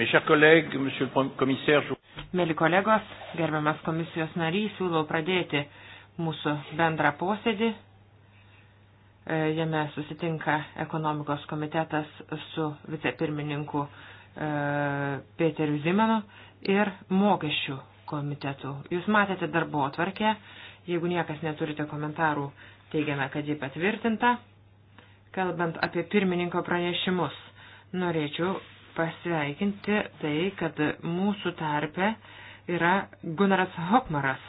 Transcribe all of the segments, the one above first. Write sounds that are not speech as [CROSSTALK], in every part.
Mes chers collègues, monsieur le commissaire, je... Mėly kolegos, gerbiamas komisijos narys, siūlau pradėti mūsų bendrą posėdį. E, jame susitinka ekonomikos komitetas su vicepirmininku e, Peteriu Zimenu ir mokesčių komitetu. Jūs matėte darbo atvarkę. Jeigu niekas neturite komentarų, teigiame, kad ji patvirtinta. Kalbant apie pirmininko pranešimus, norėčiau pasveikinti tai, kad mūsų tarpe yra Gunaras Hokmaras,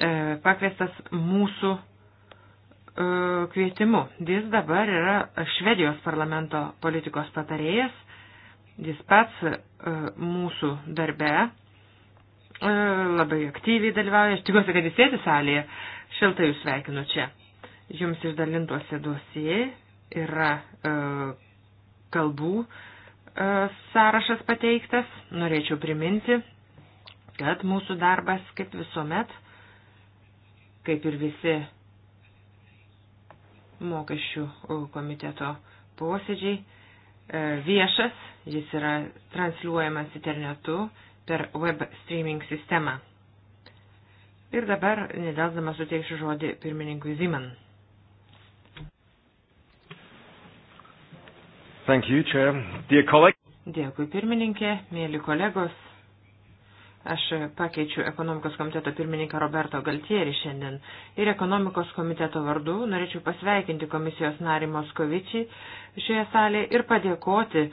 e, pakviestas mūsų e, kvietimu. Jis dabar yra Švedijos parlamento politikos patarėjas, jis pats e, mūsų darbe labai aktyviai dalyvauja. Aš tikiuosi, kad jis sėdi salėje. Šiltai jūs sveikinu čia. Jums išdalintuose dosijai yra e, kalbų E, sąrašas pateiktas. Norėčiau priminti, kad mūsų darbas, kaip visuomet, kaip ir visi mokesčių komiteto posėdžiai, e, viešas, jis yra transliuojamas internetu per web streaming sistemą. Ir dabar, nedelsdamas, suteiksiu žodį pirmininkui Ziman. Thank you, Chair. Dear colleague. Dėkui pirmininkė, mėly kolegos. Aš pakeičiu ekonomikos komiteto pirmininką Roberto Galtierį šiandien ir ekonomikos komiteto vardu norėčiau pasveikinti komisijos narį Moskovičį šioje salėje ir padėkoti e,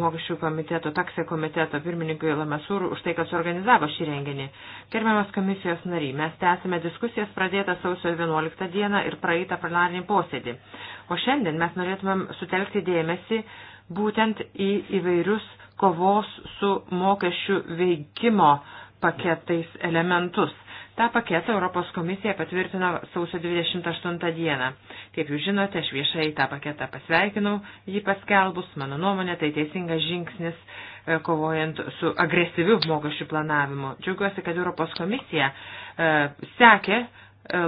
mokesčių komiteto, taksė komiteto pirmininkui Lamesūrų už tai, kad suorganizavo šį renginį. Gerbiamas komisijos nary, mes tęsime diskusijas pradėtą sausio 11 dieną ir praeitą plenarinį posėdį. O šiandien mes norėtumėm sutelkti dėmesį būtent į įvairius kovos su mokesčių veikimo paketais elementus. Ta paketą Europos komisija patvirtino sausio 28 dieną. Kaip jūs žinote, aš viešai tą paketą pasveikinau, jį paskelbus, mano nuomonė, tai teisingas žingsnis e, kovojant su agresyviu mokesčių planavimu. Džiaugiuosi, kad Europos komisija e, sekė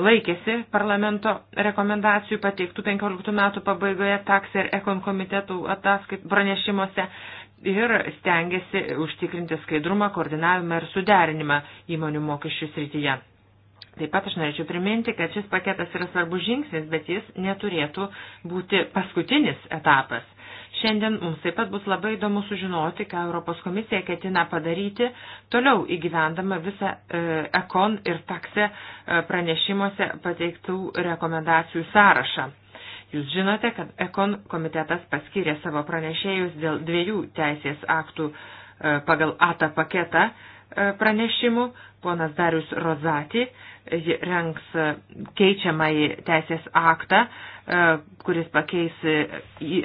laikėsi parlamento rekomendacijų pateiktų 15 metų pabaigoje taks ir ekon komitetų ataskait pranešimuose ir stengiasi užtikrinti skaidrumą, koordinavimą ir suderinimą įmonių mokesčių srityje. Taip pat aš norėčiau priminti, kad šis paketas yra svarbus žingsnis, bet jis neturėtų būti paskutinis etapas. Šiandien mums taip pat bus labai įdomu sužinoti, ką Europos komisija ketina padaryti toliau įgyvendama visą ekon ir takse e, pranešimuose pateiktų rekomendacijų sąrašą. Jūs žinote, kad ekon komitetas paskyrė savo pranešėjus dėl dviejų teisės aktų e, pagal ATA paketą e, pranešimų, ponas Darius Rozati rengs keičiamąjį teisės aktą, e, kuris pakeis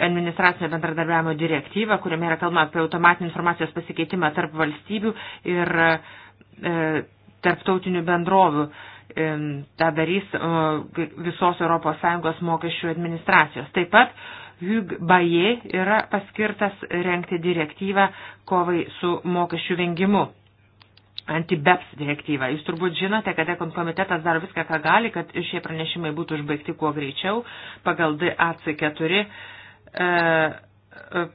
administracinio bendradarbiavimo direktyvą, kuriame yra kalbama apie automatinį informacijos pasikeitimą tarp valstybių ir e, tarptautinių bendrovių. E, Ta darys visos ES mokesčių administracijos. Taip pat Hug Baye yra paskirtas renkti direktyvą kovai su mokesčių vengimu antibeps direktyvą. Jūs turbūt žinote, kad Ekon komitetas daro viską, ką gali, kad šie pranešimai būtų užbaigti kuo greičiau. Pagal DAC4 e, e,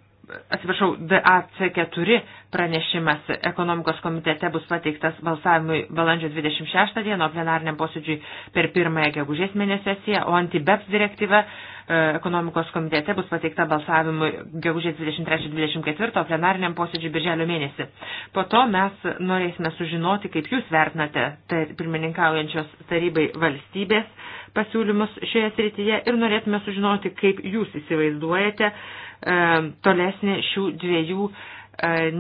atsiprašau, DAC4 pranešimas ekonomikos komitete bus pateiktas balsavimui balandžio 26 dieną, o plenariniam posėdžiui per pirmąją gegužės mėnesio sesiją, o antibeps direktyva e, ekonomikos komitete bus pateikta balsavimui gegužės 23-24, o plenariniam posėdžiui birželio mėnesį. Po to mes norėsime sužinoti, kaip jūs vertinate tar, pirmininkaujančios tarybai valstybės pasiūlymus šioje srityje ir norėtume sužinoti, kaip jūs įsivaizduojate E, tolesnį šių dviejų e,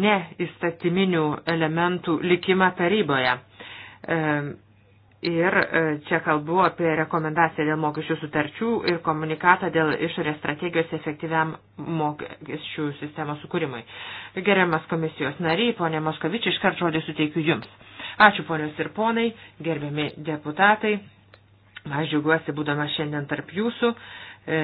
neįstatyminių elementų likimą taryboje. E, ir čia kalbu apie rekomendaciją dėl mokesčių sutarčių ir komunikatą dėl išorės strategijos efektyviam mokesčių sistemos sukūrimui. Geriamas komisijos nariai, ponė Moskovič, iškart žodį suteikiu Jums. Ačiū ponios ir ponai, gerbiami deputatai. Aš džiaugiuosi būdama šiandien tarp Jūsų. E,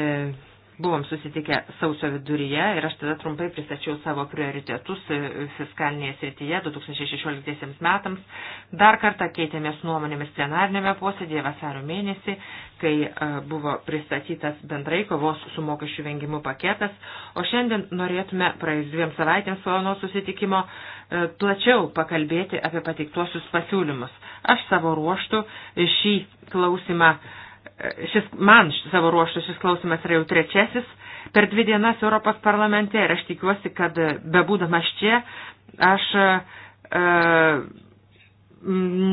Buvom susitikę sausio viduryje ir aš tada trumpai pristačiau savo prioritetus e, fiskalinėje srityje 2016 metams. Dar kartą keitėmės nuomonėmis plenarinėme posėdėje vasario mėnesį, kai e, buvo pristatytas bendrai kovos su mokesčių vengimu paketas. O šiandien norėtume praėjus dviem savaitėms valanų susitikimo e, plačiau pakalbėti apie pateiktuosius pasiūlymus. Aš savo ruoštų šį klausimą šis man savo ruoštų šis klausimas yra jau trečiasis per dvi dienas Europos parlamente ir aš tikiuosi, kad bebūdamas čia aš e,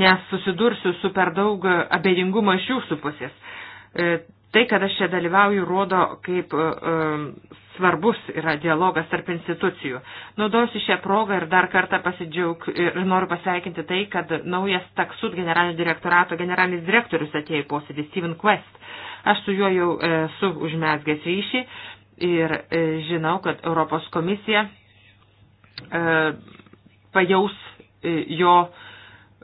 nesusidursiu su per daug abejingumo iš jūsų pusės. E, tai, kad aš čia dalyvauju, rodo, kaip e, svarbus yra dialogas tarp institucijų. Naudosiu šią progą ir dar kartą pasidžiaug ir noriu pasveikinti tai, kad naujas taksut generalinio direktorato generalinis direktorius atėjo į posėdį Steven Quest. Aš su juo jau esu užmesgęs ryšį ir e, žinau, kad Europos komisija e, pajaus e, jo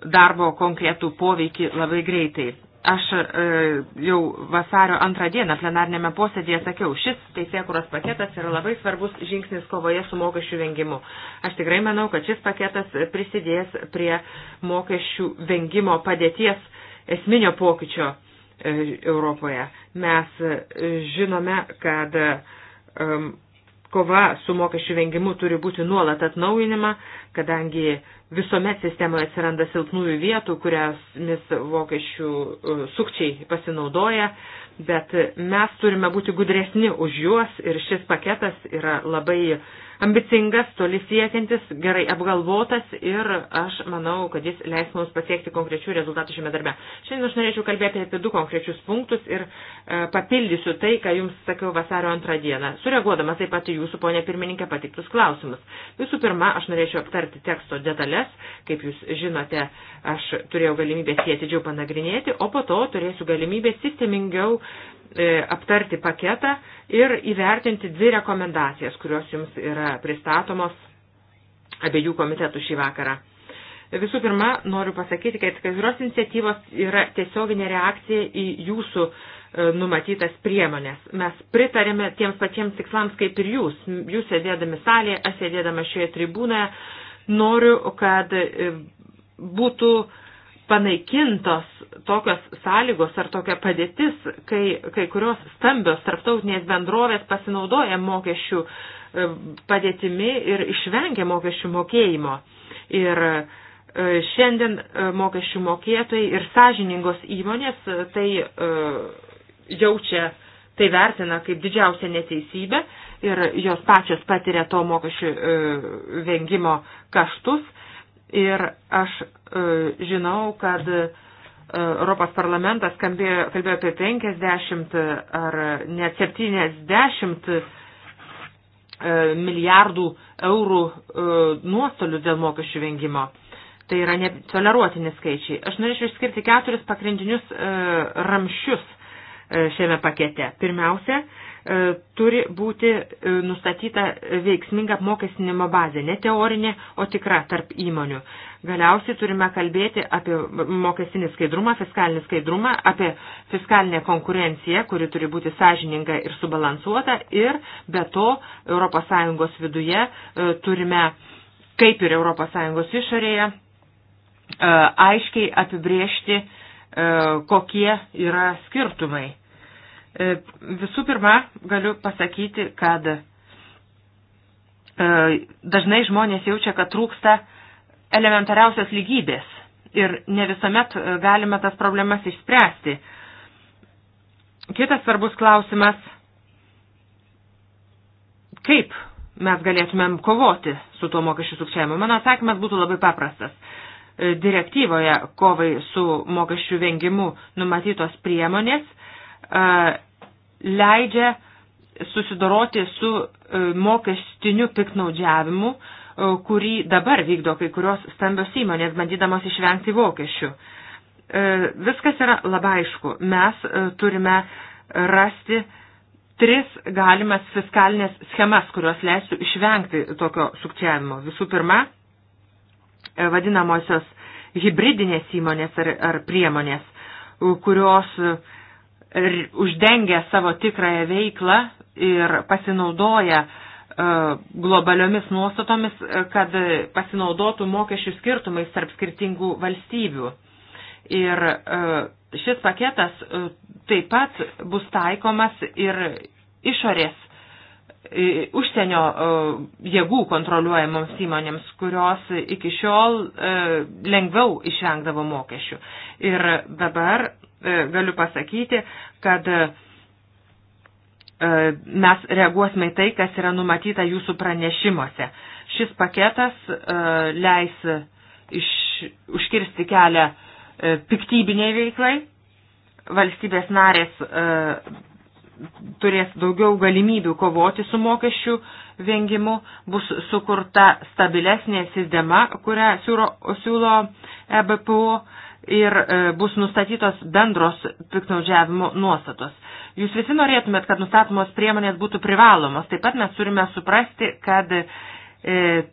darbo konkretų poveikį labai greitai. Aš e, jau vasario antrą dieną plenarnėme posėdėje sakiau, šis teisėkuros paketas yra labai svarbus žingsnis kovoje su mokesčių vengimu. Aš tikrai manau, kad šis paketas prisidės prie mokesčių vengimo padėties esminio pokyčio e, Europoje. Mes e, žinome, kad e, kova su mokesčių vengimu turi būti nuolat atnaujinima, kadangi visuomet sistemoje atsiranda silpnųjų vietų, kuriamis vokiečių e, sukčiai pasinaudoja, bet mes turime būti gudresni už juos ir šis paketas yra labai uh, ambicingas, toli siekiantis, gerai apgalvotas ir aš manau, kad jis leis mums pasiekti konkrečių rezultatų šiame darbe. Šiandien aš norėčiau kalbėti apie du konkrečius punktus ir e, papildysiu tai, ką jums sakiau vasario antrą dieną, sureaguodamas taip pat į jūsų, ponė pirmininkė, patiktus klausimus. Visų pirma, aš norėčiau aptarti teksto detalės, kaip jūs žinote, aš turėjau galimybę sėtidžiau panagrinėti, o po to turėsiu galimybę sistemingiau E, aptarti paketą ir įvertinti dvi rekomendacijas, kurios jums yra pristatomos abiejų komitetų šį vakarą. Visų pirma, noriu pasakyti, kad kai kurios iniciatyvos yra tiesioginė reakcija į jūsų e, numatytas priemonės. Mes pritarėme tiems patiems tikslams kaip ir jūs. Jūs sėdėdami salėje, aš sėdėdama šioje tribūnoje, noriu, kad e, būtų uh, panaikintos tokios sąlygos ar tokia padėtis, kai kai kurios stambios tarptautinės bendrovės pasinaudoja mokesčių e, padėtimi ir išvengia mokesčių mokėjimo. Ir e, šiandien e, mokesčių mokėtojai ir sąžiningos įmonės tai jaučia, tai vertina kaip didžiausią neteisybę ir jos pačios patiria to mokesčių vengimo kaštus. Ir aš E, žinau, kad e, Europos parlamentas kalbėjo, kalbėjo apie 50 e, ar net 70 milijardų eurų nuostolių dėl mokesčių vengimo. Tai yra netoleruotini skaičiai. Aš norėčiau išskirti keturis pagrindinius ramšius šiame pakete. Pirmiausia, turi būti nustatyta veiksminga apmokestinimo bazė, ne teorinė, o tikra tarp įmonių. Galiausiai turime kalbėti apie mokestinį skaidrumą, fiskalinį skaidrumą, apie fiskalinę konkurenciją, kuri turi būti sąžininga ir subalansuota ir be to ES viduje e, turime, kaip ir ES išorėje, e, aiškiai apibriežti, e, kokie yra skirtumai. Visų pirma, galiu pasakyti, kad dažnai žmonės jaučia, kad trūksta uh, elementariausios lygybės ir ne visuomet e, galime tas problemas išspręsti. Kitas svarbus klausimas, kaip mes galėtumėm kovoti su tuo mokesčių sukčiavimu. Mano atsakymas būtų labai paprastas. E, Direktyvoje kovai su mokesčių vengimu numatytos priemonės e, leidžia susidoroti su mokestiniu piknaudžiavimu, E, kurį dabar vykdo kai kurios stambios įmonės, bandydamos išvengti vokiečių. E, viskas yra labai aišku. Mes e, turime rasti tris galimas fiskalinės schemas, kurios leistų išvengti tokio sukčiavimo. Visų pirma, vadinamosios hybridinės įmonės ar, ar priemonės, kurios uždengia savo tikrąją veiklą ir pasinaudoja uh, globaliomis nuostatomis, kad pasinaudotų mokesčių skirtumais tarp skirtingų valstybių. Ir šis paketas taip pat bus taikomas ir išorės užsienio jėgų kontroliuojamoms įmonėms, kurios iki šiol lengviau išvengdavo mokesčių. Ir dabar galiu pasakyti, kad E, mes reaguosime į tai, kas yra numatyta jūsų pranešimuose. Šis paketas e, leis iš, užkirsti kelią e, piktybiniai veiklai. Valstybės narės turės daugiau galimybių kovoti su mokesčių vengimu, bus sukurta stabilesnė sistema, kurią siūlo, siūlo EBPO ir e, bus nustatytos bendros piknaudžiavimo nuostatos. Jūs visi norėtumėt, kad nustatomos priemonės būtų privalomos. Taip pat mes turime suprasti, kad e,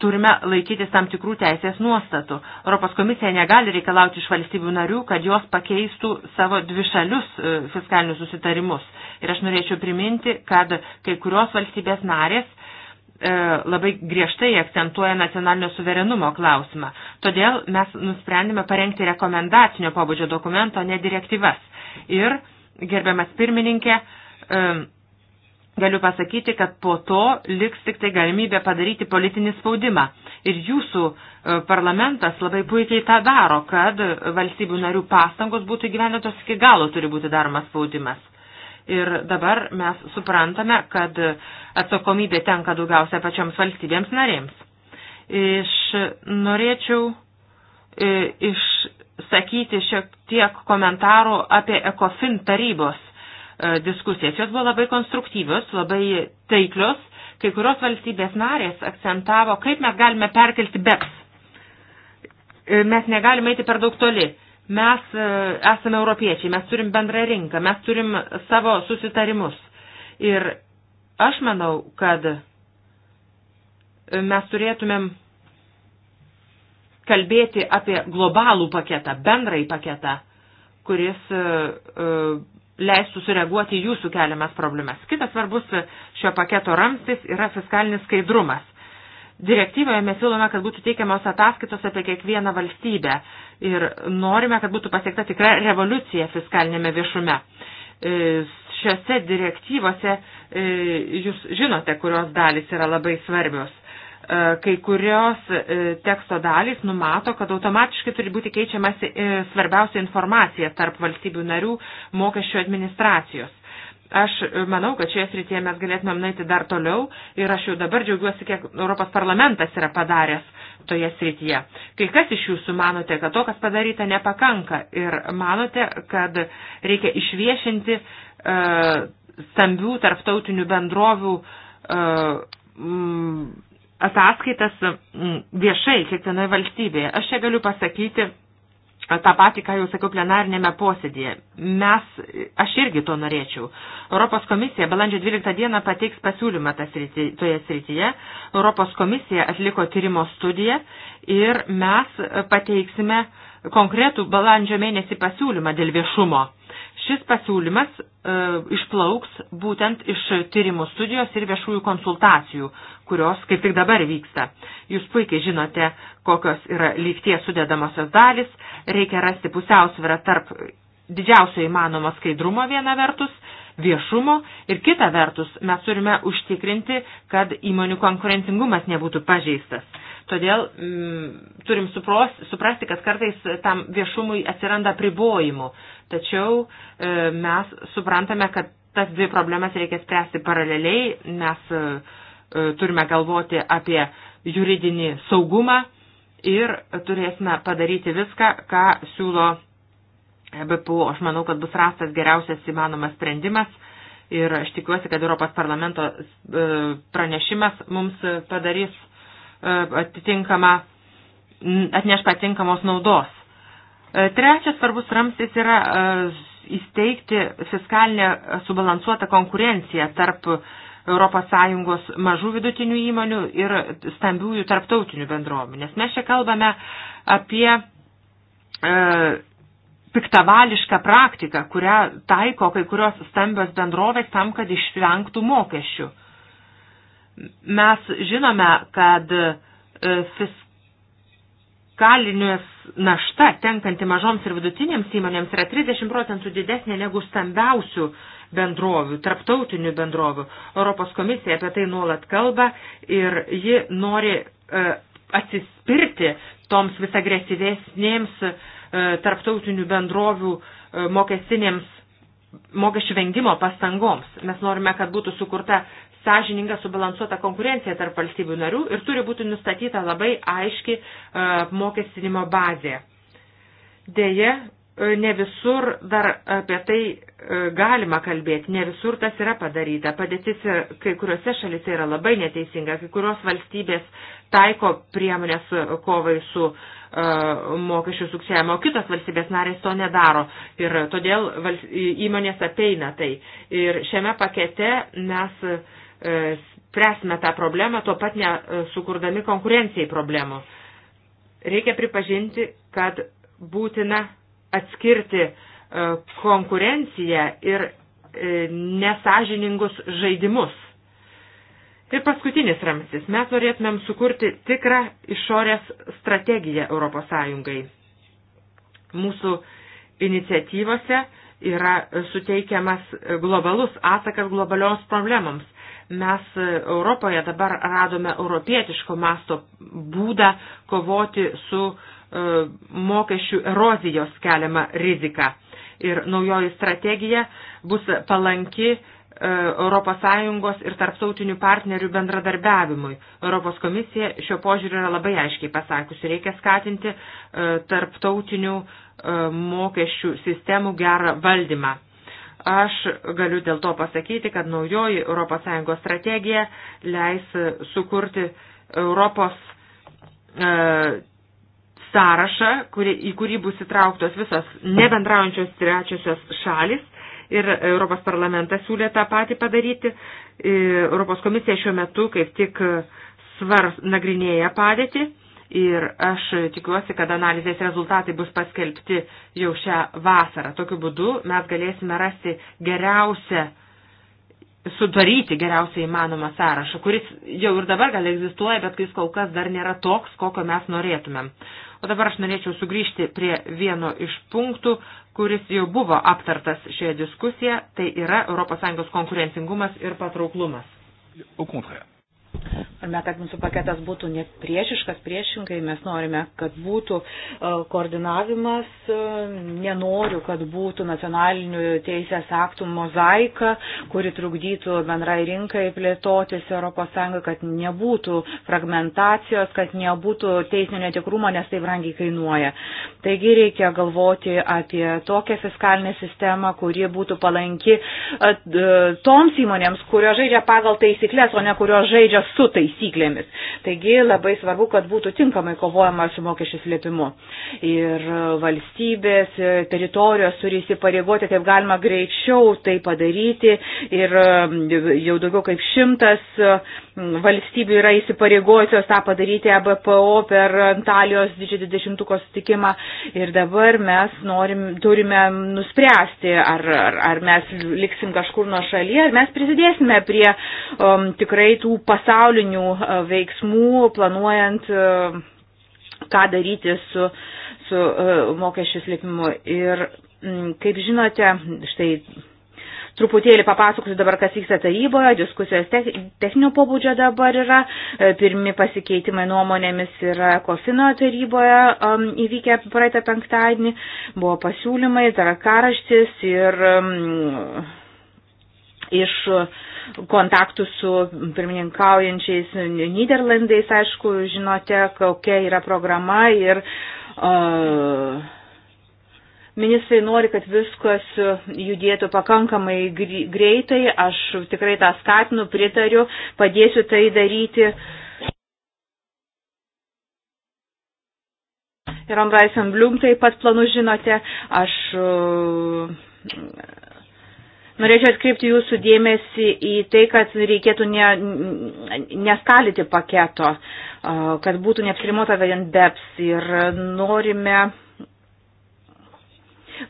turime laikytis tam tikrų teisės nuostatų. Europos komisija negali reikalauti iš valstybių narių, kad jos pakeistų savo dvišalius e, fiskalinius susitarimus. Ir aš norėčiau priminti, kad kai kurios valstybės narės E, labai griežtai akcentuoja nacionalinio suverenumo klausimą. Todėl mes nusprendėme parengti rekomendacinio pobūdžio dokumento, ne direktyvas. Ir, gerbiamas pirmininkė, e, galiu pasakyti, kad po to liks tik tai galimybė padaryti politinį spaudimą. Ir jūsų e, parlamentas labai puikiai tą daro, kad valstybių narių pastangos būtų įgyvendintos iki galo turi būti daromas spaudimas. Ir dabar mes suprantame, kad atsakomybė tenka daugiausia pačioms valstybėms narėms. Iš norėčiau e, išsakyti šiek tiek komentarų apie ECOFIN tarybos e, diskusijas. Jos buvo labai konstruktyvios, labai taiklios. Kai kurios valstybės narės akcentavo, kaip mes galime perkelti BEPS. E, mes negalime eiti per daug toli Mes e, esame europiečiai, mes turim bendrą rinką, mes turim savo susitarimus. Ir aš manau, kad e, mes turėtumėm kalbėti apie globalų paketą, bendrąjį paketą, kuris e, leistų sureaguoti jūsų keliamas problemas. Kitas svarbus šio paketo ramstis yra fiskalinis skaidrumas. Direktyvoje mes siūlome, kad būtų teikiamos ataskaitos apie kiekvieną valstybę ir norime, kad būtų pasiekta tikra revoliucija fiskalinėme viešume. E, šiuose direktyvose e, jūs žinote, kurios dalys yra labai svarbios. E, kai kurios teksto dalys numato, kad automatiškai turi būti keičiamasi svarbiausia informacija tarp valstybių narių mokesčių administracijos. Aš manau, kad šioje srityje mes galėtumėm naiti dar toliau ir aš jau dabar džiaugiuosi, kiek Europos parlamentas yra padaręs toje srityje. Kai kas iš jūsų manote, kad to, kas padaryta, nepakanka ir manote, kad reikia išviešinti uh, stambių tarptautinių bendrovių uh, ataskaitas viešai kiekvienoje valstybėje. Aš čia galiu pasakyti, tą patį, ką jau sakiau plenarinėme posėdėje. Mes, aš irgi to norėčiau. Europos komisija balandžio 12 dieną pateiks pasiūlymą srity, toje srityje. Europos komisija atliko tyrimo studiją ir mes pateiksime konkretų balandžio mėnesį pasiūlymą dėl viešumo. Šis pasiūlymas e, išplauks būtent iš tyrimų studijos ir viešųjų konsultacijų, kurios kaip tik dabar vyksta. Jūs puikiai žinote, kokios yra lygties sudėdamosios dalis, reikia rasti pusiausvyrą tarp didžiausio įmanomo skaidrumo viena vertus, viešumo ir kita vertus mes turime užtikrinti, kad įmonių konkurencingumas nebūtų pažeistas. Todėl mm, turim supros, suprasti, kad kartais tam viešumui atsiranda pribojimų. Tačiau e, mes suprantame, kad tas dvi problemas reikia spręsti paraleliai. Mes e, e turime galvoti apie juridinį saugumą ir turėsime padaryti viską, ką siūlo e BPU. Aš manau, kad bus rastas geriausias įmanomas sprendimas ir aš tikiuosi, kad Europos parlamento e, pranešimas mums padarys E, atitinkama, atneš patinkamos naudos. E, trečias svarbus ramstis yra e, įsteigti fiskalinę subalansuotą konkurenciją tarp ES mažų vidutinių įmonių ir stambiųjų tarptautinių bendrovių. Nes mes čia kalbame apie e, piktavališką praktiką, kurią taiko kai kurios stambios bendrovės tam, kad išvengtų mokesčių. E, Mes žinome, kad e, fiskalinės našta tenkanti mažoms ir vidutinėms įmonėms yra 30 procentų didesnė negu stambiausių bendrovių, tarptautinių bendrovių. Europos komisija apie tai nuolat kalba ir ji nori e, atsispirti toms vis agresyvesnėms e, tarptautinių bendrovių mokestinėms mokesčių vengimo pastangoms. Mes norime, kad būtų sukurta sąžininga subalansuota konkurencija tarp valstybių narių ir turi būti nustatyta labai aiški e, apmokestinimo bazė. Deja, e, ne visur dar apie tai e, galima kalbėti, ne visur tas yra padaryta. Padėtis kai kuriuose šalise yra labai neteisinga, kai kurios valstybės taiko priemonės kovai su mokesčių sukčiavimo, kitos valstybės narės to nedaro ir todėl įmonės apeina tai. Ir šiame pakete mes E, spręsime tą problemą, tuo pat nesukurdami e, konkurencijai problemų. Reikia pripažinti, kad būtina atskirti e, konkurenciją ir nesažiningus žaidimus. Ir paskutinis ramstis. Mes norėtumėm sukurti tikrą išorės strategiją ES. Mūsų iniciatyvose yra suteikiamas globalus atsakas globalioms problemams. Mes e, Europoje dabar radome europietiško masto būdą kovoti su e, mokesčių erozijos keliama rizika. Ir naujoji strategija bus palanki ES ir tarptautinių partnerių bendradarbiavimui. Europos komisija šio požiūrį yra labai aiškiai pasakusi, reikia skatinti e, tarptautinių mokesčių sistemų gerą valdymą. Aš galiu dėl to pasakyti, kad naujoji ES strategija leis sukurti Europos e, sąrašą, kuri, į kurį bus įtrauktos visos nebendraujančios trečiosios šalis. Ir Europos parlamentas siūlė tą patį padaryti. E, Europos komisija šiuo metu kaip tik svars nagrinėja padėtį ir aš tikiuosi, kad analizės rezultatai bus paskelbti jau šią vasarą. Tokiu būdu mes galėsime rasti geriausią, sudaryti geriausią įmanomą sąrašą, kuris jau ir dabar gal egzistuoja, bet jis kol kas dar nėra toks, kokio mes norėtumėm. O dabar aš norėčiau sugrįžti prie vieno iš punktų, kuris jau buvo aptartas šioje diskusijoje, tai yra ES konkurencingumas ir patrauklumas. Au contraire. Norime, kad mūsų paketas būtų nepriešiškas, priešinkai mes norime, kad būtų e, koordinavimas, e, nenoriu, kad būtų nacionalinių teisės aktų mozaika, kuri trukdytų bendrai rinkai plėtotis ES, kad nebūtų fragmentacijos, kad nebūtų teisinio netikrumo, nes tai brangiai kainuoja. Taigi reikia galvoti apie tokią fiskalinę sistemą, kuri būtų palanki e, toms įmonėms, kurio žaidžia pagal taisyklės, o ne kurio žaidžia sąlyčio su taisyklėmis. Taigi labai svarbu, kad būtų tinkamai kovojama su mokesčių slėpimu. Ir valstybės, teritorijos turi įsipareigoti, kaip galima greičiau tai padaryti. Ir um, jau daugiau kaip šimtas um, valstybių yra įsipareigojusios tą padaryti ABPO e per Antalijos didžiąjį dešimtuko sutikimą. Ir dabar mes norim, turime nuspręsti, ar, ar, ar mes liksim kažkur nuo šalyje, ar mes prisidėsime prie um, tikrai tų pasaulyje pasaulinių e, veiksmų, planuojant, e, ką daryti su, su e, mokesčių slėpimu. Ir mm, kaip žinote, štai truputėlį papasakosiu dabar, kas vyksta taryboje, diskusijos techninio pobūdžio dabar yra, pirmi pasikeitimai nuomonėmis yra Kofino taryboje um, įvykę praeitą penktadienį, buvo pasiūlymai, tarakaraštis ir um, iš kontaktų su pirmininkaujančiais Niderlandais, aišku, žinote, kokia yra programa ir uh, ministrai nori, kad viskas judėtų pakankamai greitai, aš tikrai tą skatinu, pritariu, padėsiu tai daryti. Ir Ambraisen Blum taip pat planų žinote, aš uh, Norėčiau atkreipti jūsų dėmesį į tai, kad reikėtų ne, neskalyti paketo, kad būtų neapsirimota vien BEPS ir norime.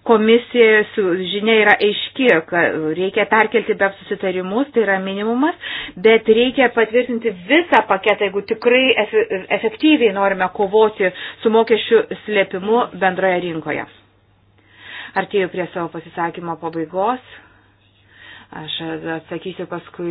Komisija žinia yra aiški, kad reikia perkelti BEP susitarimus, tai yra minimumas, bet reikia patvirtinti visą paketą, jeigu tikrai efektyviai norime kovoti su mokesčių slėpimu bendroje rinkoje. Artėjau prie savo pasisakymo pabaigos. Aš atsakysiu paskui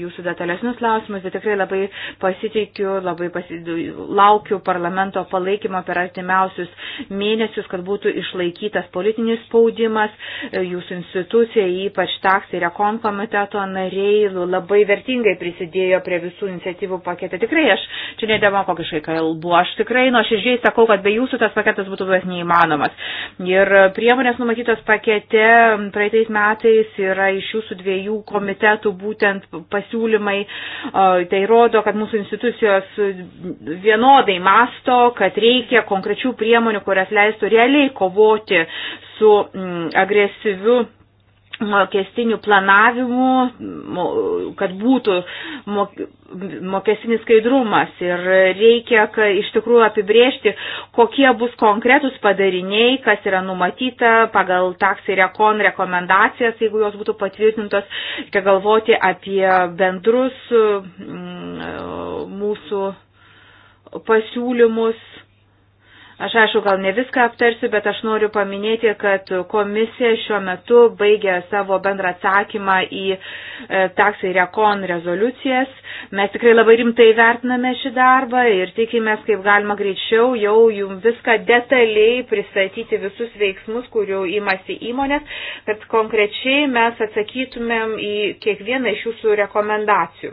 jūsų detalesnius klausimus, bet tikrai labai pasitikiu, labai pasidu, laukiu parlamento palaikymo per artimiausius mėnesius, kad būtų išlaikytas politinis spaudimas, jūsų institucija, ypač taksai ir ekon komiteto nariai nu, labai vertingai prisidėjo prie visų iniciatyvų paketą. Tikrai aš čia nedemokokiškai kalbu, aš tikrai nuoširdžiai sakau, kad be jūsų tas paketas būtų buvęs neįmanomas. Ir priemonės numatytos pakete praeitais metais yra iš jūsų mūsų dviejų komitetų būtent pasiūlymai. Tai rodo, kad mūsų institucijos vienodai masto, kad reikia konkrečių priemonių, kurias leistų realiai kovoti su mm, agresyviu mokestinių planavimų, kad būtų mokestinis skaidrumas ir reikia iš tikrųjų apibriežti, kokie bus konkretus padariniai, kas yra numatyta pagal taksai rekon rekomendacijas, jeigu jos būtų patvirtintos, reikia galvoti apie bendrus mm, mūsų pasiūlymus Aš aišku, gal ne viską aptarsiu, bet aš noriu paminėti, kad komisija šiuo metu baigė savo bendrą atsakymą į e, taksai rekon rezoliucijas. Mes tikrai labai rimtai vertiname šį darbą ir tikimės, kaip galima greičiau jau jums viską detaliai pristatyti visus veiksmus, kurių imasi įmonės, kad konkrečiai mes atsakytumėm į kiekvieną iš jūsų rekomendacijų.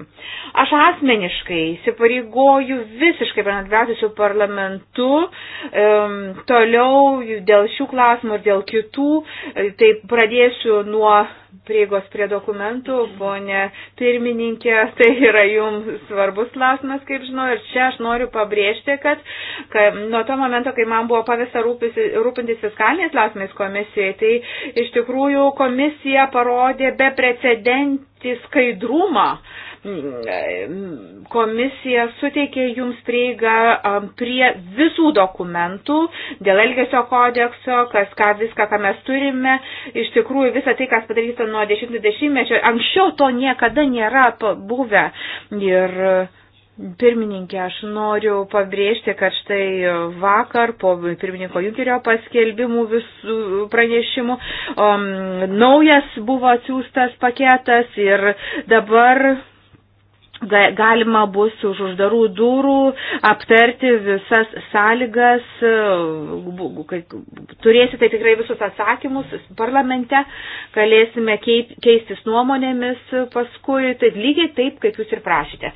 Aš asmeniškai įsipareigoju visiškai bendradarbiauti su parlamentu Toliau dėl šių klausimų ir dėl kitų, e, tai pradėsiu nuo prieigos prie dokumentų, ponė pirmininkė, [LAUGHS] tai yra jums svarbus klausimas, kaip žinau, ir čia aš noriu pabrėžti, kad, kad nuo to momento, kai man buvo pavesta rūpintis fiskaliniais klausimais komisijai, tai iš tikrųjų komisija parodė beprecedentį skaidrumą. Uh, Komisija suteikė jums prieigą um, prie visų dokumentų dėl Elgesio kodekso, kas ką viską, ką mes turime. Iš tikrųjų, visa tai, kas padaryta nuo 10-mečio, anksčiau to niekada nėra buvę. Ir Pirmininkė, aš noriu pabrėžti, kad štai vakar po pirmininko Junkerio paskelbimų visų pranešimų um, naujas buvo atsiųstas paketas ir dabar galima bus už uždarų durų aptarti visas sąlygas, turėsite tikrai visus atsakymus parlamente, galėsime keistis nuomonėmis paskui, tai lygiai taip, kaip jūs ir prašyte.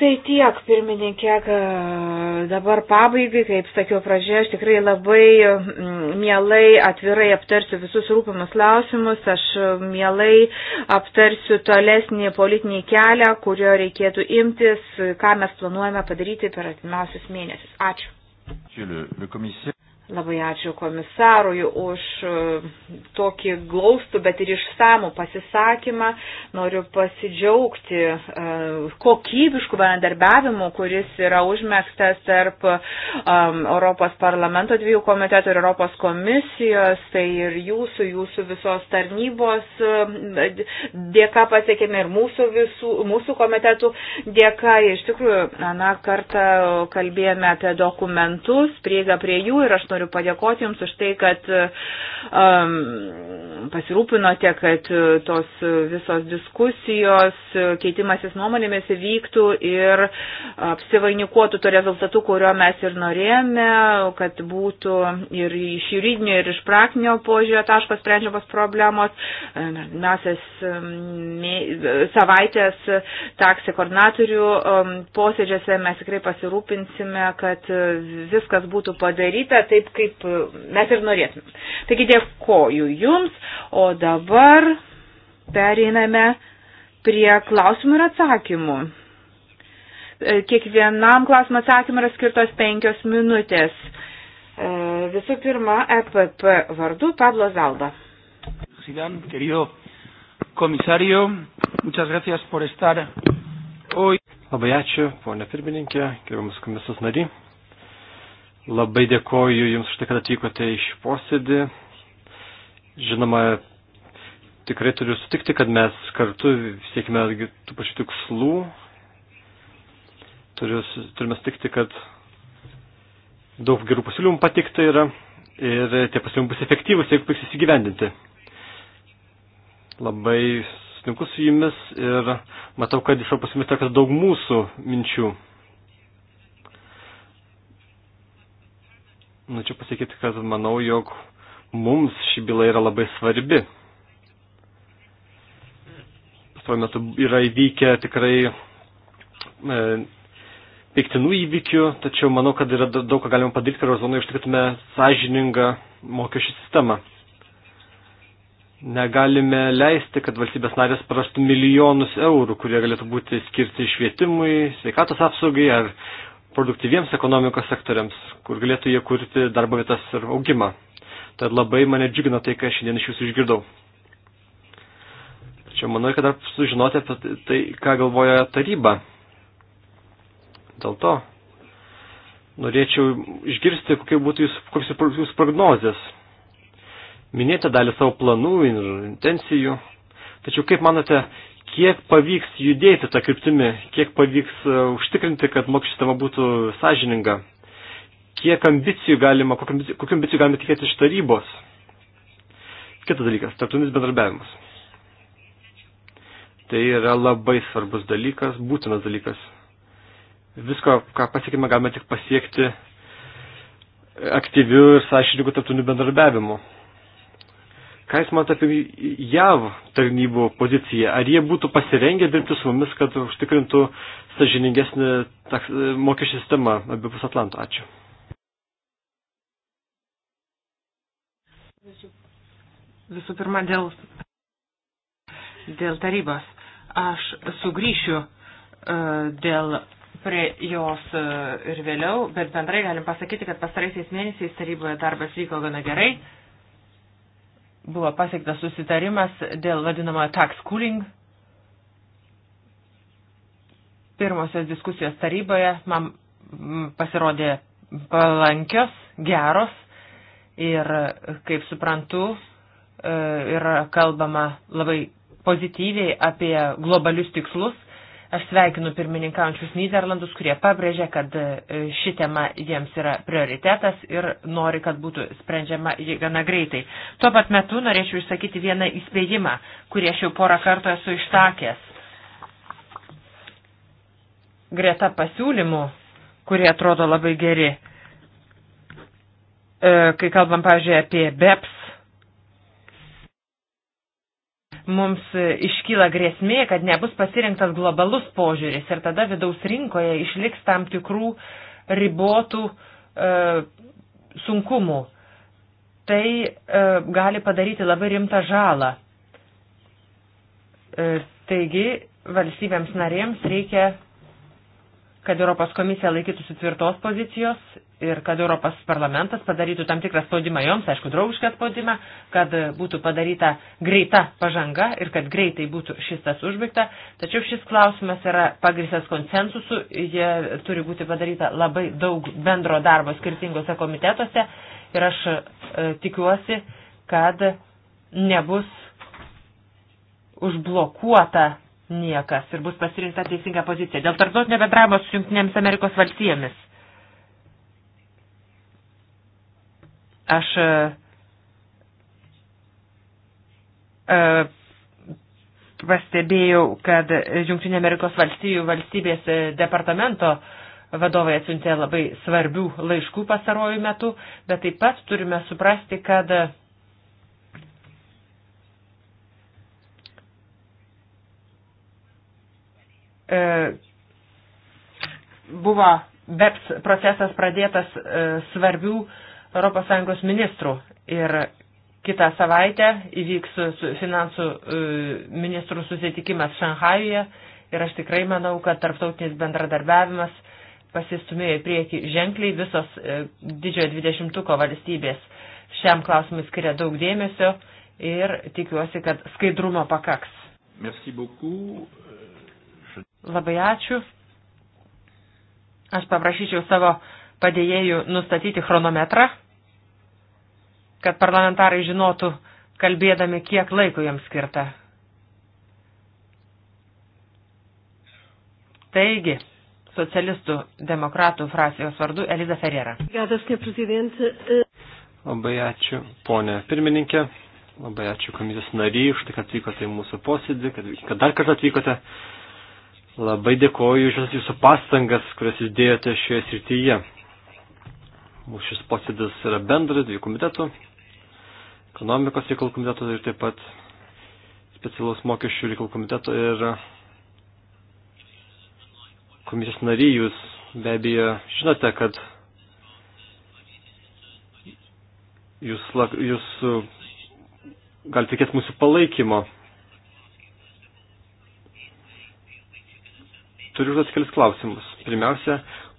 Tai tiek, pirmininkė, dabar pabaigai, kaip sakiau pradžioje, aš tikrai labai mm, mielai atvirai aptarsiu visus rūpimus klausimus, aš mm, mielai aptarsiu tolesnį politinį kelią, kurio reikėtų imtis, ką mes planuojame padaryti per atimiausius mėnesius. Ačiū. Labai ačiū komisarui už e, tokį glaustų, bet ir išsamų pasisakymą. Noriu pasidžiaugti e, kokybiškų bendarbiavimų, kuris yra užmėgstas tarp e, Europos parlamento dviejų komitetų ir Europos komisijos. Tai ir jūsų, jūsų visos tarnybos dėka pasiekėme ir mūsų, visų, mūsų komitetų dėka. Iš tikrųjų, na, kartą kalbėjome apie dokumentus, prieigą prie jų ir aš noriu noriu padėkoti Jums už tai, kad um, pasirūpinote, kad uh, tos visos diskusijos, keitimasis nuomonėmis vyktų ir apsivainikuotų to rezultatu, kurio mes ir norėjome, kad būtų ir iš juridinio, ir iš praktinio požiūrio taško sprendžiamos problemos. Mes um, savaitės taksi koordinatorių um, posėdžiuose mes tikrai pasirūpinsime, kad uh, viskas būtų padaryta taip, taip, kaip e, mes ir norėtume. Taigi dėkoju Jums, o dabar pereiname prie klausimų ir atsakymų. E, kiekvienam klausimą atsakymą yra skirtos penkios minutės. E, visų pirma, EPP vardu Pablo Zalba. Zidane, querido komisario, muchas gracias por estar hoy. Labai ačiū, ponė pirmininkė, gerbiamas komisijos nariai. Labai dėkoju Jums už tai, kad atvykote į šį posėdį. Žinoma, tikrai turiu sutikti, kad mes kartu siekime tų pačių tikslų. Turiu, turime sutikti, kad daug gerų pasiūlymų patikta yra ir tie pasiūlymai bus efektyvus, jeigu pavyks įsigyvendinti. Labai sutinku su Jumis ir matau, kad iš jo pasimėta, kad daug mūsų minčių. norėčiau pasakyti, kad manau, jog mums ši byla yra labai svarbi. Pastaruoju metu yra įvykę tikrai e, piktinų įvykių, tačiau manau, kad yra daug ką galima padaryti, kad zonoje užtikrintume sąžiningą mokesčių sistemą. Negalime leisti, kad valstybės narės prarastų milijonus eurų, kurie galėtų būti skirti švietimui, sveikatos apsaugai ar produktyviems ekonomikos sektoriams, kur galėtų jie kurti darbo vietas ir augimą. Tad labai mane džiugina tai, ką šiandien iš jūsų išgirdau. Čia manau, kad dar sužinoti apie tai, ką galvoja taryba. Dėl to norėčiau išgirsti, kokie būtų jūsų, kokios jūsų prognozės. Minėjote dalį savo planų ir intencijų. Tačiau kaip manote, kiek pavyks judėti tą kryptimį, kiek pavyks e, užtikrinti, kad mokesčių sistema būtų sąžininga, kiek ambicijų galima, kokių ambicijų, kokių ambicijų galima tikėti iš tarybos. Kitas dalykas, tarptautinis bendradarbiavimas. Tai yra labai svarbus dalykas, būtinas dalykas. Visko, ką pasiekime, galime tik pasiekti aktyvių ir sąžininkų tarptautinių bendradarbiavimų. Ką Jūs matote apie JAV tarnybų poziciją? Ar jie būtų pasirengę dirbti su mumis, kad užtikrintų sažiningesnį mokesčių sistemą abipus Atlanto? Ačiū. Visų pirma, dėl, dėl tarybos. Aš sugrįšiu uh, dėl prie jos uh, ir vėliau, bet bendrai galim pasakyti, kad pastaraisiais mėnesiais taryboje darbas vyko gana gerai. Uh, Buvo pasiektas susitarimas dėl vadinamojo tax cooling. Pirmosios diskusijos taryboje man pasirodė palankios, geros ir, kaip suprantu, e, yra kalbama labai pozityviai apie globalius tikslus Aš sveikinu pirmininkaujančius Niderlandus, kurie pabrėžia, kad e, ši tema jiems yra prioritetas ir nori, kad būtų sprendžiama jį gana greitai. Tuo pat metu norėčiau išsakyti vieną įspėjimą, kurį aš jau porą kartų esu išsakęs. Greta pasiūlymų, kurie atrodo labai geri, e, kai kalbam, pavyzdžiui, apie BEPS mums iškyla grėsmė, kad nebus pasirinktas globalus požiūris ir tada vidaus rinkoje išliks tam tikrų ribotų e, sunkumų. Tai e, gali padaryti labai rimtą žalą. E, taigi valstybėms narėms reikia kad Europos komisija laikytųsi tvirtos pozicijos ir kad Europos parlamentas padarytų tam tikrą spaudimą joms, aišku, draugišką spaudimą, kad būtų padaryta greita pažanga ir kad greitai būtų šis tas užbaigta. Tačiau šis klausimas yra pagristas konsensusu, jie turi būti padaryta labai daug bendro darbo skirtingose komitetuose ir aš e, tikiuosi, kad nebus užblokuota niekas ir bus pasirinkta teisinga pozicija. Dėl tarptautinio bendravimo su Junktinėmis Amerikos valstijomis. Aš e, e, pastebėjau, kad Junktinė Amerikos valstijų valstybės departamento vadovai atsiuntė labai svarbių laiškų pasarojų metu, bet taip pat turime suprasti, kad E, buvo BEPS procesas pradėtas e, svarbių ES ministrų ir kitą savaitę įvyks finansų e, ministrų susitikimas Šanhajuje ir aš tikrai manau, kad tarptautinis bendradarbiavimas pasistumėjo į priekį ženkliai visos didžiojo dvidešimtuko valstybės šiam klausimui skiria daug dėmesio ir tikiuosi, kad skaidrumo pakaks. Merci beaucoup. Labai ačiū. Aš paprašyčiau savo padėjėjų nustatyti chronometrą, kad parlamentarai žinotų, kalbėdami, kiek laiko jam skirta. Taigi, socialistų demokratų frakcijos vardu Eliza Ferrera. Labai ačiū, ponė pirmininkė. Labai ačiū komisijos nariai už tai, kad atvykote į mūsų posėdį, kad, kad dar kartą atvykote. Labai dėkoju už jūsų pastangas, kurias jūs dėjote šioje srityje. Mūsų šis posėdis yra bendras dviejų komitetų, ekonomikos reikalų komiteto ir taip pat specialaus mokesčių reikalų komiteto ir komisijos nariai jūs be abejo žinote, kad jūs, jūs galite tikėti mūsų palaikymo Turiu užduoti kelis klausimus. Pirmiausia,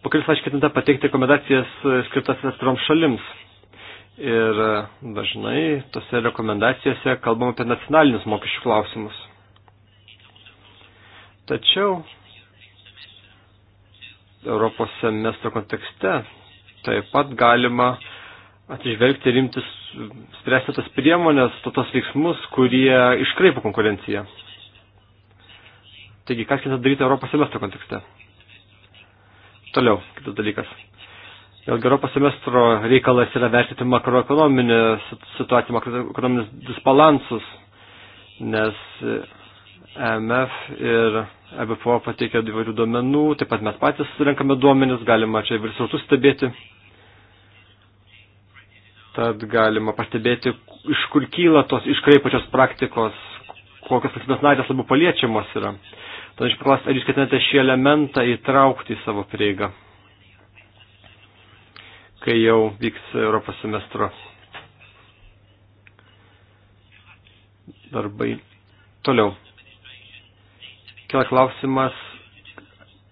Pokalis laiškitinta pateikti rekomendacijas e, skirtas atskiroms šalims. Ir e, dažnai tose rekomendacijose kalbam apie nacionalinius mokesčių klausimus. Tačiau Europos semestro kontekste taip pat galima atsižvelgti ir imtis spręsti tas priemonės, to tos veiksmus, kurie iškraipo konkurenciją. Taigi, ką ketina daryti Europos semestro kontekste? Toliau, kitas dalykas. Vėlgi Europos semestro reikalas yra vertinti makroekonominę situaciją, makroekonominius disbalansus, nes EMF ir EBPO pateikia įvairių duomenų, taip pat mes patys renkame duomenis, galima čia įvairius rautus stebėti. Tad galima pastebėti, iš kur kyla tos iškreipačios praktikos, kokios valstybės narės labiau paliečiamos yra. Tad aš paklausiu, ar jūs ketinate šį elementą įtraukti į savo prieigą, kai jau vyks Europos semestro darbai. Toliau. Kila klausimas,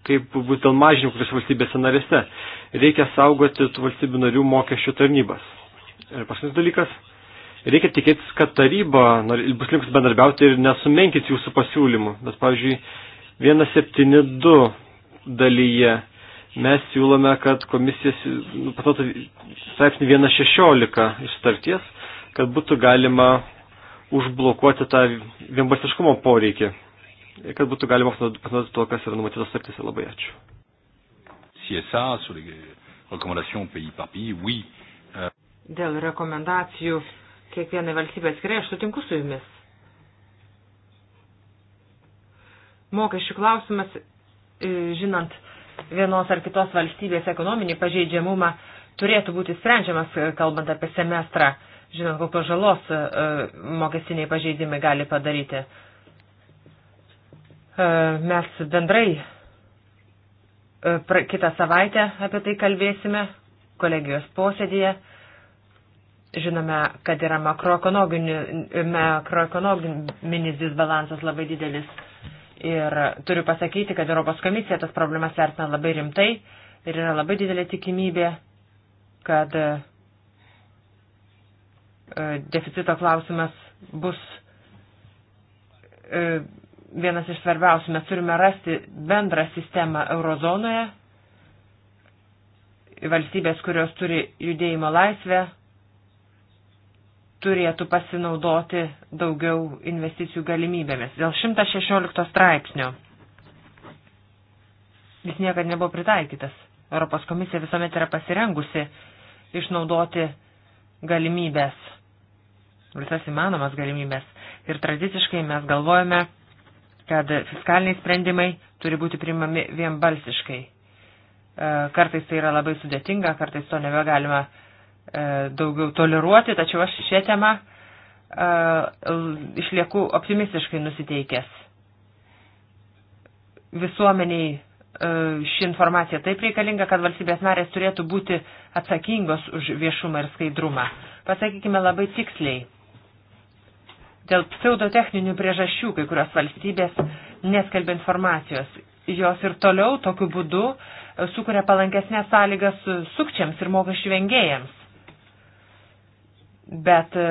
kaip bus dėl mažinimų kuris valstybėse narėse. Reikia saugoti tų valstybių narių mokesčių tarnybas. Ir paskutinis dalykas. Reikia tikėtis, kad taryba bus linkus bendarbiauti ir nesumenkins jūsų pasiūlymų. Bet, pavyzdžiui, 172 dalyje mes siūlome, kad komisija nu, patotų straipsnį 116 iš starties, kad būtų galima užblokuoti tą vienbalsiškumo poreikį ir kad būtų galima panaudoti to, kas yra numatyta startise. Labai ačiū. Dėl rekomendacijų kiekvienai valstybės skiriai, aš sutinku su jumis mokesčių klausimas, e, žinant vienos ar kitos valstybės ekonominį pažeidžiamumą, turėtų būti sprendžiamas, e, kalbant apie semestrą, žinant, kokios žalos e, mokestiniai pažeidimai gali padaryti. Mes bendrai kitą savaitę apie tai kalbėsime kolegijos posėdėje. Žinome, kad yra makroekonominis disbalansas labai didelis Ir turiu pasakyti, kad Europos komisija tas problemas vertina labai rimtai ir yra labai didelė tikimybė, kad e, deficito klausimas bus e, vienas iš svarbiausių. Mes turime rasti bendrą sistemą eurozonoje, valstybės, kurios turi judėjimo laisvę, turėtų pasinaudoti daugiau investicijų galimybėmis. Dėl 116 straipsnio jis niekad nebuvo pritaikytas. Europos komisija visuomet yra pasirengusi išnaudoti galimybės, visas įmanomas galimybės. Ir tradiciškai mes galvojame, kad fiskaliniai sprendimai turi būti primami vienbalsiškai. E, kartais tai yra labai sudėtinga, kartais to nebegalima galima E, daugiau toleruoti, tačiau aš šią temą e, išlieku optimistiškai nusiteikęs. Visuomeniai e, ši informacija taip reikalinga, kad valstybės narės turėtų būti atsakingos už viešumą ir skaidrumą. Pasakykime labai tiksliai. Dėl pseudotechninių priežasčių kai kurios valstybės neskelbia informacijos. Jos ir toliau tokiu būdu sukuria palankesnės sąlygas sukčiams ir mokesčių vengėjams. Bet e,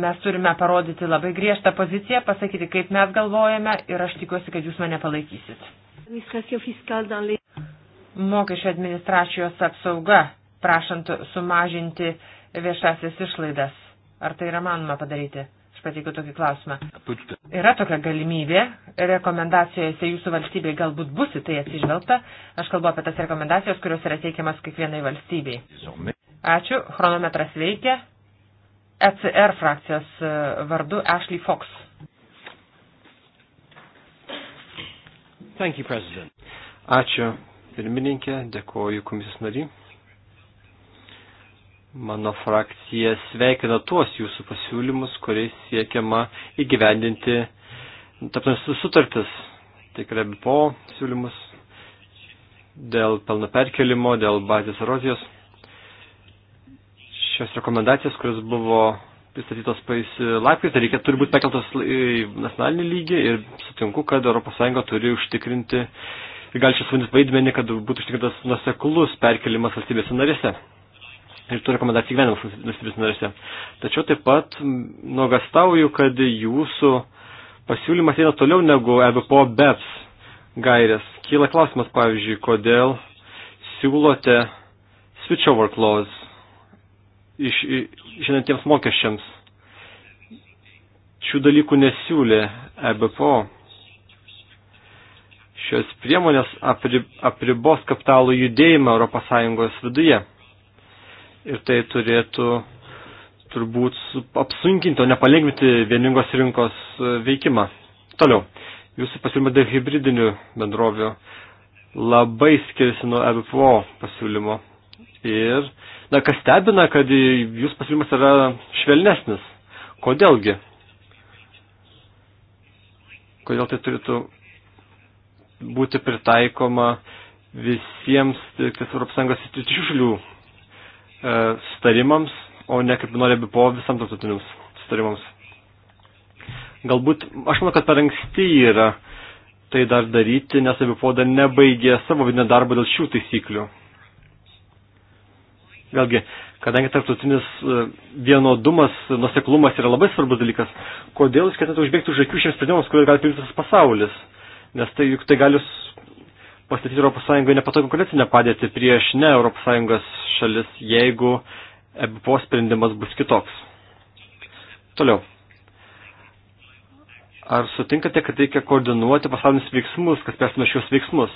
mes turime parodyti labai griežtą poziciją, pasakyti, kaip mes galvojame ir aš tikiuosi, kad jūs mane palaikysit. Mokesčio administracijos apsauga, prašant sumažinti viešasias išlaidas. Ar tai yra manoma padaryti? Aš pateikiu tokį klausimą. Yra tokia galimybė, rekomendacijose jūsų valstybei galbūt bus į tai atsižvelgta. Aš kalbu apie tas rekomendacijas, kurios yra teikiamas kiekvienai valstybei. Ačiū, chronometras veikia. ECR frakcijos e, vardu Ashley Fox. Thank you, President. Ačiū pirmininkė, dėkoju komisijos nariai. Mano frakcija sveikina tuos jūsų pasiūlymus, kuriais siekiama įgyvendinti tarptautines sutartis, tikrai BPO siūlymus dėl pelno perkelimo, dėl bazės erozijos šios rekomendacijos, kurios buvo pristatytos paėsi lapkritį, tai reikia turi būti pakeltos į nacionalinį lygį ir sutinku, kad ES turi užtikrinti ir gali šis vandis vaidmenį, kad būtų užtikrintas nuseklus perkelimas valstybėse narėse. Ir tų rekomendacijų gyvenimas valstybėse narėse. Tačiau taip pat nuogastauju, kad jūsų pasiūlymas eina toliau negu EBPO BEPS gairės. Kyla klausimas, pavyzdžiui, kodėl siūlote switchover clause iš, žinantiems mokesčiams. Šių dalykų nesiūlė EBPO. Šios priemonės apri, apribos kapitalų judėjimą ES viduje. Ir tai turėtų turbūt apsunkinti, o nepalengvinti vieningos rinkos e, veikimą. Toliau, jūsų pasiūlymas dėl hybridinių bendrovių labai skiriasi nuo EBPO pasiūlymo Ir, na, kas stebina, kad jūs pasiūlymas yra švelnesnis. Kodėlgi? Kodėl tai turėtų būti pritaikoma visiems Europos Sąjungos trečių šalių e, starimams, o ne kaip nori abi po visam tarptautiniams starimams. Galbūt, aš manau, kad per anksti yra tai dar daryti, nes abi po dar nebaigė savo vidinio darbo dėl šių taisyklių. Vėlgi, kadangi tarptautinis e, vienodumas, nuseklumas yra labai svarbus dalykas, kodėl jūs ketinate užbėgti už akių šiems sprendimams, kurie gali priimti visas pasaulis? Nes tai juk tai gali pastatyti Europos Sąjungoje nepatogų konkurencinę padėtį prieš ne Europos Sąjungos šalis, jeigu EBPO sprendimas bus kitoks. Toliau. Ar sutinkate, kad reikia koordinuoti pasaulinius veiksmus, kad spręstume šios veiksmus?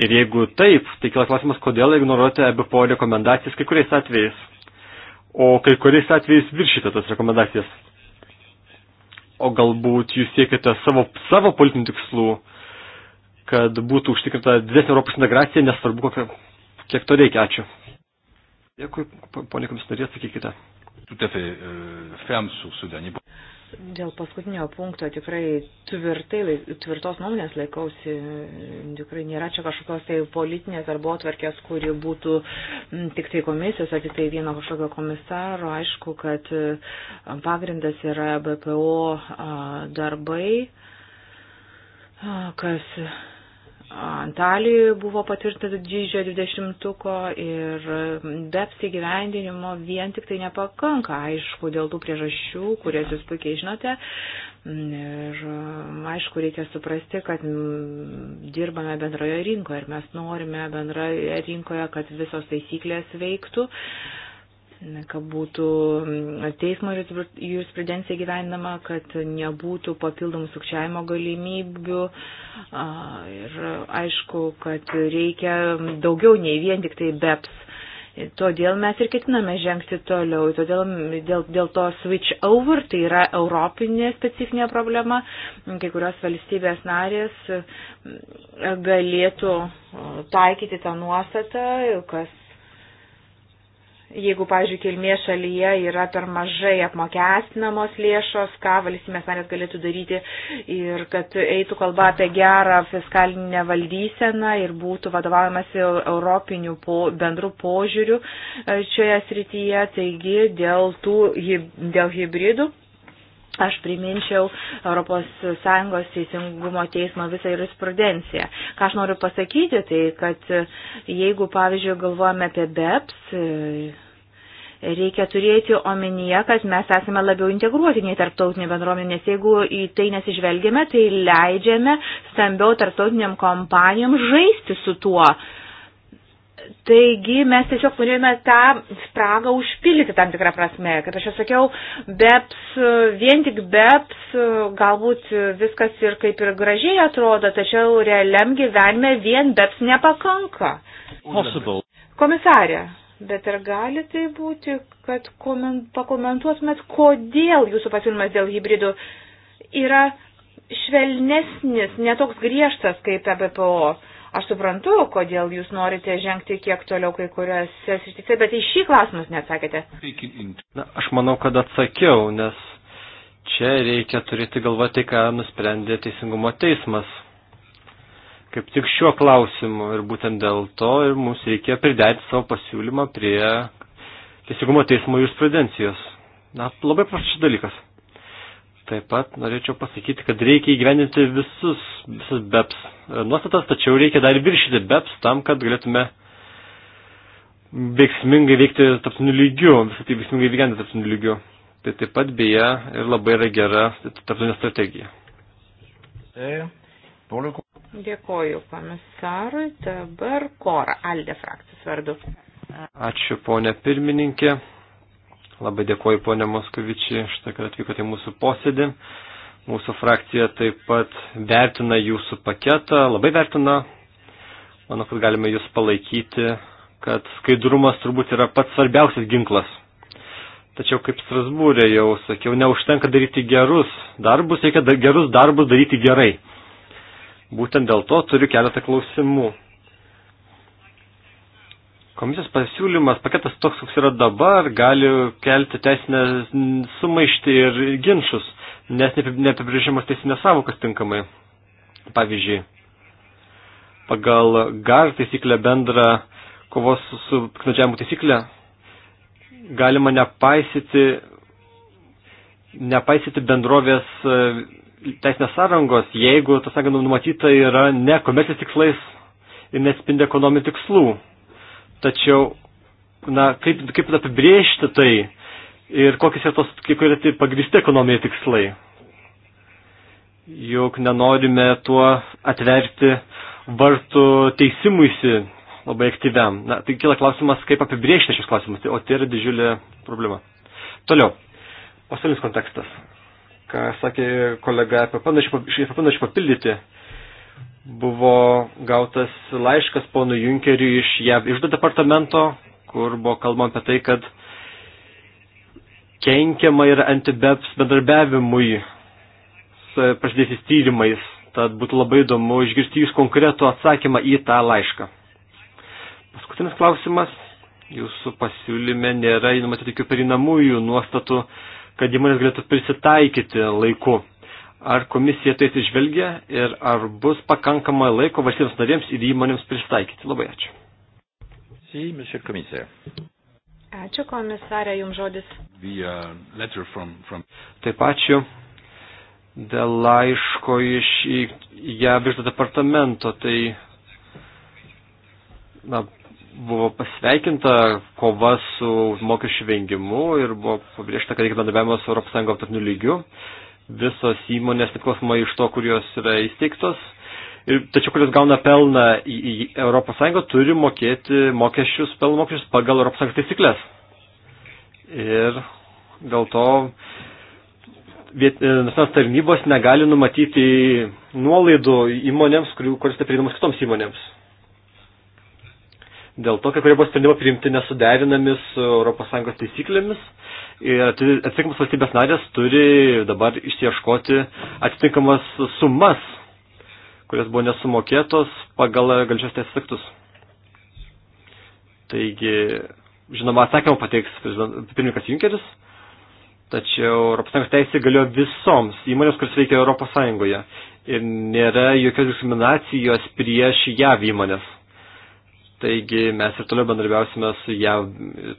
Ir jeigu taip, tai kilas klausimas, kodėl ignoruojate EBPO rekomendacijas kai kuriais atvejais, o kai kuriais atvejais viršite tas rekomendacijas. O galbūt jūs siekite savo, savo politinių tikslų, kad būtų užtikrinta didesnė Europos integracija, nesvarbu, kokia, kiek to reikia. Ačiū. Dėkui, ponė komisarė, atsakykite. Tout à fait euh, ferme sur ce dernier point. Dėl paskutinio punkto tikrai tvirtai, tvirtos nuomonės laikausi, tikrai nėra čia kažkokios tai politinės darbo atverkės, kuri būtų tik tai komisijos ar tik tai vieno kažkokio komisaro. Aišku, kad pagrindas yra BPO darbai, kas Antalijoje buvo patvirtinta didžiojo dvidešimtuko ir be apsigyvendinimo vien tik tai nepakanka, aišku, dėl tų priežasčių, kurias jūs puikiai žinote. Ir aišku, reikia suprasti, kad dirbame bendroje rinkoje ir mes norime bendroje rinkoje, kad visos taisyklės veiktų. Uh, kad būtų mm, teismo jurisprudencija gyvenama, kad nebūtų papildomų sukčiavimo galimybių. Ir aišku, kad reikia daugiau nei vien tik tai BEPS. Todėl mes ir ketiname žengti toliau. Todėl dėl, dėl to switch over tai yra europinė specifinė problema. Kai kurios valstybės narės mm, galėtų taikyti tą nuostatą, kas jeigu, pavyzdžiui, kilmės šalyje yra per mažai apmokestinamos lėšos, ką valstybės narės galėtų daryti ir kad eitų kalba apie gerą fiskalinę valdyseną ir būtų vadovaujamas europinių po, bendrų požiūrių e, šioje srityje, taigi dėl tų dėl hybridų Aš priminčiau ES teisingumo teismo visą jurisprudenciją. Ką aš noriu pasakyti, tai kad e, jeigu, pavyzdžiui, galvojame apie BEPS, e, reikia turėti omenyje, kad mes esame labiau integruoti nei tarptautinė bendruomenė, nes jeigu į tai nesižvelgiame, tai leidžiame stambiau tarptautiniam kompanijom žaisti su tuo. Uh, Taigi mes tiesiog norėjome tą spragą užpildyti tam tikrą prasme. Kaip aš jau sakiau, BEPS, vien tik BEPS, galbūt viskas ir kaip ir gražiai atrodo, tačiau realiam gyvenime vien BEPS nepakanka. Possible. Komisarė, bet ar gali tai būti, kad komen, pakomentuotumėt, kodėl jūsų pasiūlymas dėl hybridų yra švelnesnis, netoks griežtas kaip EBPO? Aš suprantu, kodėl jūs norite žengti kiek toliau kai kuriuose srityse, bet į šį klausimą neatsakėte. Na, aš manau, kad atsakiau, nes čia reikia turėti galvoti, ką nusprendė Teisingumo teismas. Kaip tik šiuo klausimu ir būtent dėl to ir mums reikia pridėti savo pasiūlymą prie Teisingumo teismo jurisprudencijos. Na, labai prastas dalykas. Taip pat norėčiau pasakyti, kad reikia įgyvendinti visus, visus BEPS nuostatas, tačiau reikia dar viršyti BEPS tam, kad galėtume veiksmingai veikti tapsnių lygių, visą tai veiksmingai įgyvendinti tapsnių lygių. Tai taip pat beje ir labai yra gera tapsnių strategija. Dėkoju komisarui, dabar Kora, Alde frakcijos vardu. Ačiū ponė pirmininkė. Labai dėkuoju ponė Moskovičiai, štai kad atvykote į mūsų posėdį. Mūsų frakcija taip pat vertina jūsų paketą, labai vertina. Manau, kad galime jūs palaikyti, kad skaidrumas turbūt yra pats svarbiausias ginklas. Tačiau, kaip Strasbūrė jau sakiau, neužtenka daryti gerus darbus, reikia gerus darbus daryti gerai. Būtent dėl to turiu keletą klausimų. Komisijos pasiūlymas, paketas toks, koks yra dabar, gali kelti teisinę sumaištį ir ginčius, nes neapibrėžimas teisinės savokas tinkamai. Pavyzdžiui, pagal GAR taisyklę bendrą kovos su knudžiavimu taisyklę galima nepaisyti, nepaisyti bendrovės e, teisinės sąrangos, jeigu, tas sakant, numatyta yra ne komercijos tikslais ir nespindi ekonominių tikslų Tačiau, na, kaip, kaip apibriežti tai ir kokios yra tos, kaip yra tai pagristi ekonominiai tikslai. Juk nenorime tuo atverti vartų teisimuisi labai aktyviam. Na, tai kila klausimas, kaip apibriežti šios klausimus, o tai yra didžiulė problema. Toliau. Pasaulinis kontekstas. Ką sakė kolega apie panašiai papildyti buvo gautas laiškas ponu Junkeriu iš JAV išdo departamento, kur buvo kalbama apie tai, kad kenkiama yra antibeps bendarbiavimui prasidėsis tyrimais. Tad būtų labai įdomu išgirsti jūs konkretų atsakymą į tą laišką. Paskutinis klausimas. Jūsų pasiūlyme nėra numatyti jokių perinamųjų nuostatų, kad įmonės galėtų prisitaikyti laiku ar komisija tai atsižvelgia ir ar bus pakankamai laiko valstybės narėms ir įmonėms pristaikyti. Labai ačiū. Si, monsieur komisija. Ačiū komisarė, jums žodis. The, uh, from, from... Taip ačiū. Dėl laiško iš JAV iždo departamento, tai na, buvo pasveikinta kova su mokesčių vengimu ir buvo pabrėžta, kad reikia bendrabiavimo su ES tarptautiniu lygiu. Uh, visos įmonės, priklausomai iš to, kur jos yra įsteigtos, ir, tačiau kurios gauna pelną į, į ES, turi mokėti mokesčius, pelno mokesčius pagal ES taisyklės. Ir dėl to e, nacionalinės tarnybos negali numatyti nuolaidų įmonėms, kurių koris neprieinamos kitoms įmonėms dėl to, kai kurie buvo sprendimai priimti nesuderinami su ES taisyklėmis ir atitinkamos valstybės narės turi dabar išieškoti atitinkamas sumas, kurios buvo nesumokėtos pagal galčios teisės aktus. Taigi, žinoma, atsakymą pateiks pirmininkas Junkeris, tačiau ES teisė galėjo visoms įmonėms, kuris veikia ES ir nėra jokios diskriminacijos prieš JAV įmonės. Taigi mes ir toliau bendrabiausime su JAV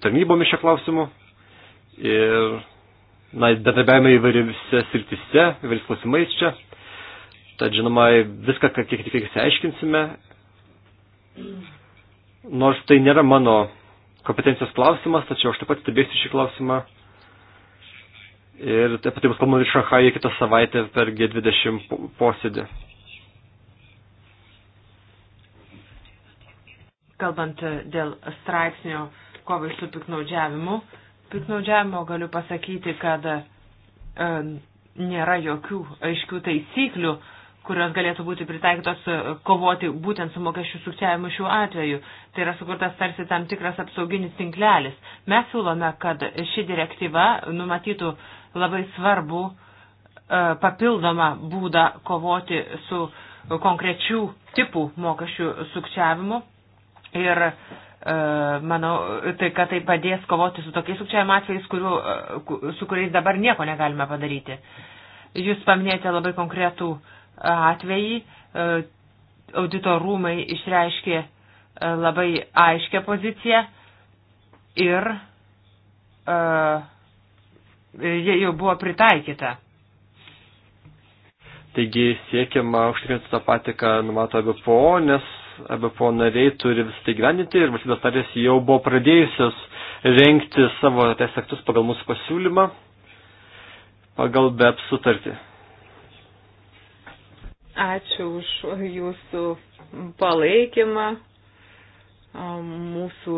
tarnybomis šio klausimu ir na, bendrabiavime įvairiose srityse, įvairiais klausimais čia. Tad žinoma, viską, kiek tik išsiaiškinsime, nors tai nėra mano kompetencijos klausimas, tačiau aš taip pat stebėsiu šį klausimą. Ir apie tai bus kalbama ir Šanhaje kitą savaitę per G20 posėdį. Kalbant dėl straipsnio kovai su piknaudžiavimu, piknaudžiavimo galiu pasakyti, kad e, nėra jokių aiškių taisyklių, kurios galėtų būti pritaikytos e, kovoti būtent su mokesčių sukčiavimu šiuo atveju. Tai yra sukurtas tarsi tam tikras apsauginis tinklelis. Mes siūlome, kad ši direktyva numatytų labai svarbu e, papildomą būdą kovoti su konkrečių tipų mokesčių sukčiavimu Ir e, manau, tai kad tai padės kovoti su tokiais sukčiavimo atvejais, kurių, e, su kuriais dabar nieko negalime padaryti. Jūs paminėjote labai konkretų e, atvejį. E, audito rūmai išreiškė e, labai aiškę poziciją ir e, jie jau buvo pritaikyta. Taigi siekiama užtikrinti tą patį, ką numato BPO, nes ABPO e nariai turi visą tai gyvendinti ir valstybės narės jau buvo pradėjusios renkti savo teisės aktus pagal mūsų pasiūlymą, pagal BEP sutartį. Ačiū už jūsų palaikymą mūsų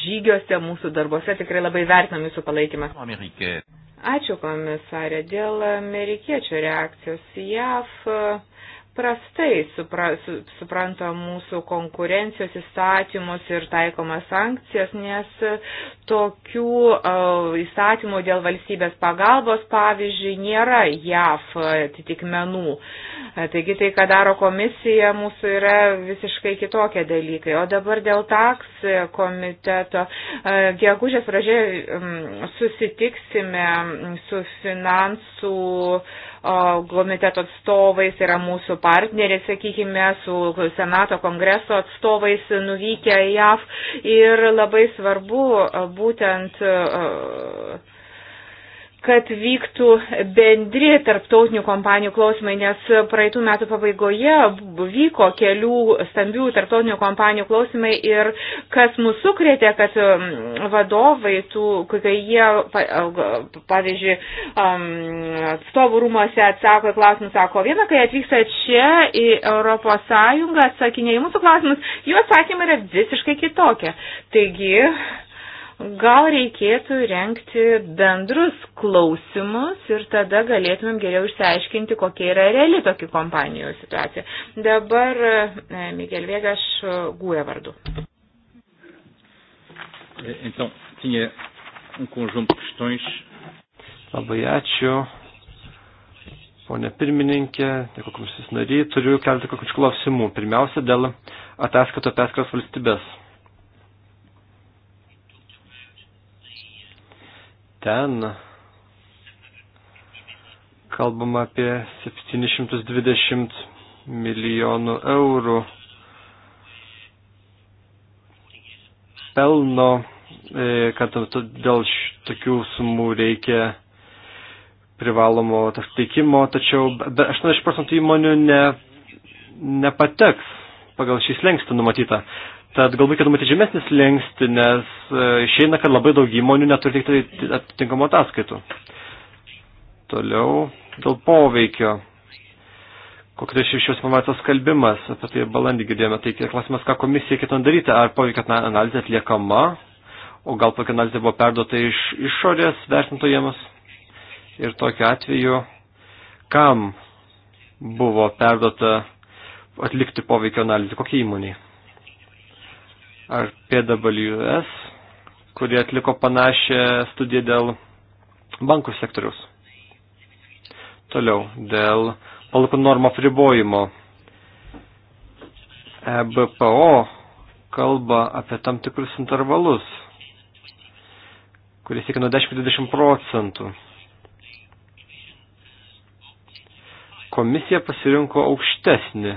žygiuose, mūsų darbuose. Tikrai labai vertinam jūsų palaikymą. Amerikė. Ačiū komisarė dėl amerikiečių reakcijos. JAF prastai supra, su, supranta mūsų konkurencijos įstatymus ir taikomas sankcijas, nes tokių uh, įstatymų dėl valstybės pagalbos, pavyzdžiui, nėra JAF atitikmenų. Taigi tai, ką daro komisija, mūsų yra visiškai kitokie dalykai. O dabar dėl taks komiteto. Uh, gegužės pradžioje um, susitiksime su finansų uh, komiteto atstovais, yra mūsų partneriai, sakykime, su Senato kongreso atstovais nuvykę į JAV ir labai svarbu būtent uh, kad vyktų bendri tarptautinių kompanijų klausimai, nes praeitų metų pabaigoje vyko kelių stambių tarptautinių kompanijų klausimai ir kas mus sukrėtė, kad um, vadovai, tų, kai jie, pavyzdžiui, um, atstovų rūmose atsako į klausimus, sako vieną, kai atvyksta čia į Europos Sąjungą, atsakinėjimus klausimus, jų atsakymai yra visiškai kitokie. Taigi, Gal reikėtų renkti bendrus klausimus ir tada galėtumėm geriau išsiaiškinti, kokia yra reali tokių kompanijų situacija. Dabar e, Miguel Vėgaš Gūja vardu. E, um Labai ačiū. Pone pirmininkė, dėkui komisijos nariai, turiu keletą kokių klausimų. Pirmiausia, dėl ataskaito apie atskiras valstybės Ten kalbama apie 720 milijonų eurų pelno, e, kad dėl tokių sumų reikia privalomo tas teikimo, tačiau 80 procentų įmonių ne, nepateks pagal šį slengstą numatytą. Tad galbūt reikėtų matyti žemesnis lengsti, nes e, išeina, kad labai daug įmonių neturi tik tai atitinkamo ataskaitų. Toliau dėl poveikio. Kokia tai šios informacijos skalbimas, apie tai balandį girdėjome, tai klausimas, ką komisija ketina daryti, ar poveikio analizė atliekama, o gal tokia analizė buvo perduota iš išorės vertintojams ir tokiu atveju, kam buvo perduota atlikti poveikio analizę, kokie įmoniai ar PWS, kurie atliko panašią studiją dėl bankų sektoriaus. Toliau, dėl palūkanų normų apribojimo. EBPO kalba apie tam tikrus intervalus, kuris siekia nuo 10-20 procentų. Komisija pasirinko aukštesnį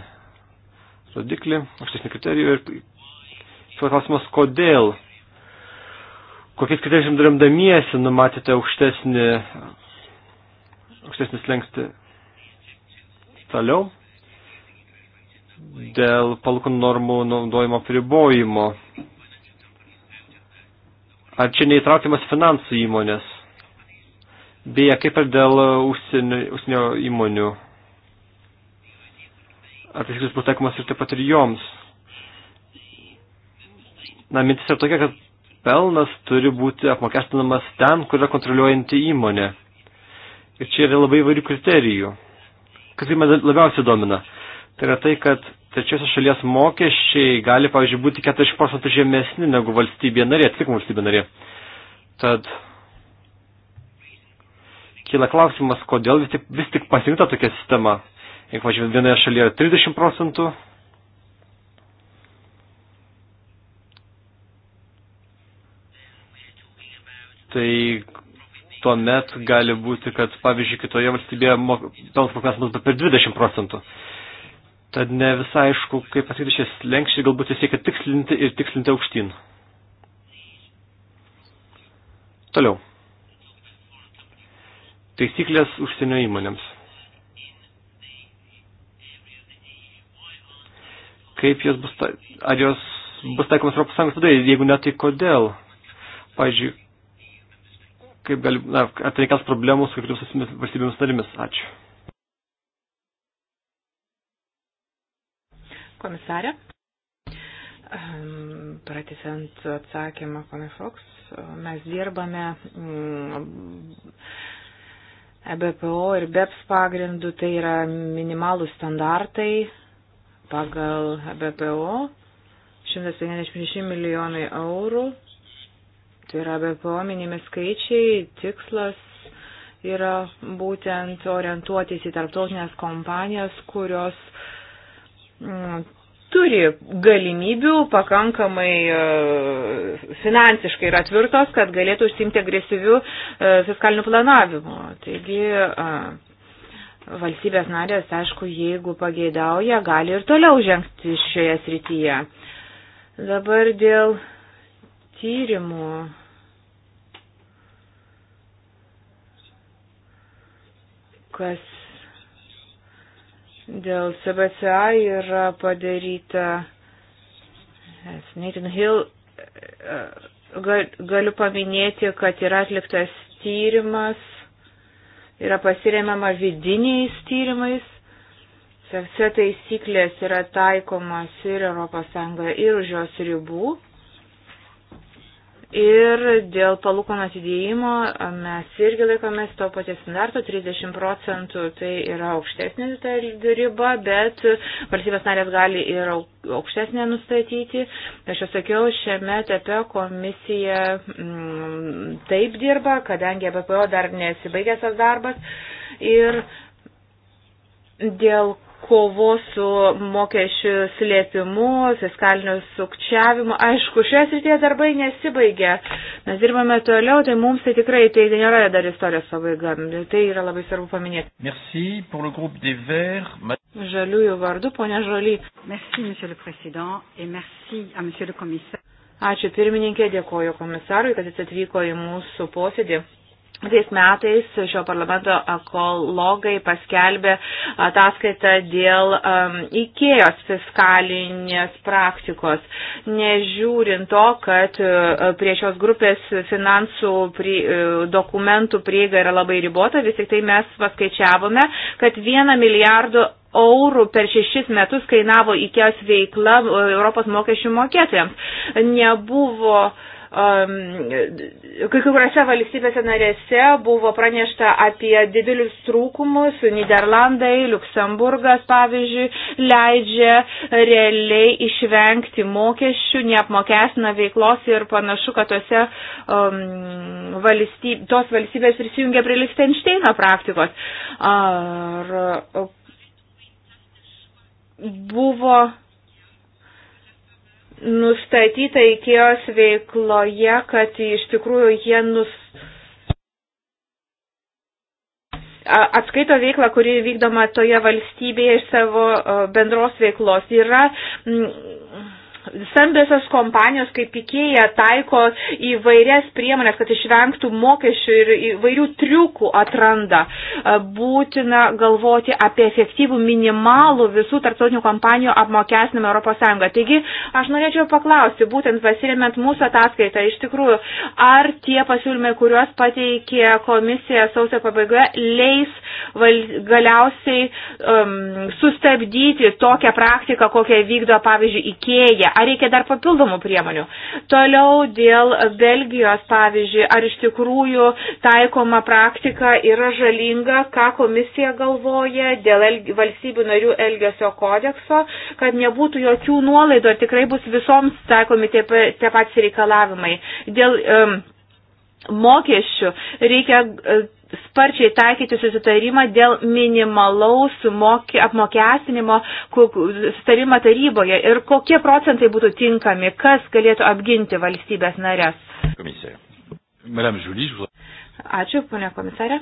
rodiklį, aukštesnį kriterijų ir Šio klausimas, kodėl? Kokiais kitais žemdramdamiesi numatėte aukštesnį, aukštesnį slengsti toliau? Dėl palūkanų normų naudojimo pribojimo. Ar čia neįtraukiamas finansų įmonės? Beje, kaip ir dėl užsienio, užsienio įmonių. Ar taisyklis bus taikomas ir taip pat ir joms? na, mintis yra tokia, kad pelnas turi būti apmokestinamas ten, kur yra kontroliuojanti įmonė. Ir čia yra labai įvairių kriterijų. Kas tai mane labiausiai domina? Tai yra tai, kad trečiosios šalies mokesčiai gali, pavyzdžiui, būti 40 procentų žemesni negu valstybė narė, tik valstybė narė. Tad kyla klausimas, kodėl vis tik, vis tik pasirinkta tokia sistema. Jeigu, pavyzdžiui, vienoje šalyje 30 procentų, tai tuomet gali būti, kad pavyzdžiui kitoje valstybėje pelnas apmokestinamas per 20 procentų. Tad ne visai aišku, kaip pasakyti šis lenkščiai, galbūt jis siekia tikslinti ir tikslinti aukštyn. Toliau. Taisyklės užsienio įmonėms. Kaip jos bus, ta, ar jos bus taikomas Europos Sąjungos vidai, jeigu ne, tai kodėl? Pavyzdžiui, kaip gali, na, ar tai kels problemų su kiekvienoms valstybėms narimis. Ačiū. Komisarė. Ehm, Pratysant atsakymą, ponai Fox, mes dirbame mm, EBPO ir BEPS pagrindų, tai yra minimalų standartai pagal EBPO 156 milijonai eurų Tai yra BPO minimi skaičiai, tikslas yra būtent orientuotis į tarptautinės kompanijas, kurios m, mm, turi galimybių pakankamai e, finansiškai yra tvirtos, kad galėtų užsimti agresyvių e, fiskalinių planavimų. Taigi e, valstybės narės, aišku, jeigu pageidauja, gali ir toliau žengti šioje srityje. Dabar dėl tyrimų kas dėl CBCA yra padaryta. Nathan Hill, e, galiu paminėti, kad yra atliktas tyrimas, yra pasiremiama vidiniais tyrimais. CFC taisyklės yra taikomas ir ES, ir už jos ribų. Ir dėl palūkanų atidėjimo mes irgi laikomės to paties standarto, 30 procentų tai yra aukštesnė ta riba, bet valstybės narės gali ir aukštesnė nustatyti. Aš jau sakiau, šiame etape komisija m, mm, taip dirba, kadangi e BPO dar nesibaigęs tas darbas. Ir dėl kovos su mokesčių slėpimu, fiskaliniu sukčiavimu. Aišku, šioje srityje darbai nesibaigia. Mes dirbame toliau, tai mums tai tikrai tai nėra dar istorijos pabaiga. Tai yra labai svarbu paminėti. Merci pour le groupe des Verts. Žaliųjų vardu, ponia Žoly. Merci, monsieur le président, et merci à monsieur le commissaire. Ačiū pirmininkė, dėkoju komisarui, kad jis atvyko į mūsų posėdį. Tais metais šio parlamento ekologai paskelbė ataskaitą dėl um, įkėjos fiskalinės praktikos. Nežiūrint to, kad uh, prie šios grupės finansų pri, uh, dokumentų prieiga yra labai ribota, vis tik tai mes paskaičiavome, kad vieną milijardo eurų per šešis metus kainavo įkėjos veikla uh, Europos mokesčių mokėtojams. Nebuvo uh, kai kuriuose valstybėse narėse buvo pranešta apie didelius trūkumus. Niderlandai, Luksemburgas, pavyzdžiui, leidžia realiai išvengti mokesčių, neapmokestina veiklos ir panašu, kad tose, um, valstyb, tos valstybės prisijungia prie Lichtensteino praktikos. Ar buvo nustatyta IKEOS veikloje, kad iš tikrųjų jie nus... atskaito veiklą, kuri vykdoma toje valstybėje iš savo bendros veiklos. Yra stambiosios kompanijos kaip Ikėja taiko įvairias priemonės, kad išvengtų mokesčių ir įvairių triukų atranda. Būtina galvoti apie efektyvų minimalų visų tarptautinių kompanijų apmokestinimą ES. Taigi, aš norėčiau paklausti, būtent pasirėmint mūsų ataskaitą, iš tikrųjų, ar tie pasiūlymai, kuriuos pateikė komisija sausio pabaigoje, leis val, galiausiai um, sustabdyti tokią praktiką, kokią vykdo, pavyzdžiui, Ikėja ar reikia dar papildomų priemonių. Toliau dėl Belgijos, pavyzdžiui, ar iš tikrųjų taikoma praktika yra žalinga, ką komisija galvoja dėl valstybių narių elgesio kodekso, kad nebūtų jokių nuolaidų, ar tikrai bus visoms taikomi tie, tie patys reikalavimai. Dėl um, mokesčių reikia. Uh, sparčiai taikyti susitarimą dėl minimalaus mokė, apmokestinimo susitarimą taryboje ir kokie procentai būtų tinkami, kas galėtų apginti valstybės narės. Komisija. Madame Julie, je vous... Ačiū, ponia komisarė.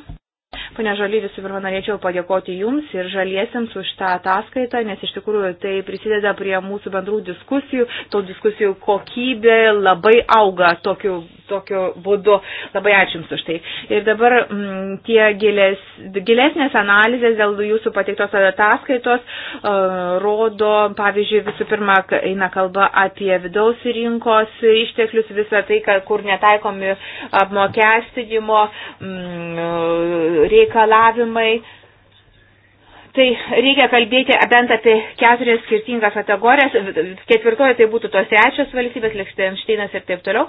Pane Žaly, visų pirma, norėčiau padėkoti Jums ir žaliesiems už tą ataskaitą, nes iš tikrųjų tai prisideda prie mūsų bendrų diskusijų, to diskusijų kokybė labai auga tokiu, tokiu būdu. Labai ačiū Jums už tai. Ir dabar m, mm, tie gilės, gilesnės analizės dėl Jūsų pateiktos ataskaitos uh, rodo, pavyzdžiui, visų pirma, eina kalba apie vidaus rinkos išteklius, visą tai, kur netaikomi apmokestinimo. M, mm, e, reikalavimai Tai reikia kalbėti bent apie keturias skirtingas kategorijas. Ketvirtoji tai būtų tos trečios valstybės, Lekštenšteinas ir taip toliau.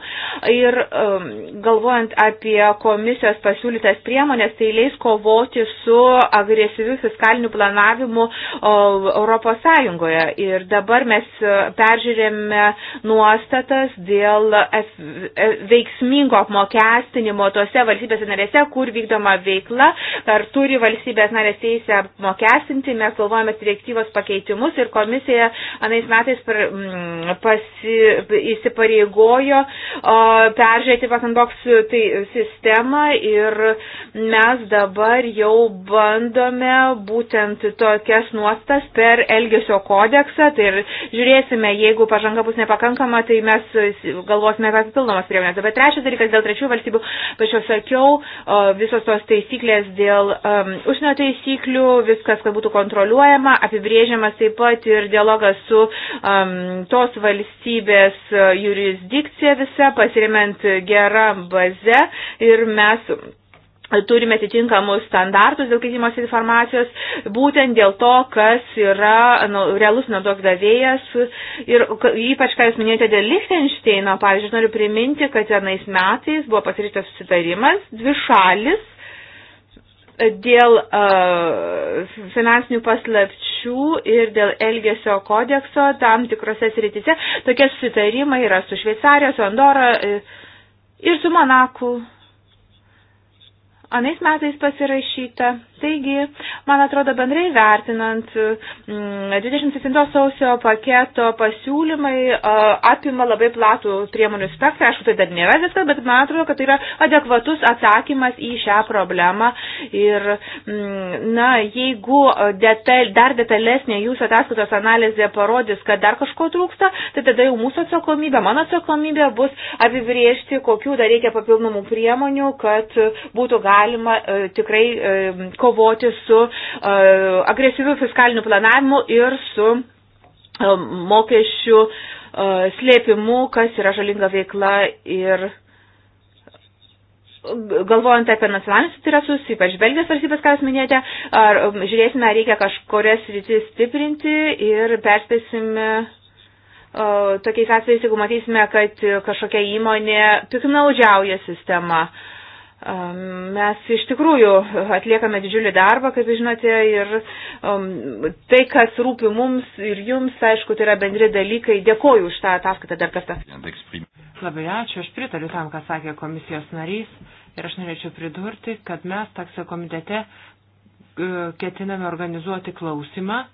Ir um, galvojant apie komisijos pasiūlytas priemonės, tai leis kovoti su agresyviu fiskaliniu planavimu o, Europos Sąjungoje. Ir dabar mes e, peržiūrėme nuostatas dėl e, veiksmingo apmokestinimo tose valstybėse narėse, kur vykdoma veikla, ar turi valstybės narės teisę apmokestinti padrasinti, mes galvojame direktyvos pakeitimus ir komisija anais metais per, m, mm, pasi, įsipareigojo o, peržiūrėti patent box tai, sistemą ir mes dabar jau bandome būtent tokias nuostas per Elgesio kodeksą. Tai ir žiūrėsime, jeigu pažanga bus nepakankama, tai mes galvosime apie papildomas priemonės. Bet trečias dalykas dėl trečių valstybių, pačios sakiau, visos tos taisyklės dėl um, užsienio taisyklių, viskas dialogas, kad būtų kontroliuojama, apibrėžiamas taip pat ir dialogas su um, tos valstybės uh, jurisdikcija visa, pasiriment gerą bazę ir mes turime atitinkamus standartus dėl keitimosi informacijos, būtent dėl to, kas yra nu, realus naudos gavėjas. Ir ypač, ką Jūs minėjote dėl Lichtensteino, pavyzdžiui, noriu priminti, kad vienais metais buvo pasirištas susitarimas, dvi šalis dėl uh, finansinių paslapčių ir dėl elgesio kodekso tam tikrose sritise. Tokie susitarimai yra su Šveicarija, su Andora e, ir su Monaku. Anais metais pasirašyta Taigi, man atrodo, bendrai vertinant, 27 mm, sausio paketo pasiūlymai apima labai platų priemonių spektrą. Aišku, tai dar nėra viskas, bet man atrodo, kad tai yra adekvatus atsakymas į šią problemą. Ir, mm, na, jeigu detal, dar detalesnė jūsų ataskaitos analizė parodys, kad dar kažko trūksta, tai tada jau mūsų atsakomybė, mano atsakomybė bus apibriežti, kokių dar reikia papildomų priemonių, kad būtų galima e, tikrai kovoti e, kovoti su e, agresyviu fiskaliniu planavimu ir su e, mokesčių e, slėpimu, kas yra žalinga veikla ir galvojant apie nacionalinius interesus, ypač Belgijos valstybės, ką jūs minėjote, ar um, žiūrėsime, ar reikia kažkurias rytis stiprinti ir perspėsime tokiais atvejais, jeigu matysime, kad kažkokia įmonė piknaudžiauja sistemą. Uh, Mes iš tikrųjų atliekame didžiulį darbą, kaip žinote, ir um, tai, kas rūpi mums ir jums, aišku, tai yra bendri dalykai. Dėkoju už tą ataskaitą dar kartą. Labai ačiū, aš pritariu tam, ką sakė komisijos narys ir aš norėčiau pridurti, kad mes takso komitete e, ketiname organizuoti klausimą, e,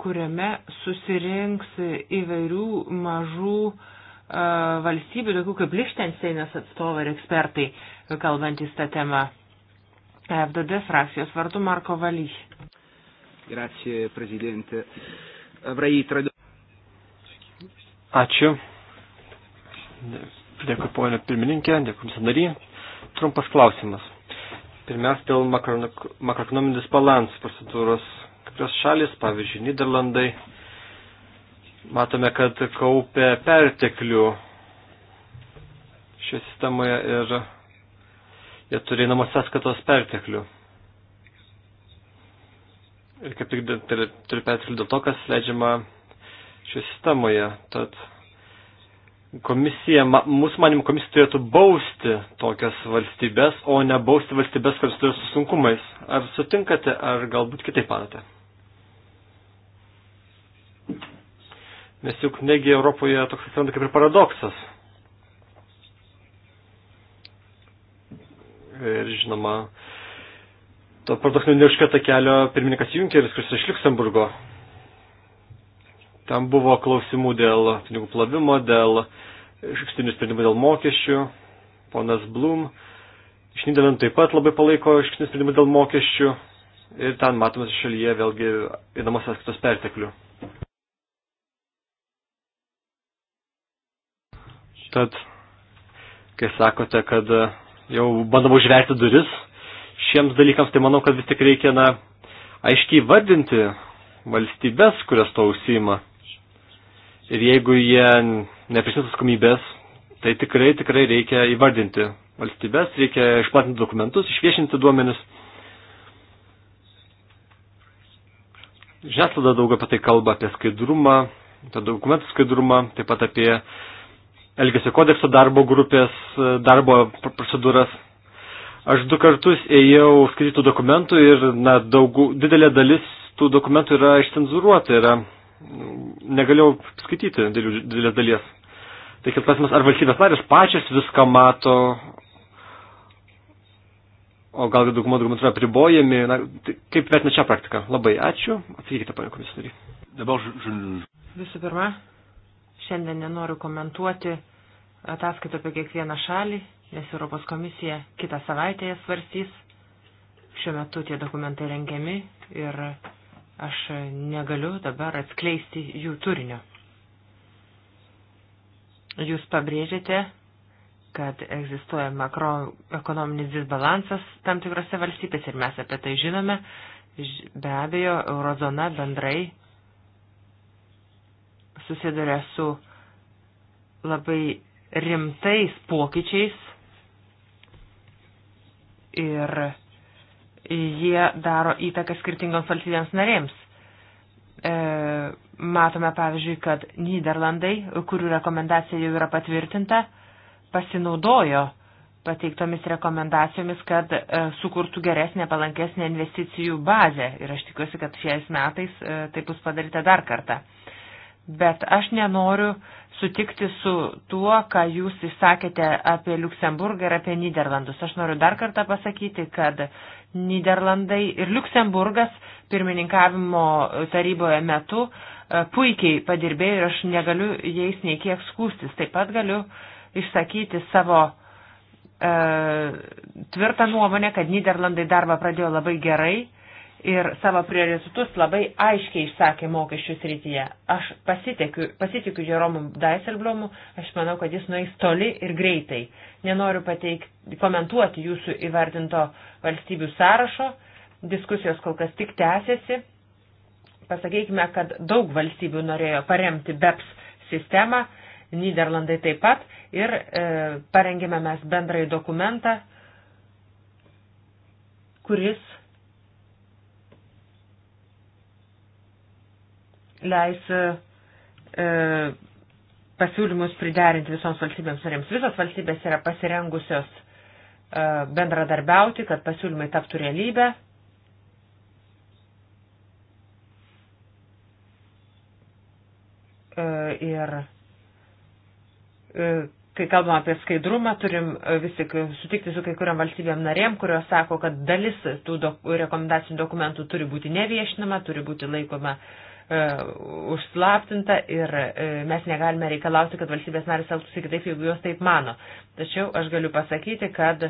kuriame susirinks įvairių mažų uh, valstybių, tokių kaip Lichtensteinas atstovai ir ekspertai, kalbantys tą temą. FDD frakcijos vardu Marko Valy. Grazie, prezidente. Avrei tradu. Ačiū. Dėkui, ponė pirmininkė, dėkui, sanary. Trumpas klausimas. Pirmiausia, dėl makroekonominės balansų procedūros. Kai kurios šalis, pavyzdžiui, Niderlandai, matome, kad kaupė perteklių šioje sistemoje ir jie turi namos sąskaitos perteklių. Ir kaip tik turi perteklių dėl to, kas leidžiama šioje sistemoje. Tad komisija, mūsų manim komisija turėtų bausti tokias valstybės, o ne bausti valstybės, kurios turi su sunkumais. Ar sutinkate, ar galbūt kitaip manote? Nes juk negi Europoje toks atsiranda kaip ir paradoksas. Ir žinoma, to paradoksinio neužkėta kelio pirmininkas Junkeris, kuris iš Luxemburgo. Tam buvo klausimų dėl pinigų plavimo, dėl iškstinių sprendimų dėl mokesčių. Ponas Blum iš Niderlandų taip pat labai palaiko iškstinių sprendimų dėl mokesčių. Ir ten matomas šalyje vėlgi įdomas sąskaitos perteklių. Tad, kai sakote, kad jau bandoma užverti duris šiems dalykams, tai manau, kad vis tik reikia, na, aiškiai vardinti valstybės, kurios to užsima. Ir jeigu jie neprisimtų skumybės, tai tikrai, tikrai reikia įvardinti valstybės, reikia išplatinti dokumentus, išviešinti duomenis. Žiniasklaida daug apie tai kalba, apie skaidrumą, apie dokumentų skaidrumą, taip pat apie Elgesio kodekso darbo grupės darbo procedūras. Aš du kartus ėjau skaitytų dokumentų ir na, daug, didelė dalis tų dokumentų yra išcenzuruota, yra, negalėjau skaityti didelės dalies. Tai kitas klausimas, ar valstybės narės pačios viską mato, o gal dokumentų dokumentų yra pribojami, na, tai kaip vertina čia praktika? Labai ačiū, atsakykite, panė komisarį. Visų pirma, Šiandien nenoriu komentuoti ataskaitą apie kiekvieną šalį, nes Europos komisija kitą savaitę jas svarstys. Šiuo metu tie dokumentai rengiami ir aš negaliu dabar atskleisti jų turinio. Jūs pabrėžėte, kad egzistuoja makroekonominis disbalansas tam tikrose valstybėse ir mes apie tai žinome. Be abejo, eurozona bendrai susiduria su labai rimtais pokyčiais ir jie daro įtaką skirtingoms valstybėms narėms. E, matome pavyzdžiui, kad Niderlandai, kurių rekomendacija jau yra patvirtinta, pasinaudojo pateiktomis rekomendacijomis, kad e, sukurtų geresnę, palankesnę investicijų bazę. Ir aš tikiuosi, kad šiais metais e, tai bus padaryta dar kartą bet aš nenoriu sutikti su tuo, ką jūs įsakėte apie Luksemburgą ir apie Niderlandus. Aš noriu dar kartą pasakyti, kad Niderlandai ir Luksemburgas pirmininkavimo taryboje metu e, puikiai padirbėjo ir aš negaliu jais nei kiek skūstis. Taip pat galiu išsakyti savo e, tvirtą nuomonę, kad Niderlandai darbą pradėjo labai gerai ir savo prioritetus labai aiškiai išsakė mokesčių srityje. Aš pasitikiu, pasitikiu Jeromu Daiselblomu, aš manau, kad jis nueis toli ir greitai. Nenoriu pateik, komentuoti jūsų įvardinto valstybių sąrašo, diskusijos kol kas tik tęsiasi. Pasakykime, kad daug valstybių norėjo paremti BEPS sistemą, Niderlandai taip pat, ir e, parengėme mes bendrąjį dokumentą, kuris leis e, pasiūlymus priderinti visoms valstybėms narėms. Visos valstybės yra pasirengusios e, bendradarbiauti, kad pasiūlymai taptų realybę. E, ir e, kai kalbam apie skaidrumą, turim e, vis tik sutikti su kai kuriam valstybėm narėm, kurios sako, kad dalis tų dok rekomendacinių dokumentų turi būti neviešinama, turi būti laikoma uh, E, užslaptinta ir e, mes negalime reikalauti, kad valstybės narės elgtųsi kitaip, jeigu jos taip mano. Tačiau aš galiu pasakyti, kad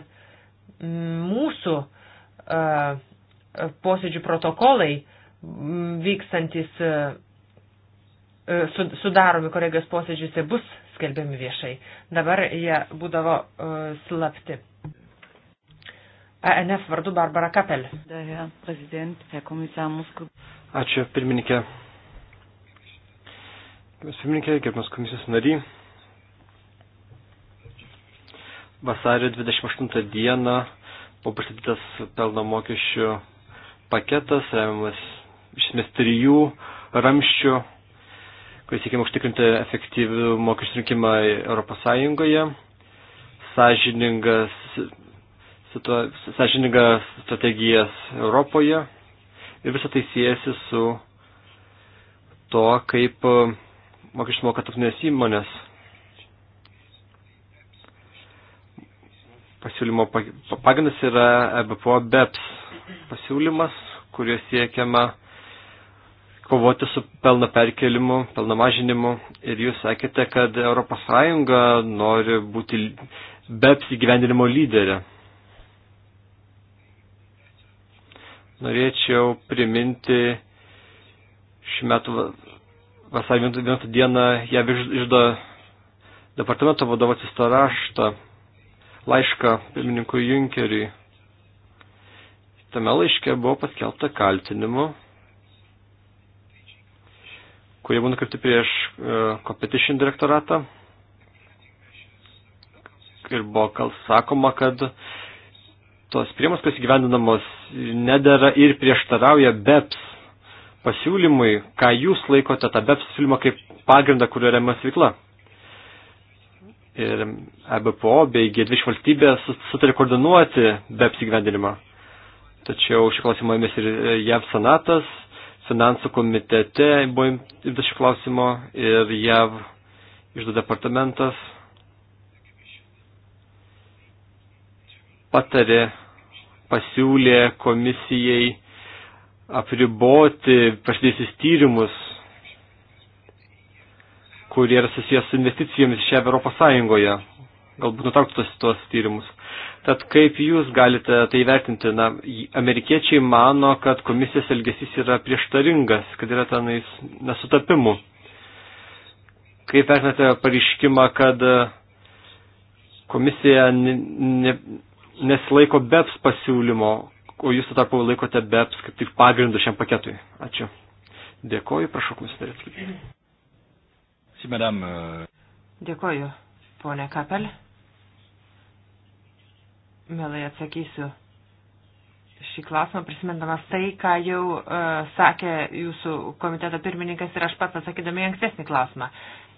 mūsų e, posėdžių protokolai vykstantis sudaromi kolegijos posėdžiuose bus skelbiami viešai. Dabar jie būdavo slapti. ANF vardu Barbara Kapel. Ačiū, pirmininkė. Gerbiamas pirmininkė, gerbiamas komisijos nariai. Vasario 28 dieną buvo pristatytas pelno mokesčių paketas, remiamas iš esmės trijų ramščių, kuris siekiama užtikrinti efektyvių mokesčių rinkimą Europos Sąjungoje, sąžiningas, sąžiningas strategijas Europoje ir visą tai siejasi su to, kaip mokesčių moka tarptautinės įmonės. Pasiūlymo pagrindas yra EBPO BEPS pasiūlymas, kurio siekiama kovoti su pelno perkelimu, pelno mažinimu. Ir jūs sakėte, kad ES nori būti BEPS įgyvendinimo lyderė. Norėčiau priminti šių metų vasario 11 dieną jav išdo departamento vadovo atsisto raštą, laišką pirmininkui Junkeriui. Tame laiške buvo paskelbta kaltinimu, kurie buvo nukreipti prieš uh, competition direktoratą. Ir buvo kal sakoma, kad tos priemonės, kas įgyvendinamos, nedėra ir prieštarauja BEPS pasiūlymui, ką jūs laikote tą BEPS pasiūlymą kaip pagrindą, kurio remias veikla. Ir EBPO bei G20 valstybės sutarė koordinuoti BEPS įgyvendinimą. Tačiau šį klausimą ėmės ir JAV senatas, finansų komitete buvo imtas šį klausimo ir JAV išdo departamentas patarė, pasiūlė komisijai apriboti prasidėjusius tyrimus, kurie yra susijęs su investicijomis šią Europos Sąjungoje. Galbūt nutrauktų tos, tos tyrimus. Tad kaip jūs galite tai vertinti? Na, amerikiečiai mano, kad komisijos elgesys yra prieštaringas, kad yra tenais nesutapimų. Kaip vertinate pareiškimą, kad komisija ne, ne, nesilaiko BEPS pasiūlymo, o jūs tą tarpu laikote BEPS kaip tik pagrindu šiam paketui. Ačiū. Dėkoju, prašau, komisarė. Si, madame. Euh, Dėkoju, ponė Kapel. Mielai atsakysiu šį klausimą, prisimindamas tai, ką jau uh, sakė jūsų komiteto pirmininkas ir aš pats atsakydami į ankstesnį klausimą.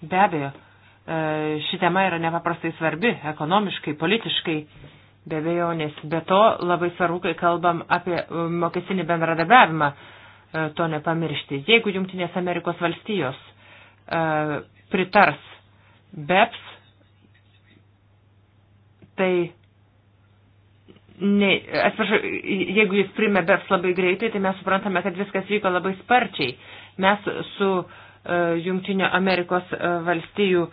Be abejo, uh, ši tema yra nepaprastai svarbi ekonomiškai, politiškai. Uh, be abejonės. Be to labai svarbu, kai kalbam apie e, mokestinį bendradarbiavimą, e, to nepamiršti. Jeigu Junktinės Amerikos valstijos e, pritars BEPS, tai ne, atsiprašau, jeigu jis primė BEPS labai greitai, tai mes suprantame, kad viskas vyko labai sparčiai. Mes su Junktinio Amerikos valstijų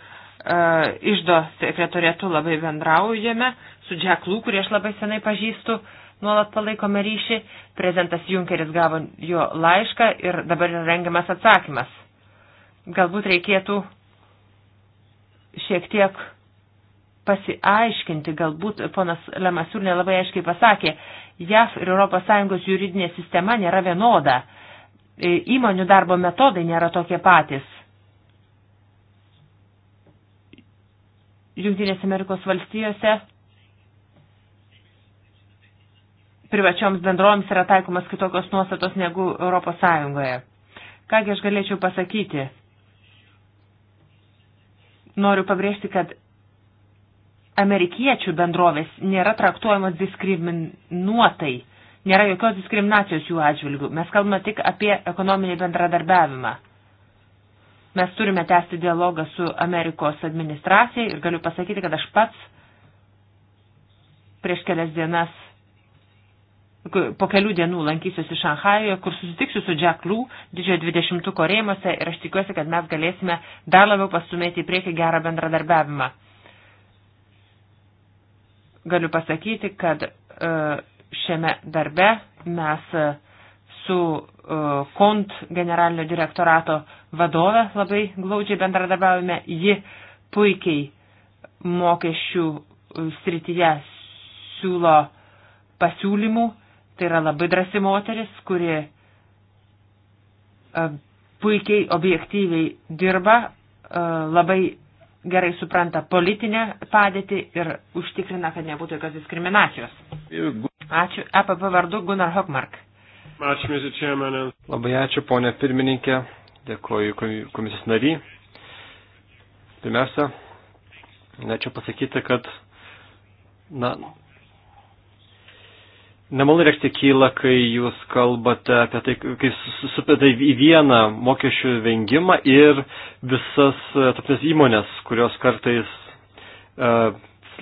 išdo sekretorietu labai bendraujame, su Jack Lou, kurį aš labai senai pažįstu, nuolat palaikome ryšį. Prezidentas Junkeris gavo jo laišką ir dabar yra rengiamas atsakymas. Galbūt reikėtų šiek tiek pasiaiškinti, galbūt ponas Lemasiūrė labai aiškiai pasakė, JAF ir ES juridinė sistema nėra vienoda, e, įmonių darbo metodai nėra tokie patys. Junktinės Amerikos valstijose privačioms bendrovėms yra taikomas kitokios nuostatos negu Europos Sąjungoje. Kągi aš galėčiau pasakyti? Noriu pabrėžti, kad amerikiečių bendrovės nėra traktuojamos diskriminuotai, nėra jokios diskriminacijos jų atžvilgių. Mes kalbame tik apie ekonominį bendradarbiavimą. Mes turime tęsti dialogą su Amerikos administracija ir galiu pasakyti, kad aš pats prieš kelias dienas po kelių dienų lankysiuosi Šanhajoje, kur susitiksiu su Jack Lou didžiojo 20 korėjimuose ir aš tikiuosi, kad mes galėsime dar labiau pastumėti į priekį gerą bendradarbiavimą. Galiu pasakyti, kad e, šiame darbe mes e, su e, KONT generalinio direktorato vadove labai glaudžiai bendradarbiavime. Ji puikiai mokesčių srityje siūlo pasiūlymų Tai yra labai drasi moteris, kuri e, puikiai objektyviai dirba, e, labai gerai supranta politinę padėtį ir užtikrina, kad nebūtų jokios diskriminacijos. Ačiū. EPP vardu Gunnar Hockmark. Ačiū, Mr. Chairman. Labai ačiū, ponė pirmininkė. Dėkuoju komisijos nary. Pirmiausia, norėčiau pasakyti, kad na, Nemalai reikšti kyla, kai jūs kalbate apie tai, kai susipėtai į vieną mokesčių vengimą ir visas e, tapnės įmonės, kurios kartais uh,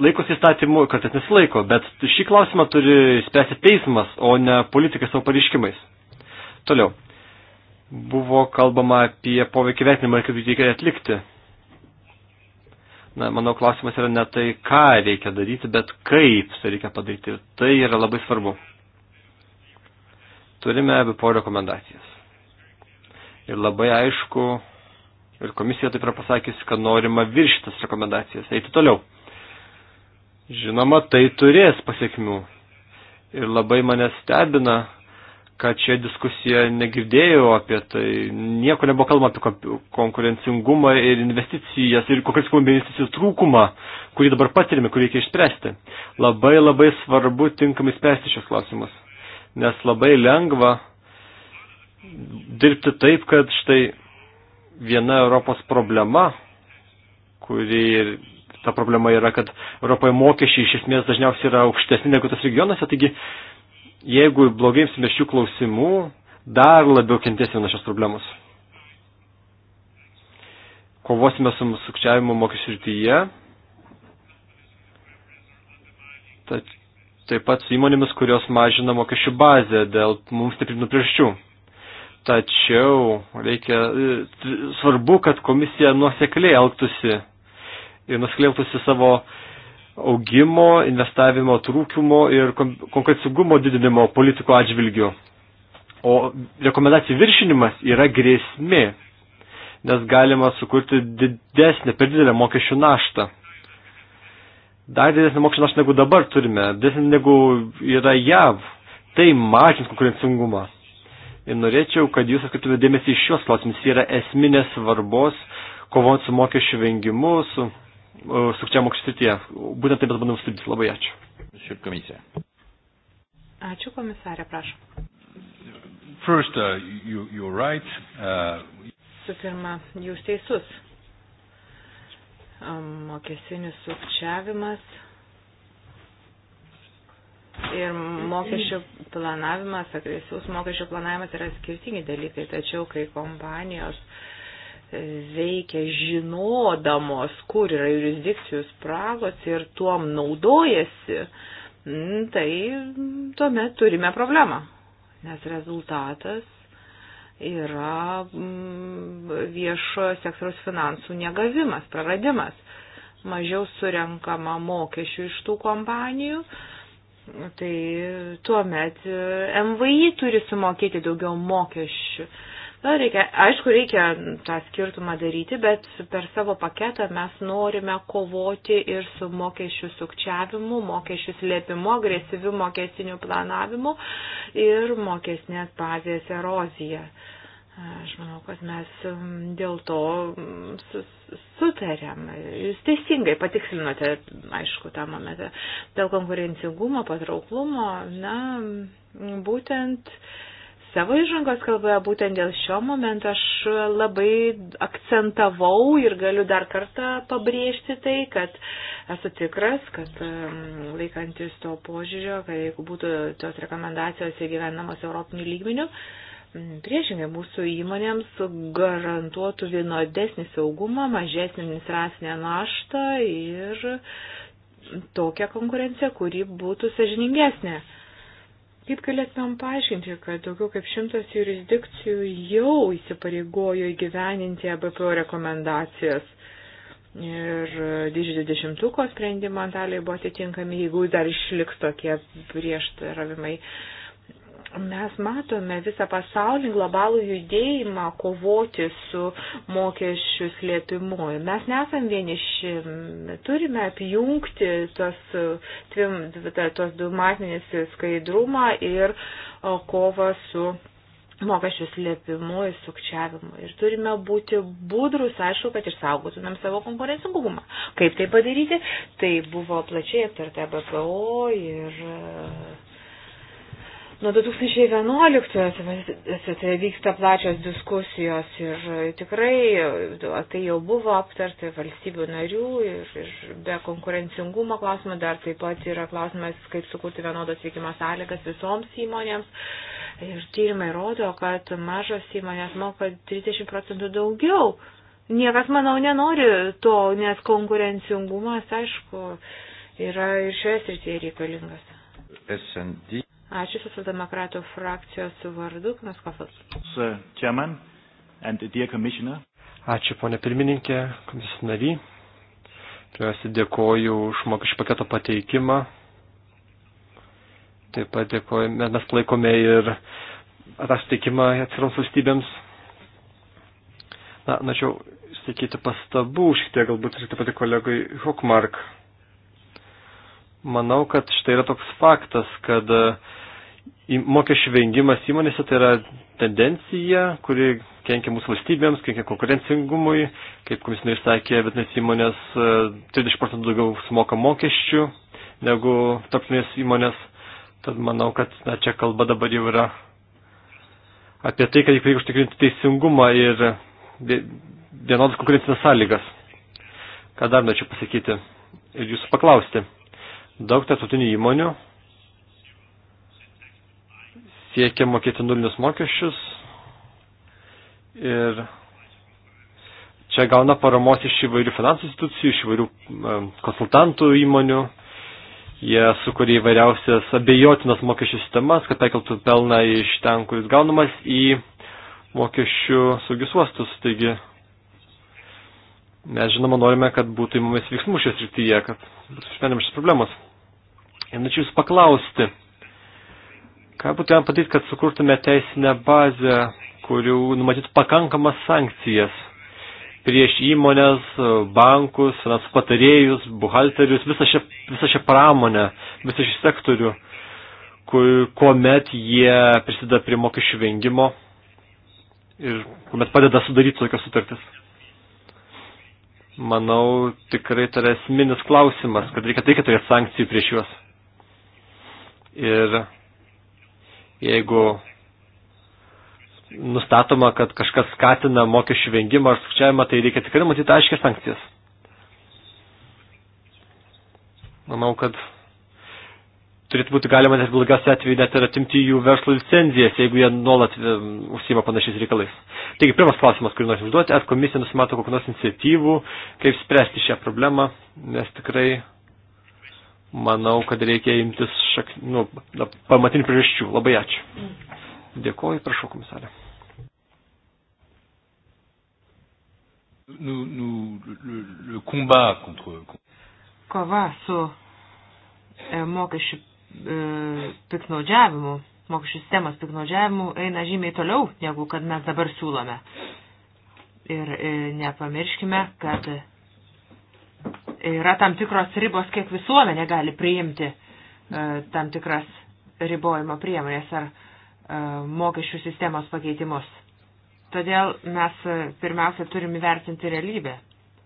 laikosi įstatymų, kartais nesilaiko, bet šį klausimą turi spręsti teismas, o ne politikai savo pareiškimais. Toliau. Buvo kalbama apie poveikį vertinimą ir kaip jį reikia atlikti na, manau, klausimas yra ne tai, ką reikia daryti, bet kaip tai reikia padaryti. Ir tai yra labai svarbu. Turime abipo rekomendacijas. Ir labai aišku, ir komisija taip yra pasakysi, kad norima viršytas rekomendacijas, eiti toliau. Žinoma, tai turės pasiekmių. Ir labai mane stebina, kad čia diskusija negirdėjau apie tai, nieko nebuvo kalbama apie konkurencingumą ir investicijas ir konkurencingumą bei investicijų trūkumą, kurį dabar patirime, kurį reikia išspręsti. Labai labai svarbu tinkamai spręsti šios klausimus, nes labai lengva dirbti taip, kad štai viena Europos problema, kuri ir ta problema yra, kad Europoje mokesčiai iš esmės dažniausiai yra aukštesni negu tas regionuose, taigi jeigu blogai imsime šių klausimų, dar labiau kentėsime nuo šios problemos. Kovosime su sukčiavimo mokesčių rytyje, taip pat su įmonėmis, kurios mažina mokesčių bazę dėl mums stiprinų priežasčių. Tačiau reikia, e, svarbu, kad komisija nuosekliai elgtųsi ir nuskliautusi savo uh, augimo, investavimo trūkumo ir konkurencingumo didinimo politikų atžvilgių. O rekomendacijų viršinimas yra grėsmė, nes galima sukurti didesnę, per didelę mokesčių naštą. Dar didesnį mokesčių naštą negu dabar turime, didesnį negu yra JAV. Tai mažins konkurencingumą. Ir norėčiau, kad jūs atkreiptumėte dėmesį iš šios klausimus. Jis yra esminės svarbos kovant su mokesčių vengimu, su E, sukčiamo srityje. Būtent taip mes bandom užsidirbti. Labai ačiū. Ačiū komisija. Ačiū komisarė, prašom. First, uh, you, you're right. Uh, Su pirma, jūs teisus. Mokesinis sukčiavimas ir mokesčių planavimas, agresyvus mokesčių planavimas yra skirtingi dalykai, tačiau kai kompanijos veikia žinodamos, kur yra jurisdikcijų spragos ir tuom naudojasi, tai tuomet turime problemą, nes rezultatas yra viešojo sektoriaus finansų negavimas, praradimas. Mažiau surenkama mokesčių iš tų kompanijų, tai tuomet e, MVI turi sumokėti daugiau mokesčių. Na, reikia, aišku, reikia tą skirtumą daryti, bet per savo paketą mes norime kovoti ir su mokesčių sukčiavimu, mokesčių slėpimu, agresyviu mokestiniu planavimu ir mokesnės bazės erozija. Aš manau, kad mes mm, dėl to mm, sutarėm. Jūs teisingai patikslinote, aišku, tą momentą. Dėl konkurencingumo, patrauklumo, na, mm, būtent savo įžangos kalboje būtent dėl šio momento aš labai akcentavau ir galiu dar kartą pabrėžti tai, kad esu tikras, kad laikantis to požiūrio, kad jeigu būtų tos rekomendacijos įgyvenamos Europinių lygminių, priešingai mūsų įmonėms garantuotų vienodesnį saugumą, mažesnį administracinę naštą ir tokią konkurenciją, kuri būtų sažiningesnė. Kaip galėtumėm paaiškinti, kad daugiau kaip šimtas jurisdikcijų jau įsipareigojo įgyveninti ABPO rekomendacijas ir didžiojo dešimtuko sprendimo antaliai buvo atitinkami, jeigu dar išliks tokie prieštaravimai. Uh, Mes matome visą pasaulį globalų judėjimą kovoti su mokesčių slėpimu. Mes nesam vieniši, turime apjungti tos, tos du matmenys skaidrumą ir kovą su mokesčių slėpimu ir sukčiavimu. Ir turime būti budrus, aišku, kad išsaugotumėm savo konkurencingumą. Kaip tai padaryti? Tai buvo plačiai aptarta BPO ir Nuo 2011 tai vyksta plačios diskusijos ir tikrai tai jau buvo aptarta valstybių narių ir, ir be konkurencingumo klausimo dar taip pat yra klausimas, kaip sukurti vienodas veikimo sąlygas visoms įmonėms. Ir tyrimai rodo, kad mažos įmonės moka 30 procentų daugiau. Niekas, manau, nenori to, nes konkurencingumas, aišku, yra ir šioje srityje reikalingas. SND Ačiū Socialdemokratų frakcijos vardu, Knas Kofas. Ačiū, ponė pirmininkė, komisijos nary. Pirmiausia, dėkoju už mokesčių paketo pateikimą. Taip pat dėkojame, mes laikome ir atasteikimą atsirams valstybėms. Na, načiau, sakyti pastabų, šiek tiek galbūt ir taip pat kolegai Hokmark manau, kad štai yra toks faktas, kad e, mokesčių vengimas įmonėse tai yra tendencija, kuri kenkia mūsų valstybėms, kenkia konkurencingumui, kaip komisinai sakė, vietinės įmonės 30 e, procentų daugiau sumoka mokesčių negu tarptautinės įmonės. Tad manau, kad na, čia kalba dabar jau yra apie tai, kad reikia užtikrinti teisingumą ir vienodas konkurencinės sąlygas. Ką dar norėčiau pasakyti ir jūsų paklausti. Daug tarptautinių įmonių siekia mokėti nulinius mokesčius ir čia gauna paramos iš įvairių finansų institucijų, iš įvairių konsultantų įmonių. Jie sukuria įvairiausias abejotinas mokesčių sistemas, kad perkeltų pelną iš ten, kuris gaunamas, į mokesčių saugius uostus. Taigi, mes žinoma norime, kad būtų įmumės veiksmų šios rytyje, kad būtų išsprendėm šis problemas. Ir norėčiau jūs paklausti, ką būtumėm padaryti, kad sukurtume teisinę bazę, kurių numatytų pakankamas sankcijas prieš įmonės, bankus, finansų patarėjus, buhalterius, visą šią, visą šią pramonę, visą šį sektorių, kur, kuomet jie prisideda prie mokesčių vengimo ir kuomet padeda sudaryti tokias sutartis. Manau, tikrai tai yra esminis klausimas, kad reikia tai, kad turėti sankcijų prieš juos. Ir jeigu nustatoma, kad kažkas skatina mokesčių vengimą ar sukčiavimą, tai reikia tikrai matyti aiškias sankcijas. Manau, kad turėtų būti galima net blogiausiu atveju net ir atimti jų verslo licenzijas, jeigu jie nuolat e, užsima panašiais reikalais. Taigi, pirmas klausimas, kurį noriu užduoti, ar komisija nusimato kokios iniciatyvų, kaip spręsti šią problemą, nes tikrai manau, kad reikia imtis šak, nu, pamatinių priežasčių. Labai ačiū. Dėkuoju, prašau, komisarė. Kova su e, mokesčių e, piknaudžiavimu, mokesčių sistemos piknaudžiavimu eina žymiai toliau, negu kad mes dabar siūlome. Ir e, nepamirškime, kad e, yra tam tikros ribos, kiek visuomenė gali priimti e, tam tikras ribojimo priemonės ar e, mokesčių sistemos pakeitimus. Todėl mes e, pirmiausia turim įvertinti realybę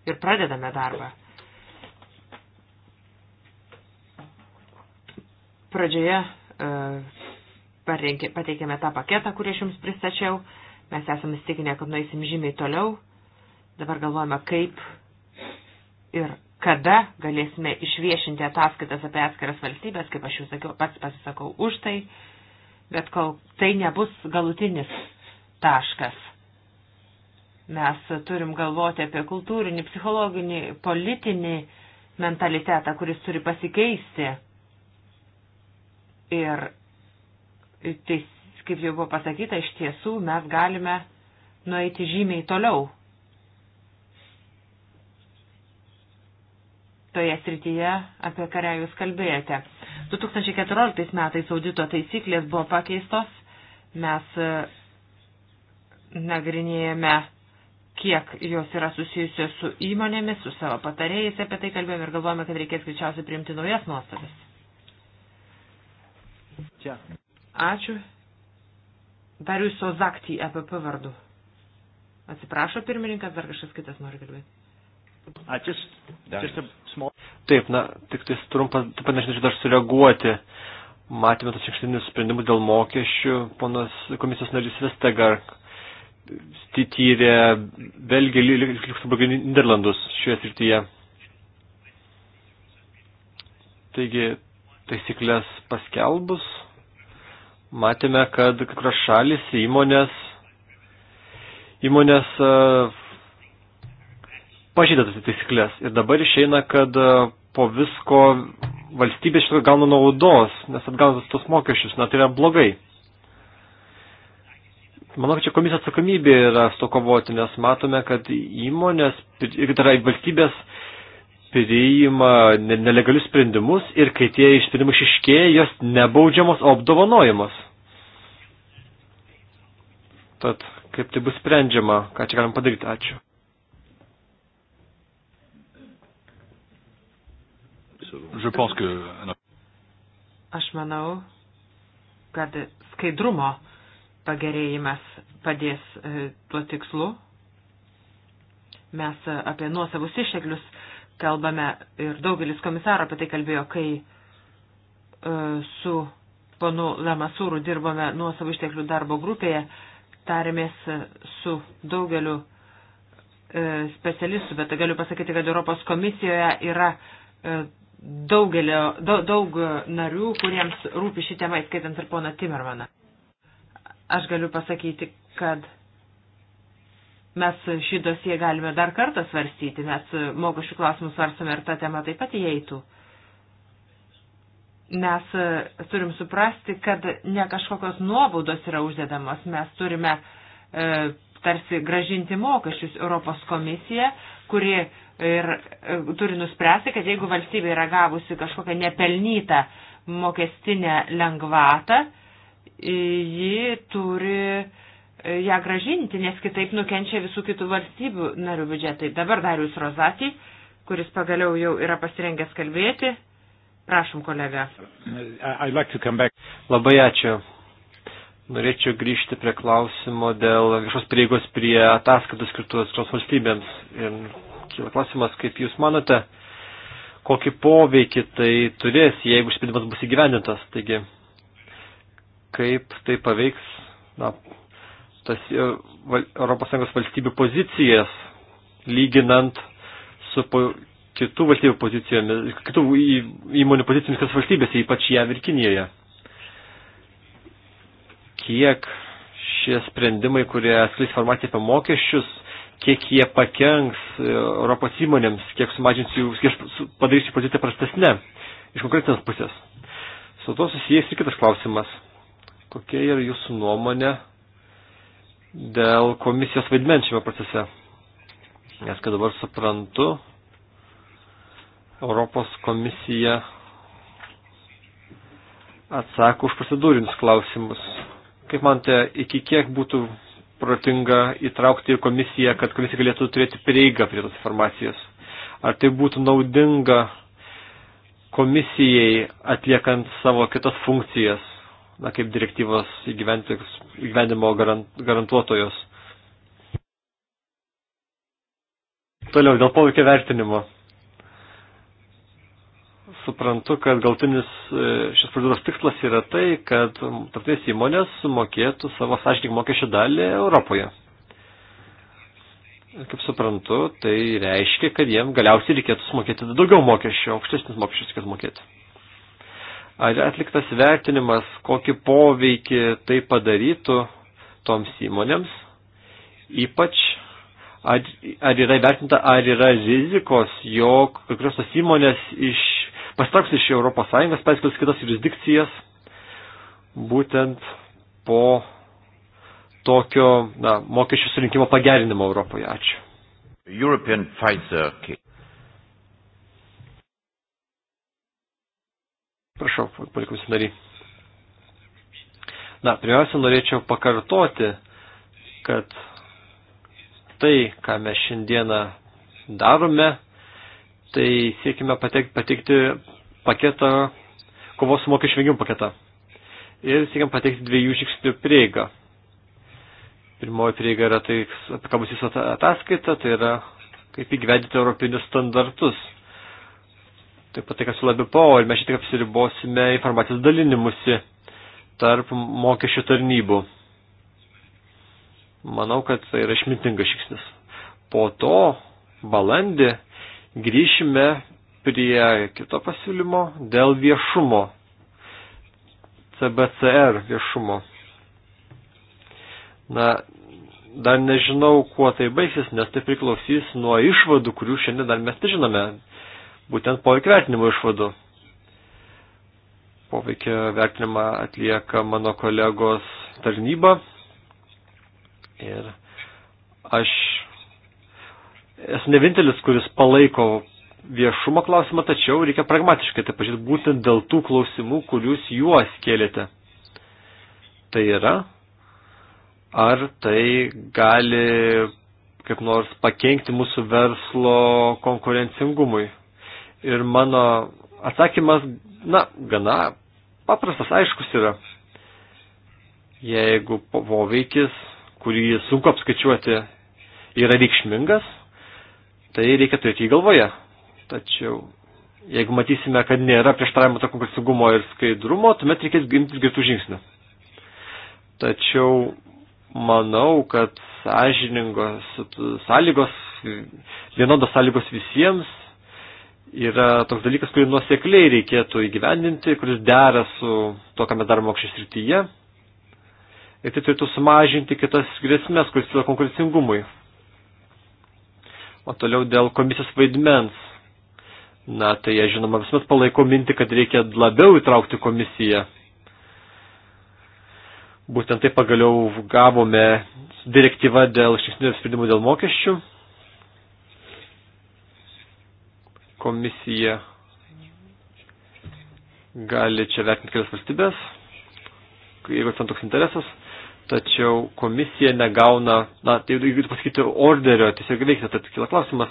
ir pradedame darbą. Pradžioje pateikėme tą paketą, kurį aš jums pristačiau. Mes esame įstikinę, kad nueisim žymiai toliau. Dabar galvojame, kaip ir kada galėsime išviešinti ataskaitas apie atskiras valstybės, kaip aš jau sakiau, pats pasisakau už tai, bet kol tai nebus galutinis taškas. Mes turim galvoti apie kultūrinį, psichologinį, politinį mentalitetą, kuris turi pasikeisti. Ir tai, kaip jau buvo pasakyta, iš tiesų mes galime nueiti žymiai toliau toje srityje, apie kurią jūs kalbėjote. 2014 metais audito taisyklės buvo pakeistos, mes e, nagrinėjame, kiek jos yra susijusios su įmonėmis, su savo patarėjais, apie tai kalbėjome ir galvojame, kad reikės greičiausiai priimti naujas nuostatas. Čia. Ačiū. Darius Ozaktį apie pavardų. Atsiprašo pirmininkas, dar kažkas kitas nori kalbėti. Uh, just, just a small Taip, na, tik tai trumpas, taip pat nežinau, dar sureaguoti. Matėme tos išankstinius sprendimus dėl mokesčių. Ponas komisijos narys Vestegar tyrė Belgiją, Liuksemburgą, Niderlandus šioje srityje. Taigi, taisyklės paskelbus, matėme, kad kai kurios šalis įmonės, įmonės pažydė tas taisyklės. Ir dabar išeina, kad po visko valstybė šitą gauna naudos, nes atgauna tos mokesčius, na tai yra blogai. Manau, kad čia komisija atsakomybė yra stokovoti, nes matome, kad įmonės, tai yra valstybės priima nelegalius sprendimus ir kai tie sprendimus iškėja, jos nebaudžiamos, o apdovanojamos. Tad kaip tai bus sprendžiama, ką čia galim padaryti. Ačiū. Aš manau, kad skaidrumo pagerėjimas padės e, tuo tikslu. Mes apie nuosavus išteklius kalbame ir daugelis komisarų apie tai kalbėjo, kai e, su ponu Lamasūru dirbome nuosavų išteklių darbo grupėje, tarėmės su daugeliu e, specialistų, bet galiu pasakyti, kad Europos komisijoje yra daugelio, daug, daug narių, kuriems rūpi ši tema, įskaitant ir poną Timermaną. Aš galiu pasakyti, kad mes šį dosiją galime dar kartą svarstyti, mes mokesčių klausimus svarstame ir ta tema taip pat įeitų. Mes turim suprasti, kad ne kažkokios nuobaudos yra uždedamos, mes turime e, tarsi gražinti mokesčius Europos komisiją, kuri ir e, turi nuspręsti, kad jeigu valstybė yra gavusi kažkokią nepelnytą mokestinę lengvatą, ji turi e, ją gražinti, nes kitaip nukenčia visų kitų valstybių narių biudžetai. Dabar Darius Rozatį, kuris pagaliau jau yra pasirengęs kalbėti. Prašom, kolega. Like Labai ačiū. Norėčiau grįžti prie klausimo dėl viešos prieigos prie ataskaitų skirtų atskiros valstybėms ir Kila klausimas, kaip Jūs manote, kokį poveikį tai turės, jeigu sprendimas bus įgyvendintas. Taigi, kaip tai paveiks na, tas e, ES valstybių pozicijas, lyginant su kitų valstybių pozicijomis, kitų įmonių pozicijomis kas valstybėse, ypač JAV ir Kinijoje. Kiek šie sprendimai, kurie atskleis informaciją apie mokesčius, kiek jie pakenks e, Europos įmonėms, kiek sumažins jų, kiek padarys jų poziciją prastesnę iš konkretinės pusės. Su to susijęs ir kitas klausimas. Kokia yra jūsų nuomonė dėl komisijos vaidmens šiame procese? Nes, kad dabar suprantu, Europos komisija atsako už procedūrinius klausimus. Kaip man te, iki kiek būtų protinga įtraukti ir komisiją, kad komisija galėtų turėti prieigą prie tos informacijos. Ar tai būtų naudinga komisijai atliekant savo kitas funkcijas, na, kaip direktyvos įgyvendimo garantuotojos. Toliau, dėl poveikio vertinimo suprantu, kad galtinis e, šis procedūros tikslas yra tai, kad tarptautinės įmonės sumokėtų savo sąžininką mokesčio dalį Europoje. Ir kaip suprantu, tai reiškia, kad jiems galiausiai reikėtų sumokėti daugiau mokesčio, aukštesnis mokesčius reikėtų mokėti. Ar atliktas vertinimas, kokį poveikį tai padarytų toms įmonėms, ypač ar, ar yra vertinta, ar yra rizikos, jog kai kurios tos įmonės iš pastrauks iš ES, persikels kitas jurisdikcijas, būtent po tokio na, mokesčių surinkimo pagerinimo Europoje. Ačiū. European Pfizer case. Prašau, palikus nariai. Na, pirmiausia, norėčiau pakartoti, kad tai, ką mes šiandieną darome, tai siekime patek, pateikti paketą, kovos su mokesčių vengimu paketą. Ir siekime pateikti dviejų žingsnių prieigą. Pirmoji prieiga yra tai, apie ką bus jūsų ataskaita, tai yra kaip įgyvedyti europinius standartus. Taip pat tai, kas labiau PO, ir mes šiek tiek apsiribosime informacijos dalinimusi tarp mokesčių tarnybų. Manau, kad tai yra išmintingas žingsnis. Po to, balandį, Grįšime prie kito pasiūlymo dėl viešumo. CBCR viešumo. Na, dar nežinau, kuo tai baigsis, nes tai priklausys nuo išvadų, kurių šiandien dar mes nežinome. Būtent poveikio vertinimo išvadų. Poveikio vertinimą atlieka mano kolegos tarnyba. Ir aš esu ne vienintelis, kuris palaiko viešumo klausimą, tačiau reikia pragmatiškai tai pažiūrėti būtent dėl tų klausimų, kurius juos kėlėte. Tai yra, ar tai gali kaip nors pakenkti mūsų verslo konkurencingumui. Ir mano atsakymas, na, gana paprastas, aiškus yra. Jeigu poveikis, kurį sunku apskaičiuoti, yra reikšmingas, Tai reikia turėti galvoje. Tačiau, jeigu matysime, kad nėra prieštaravimo to konkursingumo ir skaidrumo, tuomet reikės imtis girtų žingsnių. Tačiau manau, kad sąžiningos sąlygos, vienodos sąlygos visiems yra toks dalykas, kurį nuosekliai reikėtų įgyvendinti, kuris dera su to, ką mes darome mokesčių srityje. Ir tai turėtų sumažinti kitas grėsmės, kuris yra konkurencingumui. O toliau dėl komisijos vaidmens. Na, tai jie, žinoma, visuomet palaiko minti, kad reikia labiau įtraukti komisiją. Būtent tai pagaliau gavome direktyvą dėl išneštinio sprendimų dėl mokesčių. Komisija gali čia vertinti kelias valstybės, jeigu ten toks interesas tačiau komisija negauna, na, tai jeigu pasakyti, orderio tiesiog veikti, tad kila klausimas,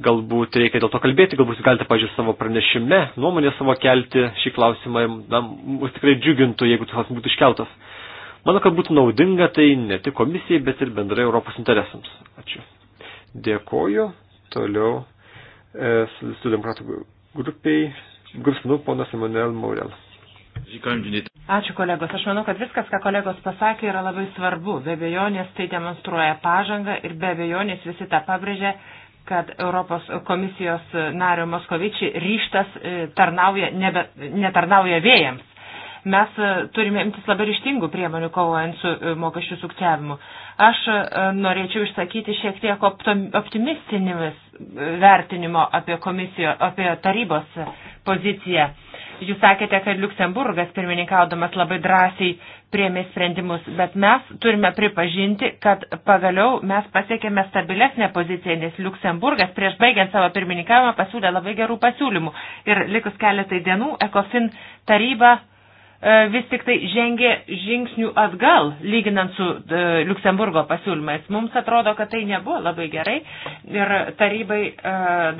galbūt reikia dėl to kalbėti, galbūt jūs galite, pažiūrėjau, savo pranešime, nuomonė savo kelti šį klausimą, na, mus tikrai džiugintų, jeigu tas klausimas būtų iškeltas. Manau, kad būtų naudinga tai ne tik komisijai, bet ir bendrai Europos interesams. Ačiū. Dėkoju. Toliau e, studentų grupiai, grupsinu ponas Emanuel Maurel. Ačiū kolegos. Aš manau, kad viskas, ką kolegos pasakė, yra labai svarbu. Be abejonės tai demonstruoja pažangą ir be abejonės visi tą pabrėžė, kad Europos komisijos nario Moskovičiai ryštas e, tarnauja, nebe, netarnauja vėjams. Mes e, turime imtis labai ryštingų priemonių kovojant su e, mokesčių sukčiavimu. Aš e, norėčiau išsakyti šiek tiek optimistinimis e, vertinimo apie, komisijo, apie tarybos poziciją. Jūs sakėte, kad Luksemburgas pirmininkaudamas labai drąsiai priemė sprendimus, bet mes turime pripažinti, kad pagaliau mes pasiekėme stabilesnę poziciją, nes Luksemburgas prieš baigiant savo pirmininkavimą pasiūlė labai gerų pasiūlymų. Ir likus keletai dienų ECOFIN taryba uh, E, vis tik tai žengė žingsnių atgal, lyginant su e, Luksemburgo pasiūlymais. Mums atrodo, kad tai nebuvo labai gerai ir tarybai e,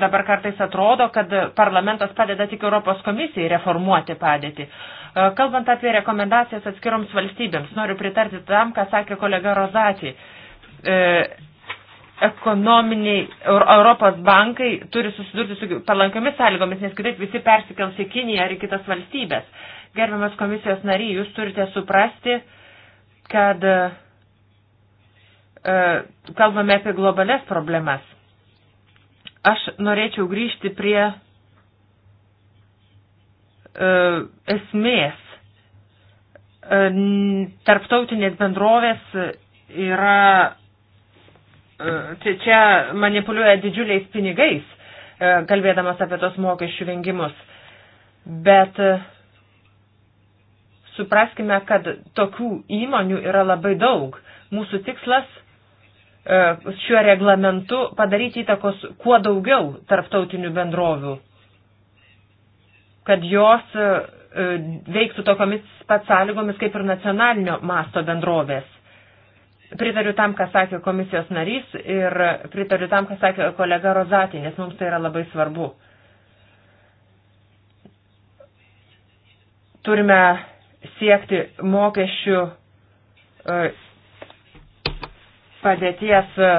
dabar kartais atrodo, kad parlamentas padeda tik Europos komisijai reformuoti padėtį. E, kalbant apie rekomendacijas atskiroms valstybėms, noriu pritarti tam, ką sakė kolega Rozatį. E, ekonominiai Europos bankai turi susidurti su palankiomis sąlygomis, nes kitaip visi persikels į Kiniją ar į kitas valstybės Gerbiamas komisijos nariai, jūs turite suprasti, kad e, e, kalbame apie globales problemas. Aš norėčiau grįžti prie e, esmės. E, tarptautinės bendrovės yra e, čia, čia manipuliuoja didžiuliais pinigais, e, kalbėdamas apie tos mokesčių vengimus. Bet Supraskime, kad tokių įmonių yra labai daug. Mūsų tikslas e, šiuo reglamentu padaryti įtakos kuo daugiau tarptautinių bendrovių, kad jos e, e, veiktų tokiamis pat sąlygomis kaip ir nacionalinio masto bendrovės. Pritariu tam, ką sakė komisijos narys ir pritariu tam, ką sakė kolega Rozatė, nes mums tai yra labai svarbu. Turime siekti mokesčių e, padėties e,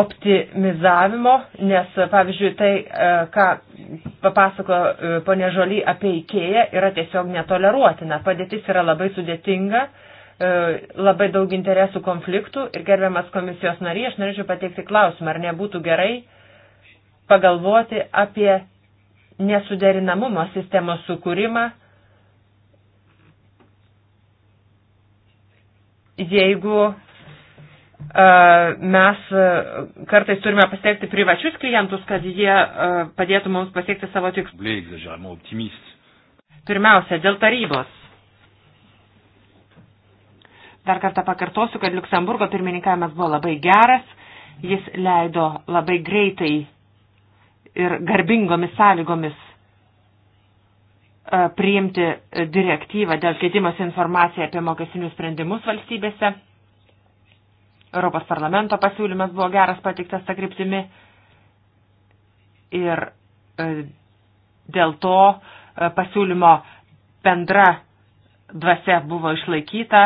optimizavimo, nes, e, pavyzdžiui, tai, ką papasako ponė Žoly apie įkėją, yra tiesiog netoleruotina. Padėtis yra labai sudėtinga, labai daug interesų konfliktų ir gerbiamas komisijos nariai, aš norėčiau pateikti klausimą, ar nebūtų gerai pagalvoti apie nesuderinamumo sistemos sukūrimą jeigu e, mes e, kartais turime pasiekti privačius klientus, kad jie e, padėtų mums pasiekti savo tikslus. Pirmiausia, dėl tarybos. Dar kartą pakartosiu, kad Luksemburgo pirmininkavimas buvo labai geras, jis leido labai greitai ir garbingomis sąlygomis E, priimti direktyvą dėl keitimas informaciją apie mokesinius sprendimus valstybėse. Europos parlamento pasiūlymas buvo geras patiktas tą kryptimi ir e, dėl to e, pasiūlymo bendra dvasia buvo išlaikyta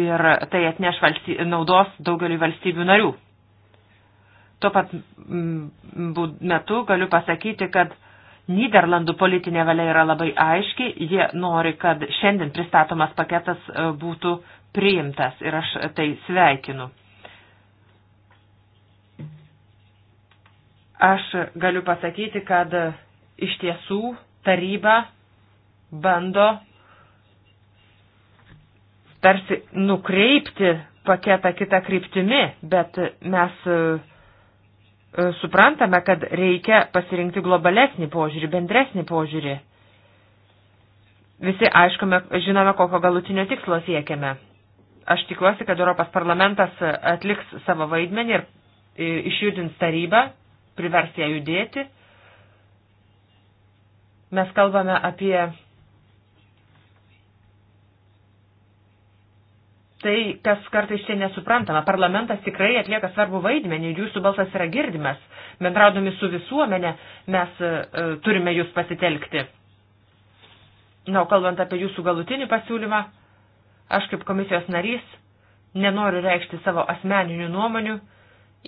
ir tai atneš valsty, naudos daugeliu valstybių narių. Tuo pat metu galiu pasakyti, kad Niderlandų politinė valia yra labai aiški, jie nori, kad šiandien pristatomas paketas e, būtų priimtas ir aš tai sveikinu. Aš galiu pasakyti, kad e, iš tiesų taryba bando tarsi nukreipti paketą kitą kryptimi, bet mes uh, E, suprantame, kad reikia pasirinkti globalesnį požiūrį, bendresnį požiūrį. Visi aiškome, žinome, kokio galutinio tikslo siekiame. Aš tikiuosi, kad Europos parlamentas atliks savo vaidmenį ir e, išjudins tarybą, privers ją judėti. Mes kalbame apie tai, kas kartais čia nesuprantama. Parlamentas tikrai atlieka svarbu vaidmenį ir jūsų balsas yra girdimas. Bendraudami su visuomenė mes e, e, turime jūs pasitelkti. Na, o kalbant apie jūsų galutinį pasiūlymą, aš kaip komisijos narys nenoriu reikšti savo asmeninių nuomonių,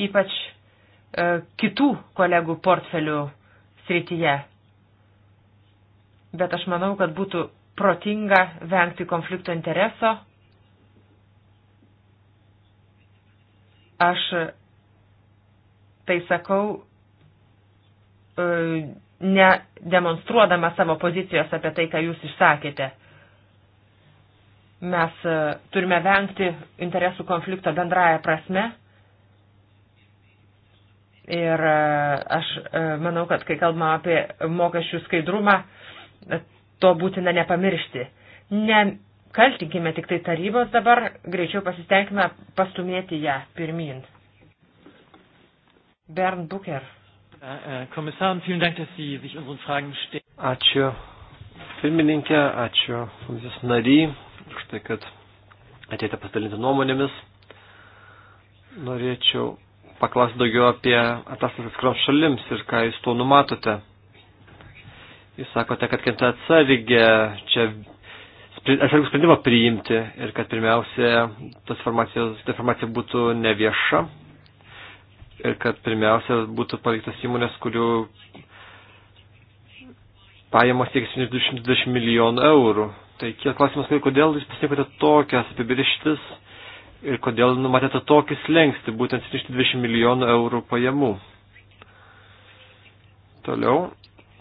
ypač e, kitų kolegų portfelių srityje. Bet aš manau, kad būtų protinga vengti konflikto intereso Aš e, tai sakau e, ne demonstruodama savo pozicijos apie tai, ką jūs išsakėte. Mes e, turime vengti interesų konflikto bendraja prasme. Ir aš manau, kad kai kalbame apie mokesčių skaidrumą, to būtina nepamiršti. Ne Kaltinkime tik tai tarybos dabar, greičiau pasistengime pastumėti ją pirmin. Bernd Bucher. Äh, Komisarin, vielen Dank, dass Sie sich unseren Fragen stellen. Ačiū pirmininkė, ačiū komisijos nariai už tai, kad atėjote pasidalinti nuomonėmis. Norėčiau paklausti daugiau apie ataskaitas atskiroms šalims ir ką jūs to numatote. Jūs sakote, kad KTC lygė čia atsargų sprendimą priimti ir kad pirmiausia ta informacija būtų nevieša ir kad pirmiausia būtų paveiktas įmonės, kurių pajamos siekia 720 milijonų eurų. Tai kiek klausimas, kodėl jūs pasiekote tokias apibrieštis ir kodėl numatėte tokį slengsti, būtent 720 milijonų eurų pajamų. Toliau,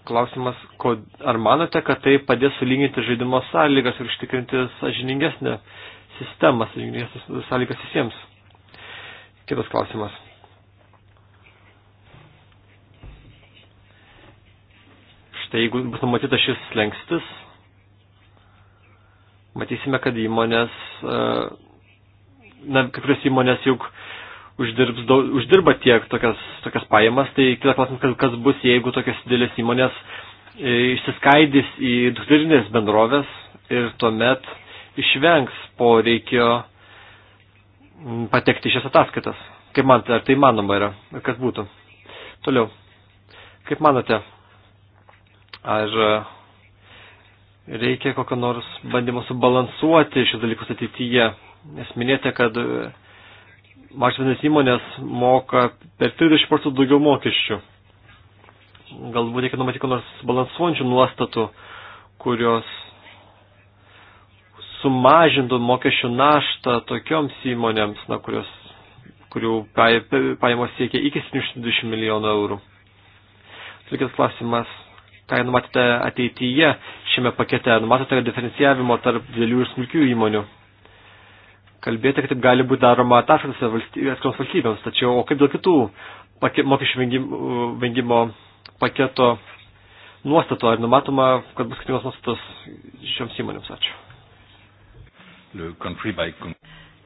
klausimas, kod, ar manote, kad tai padės sulyginti žaidimo sąlygas ir ištikrinti sažiningesnę sistemą, sažiningesnę sąlygas visiems? Kitas klausimas. Štai jeigu bus numatytas šis slengstis, matysime, kad įmonės, e, na, kai kurios įmonės juk uh, uždirbs, daug, uždirba tiek tokias, tokias pajamas, tai kita klausimas, kas bus, jeigu tokios didelės įmonės e, išsiskaidys į dukterinės bendrovės ir tuomet išvengs poreikio patekti šias ataskaitas. Kaip man, ar tai manoma yra? Ar kas būtų? Toliau. Kaip manote, ar e, reikia kokio nors bandymo subalansuoti šios dalykus ateityje? Nes minėjote, kad e, mažmeninės įmonės moka per 30 procentų daugiau mokesčių. Galbūt reikia numatyti kokių nors balansuojančių nuostatų, kurios sumažintų mokesčių naštą tokioms įmonėms, na, kurios, kurių pajamos siekia iki 720 milijonų eurų. Likęs klausimas, ką numatėte ateityje šiame pakete? Numatote diferencijavimo tarp dėlių ir smulkių įmonių? kalbėti, kad taip gali būti daroma ataskaitose atskiroms valstybėms. Tačiau, o kaip dėl kitų pake, mokesčių vengimo, vengimo paketo nuostato, ar numatoma, kad bus skirtingos nuostatos šioms įmonėms? Ačiū.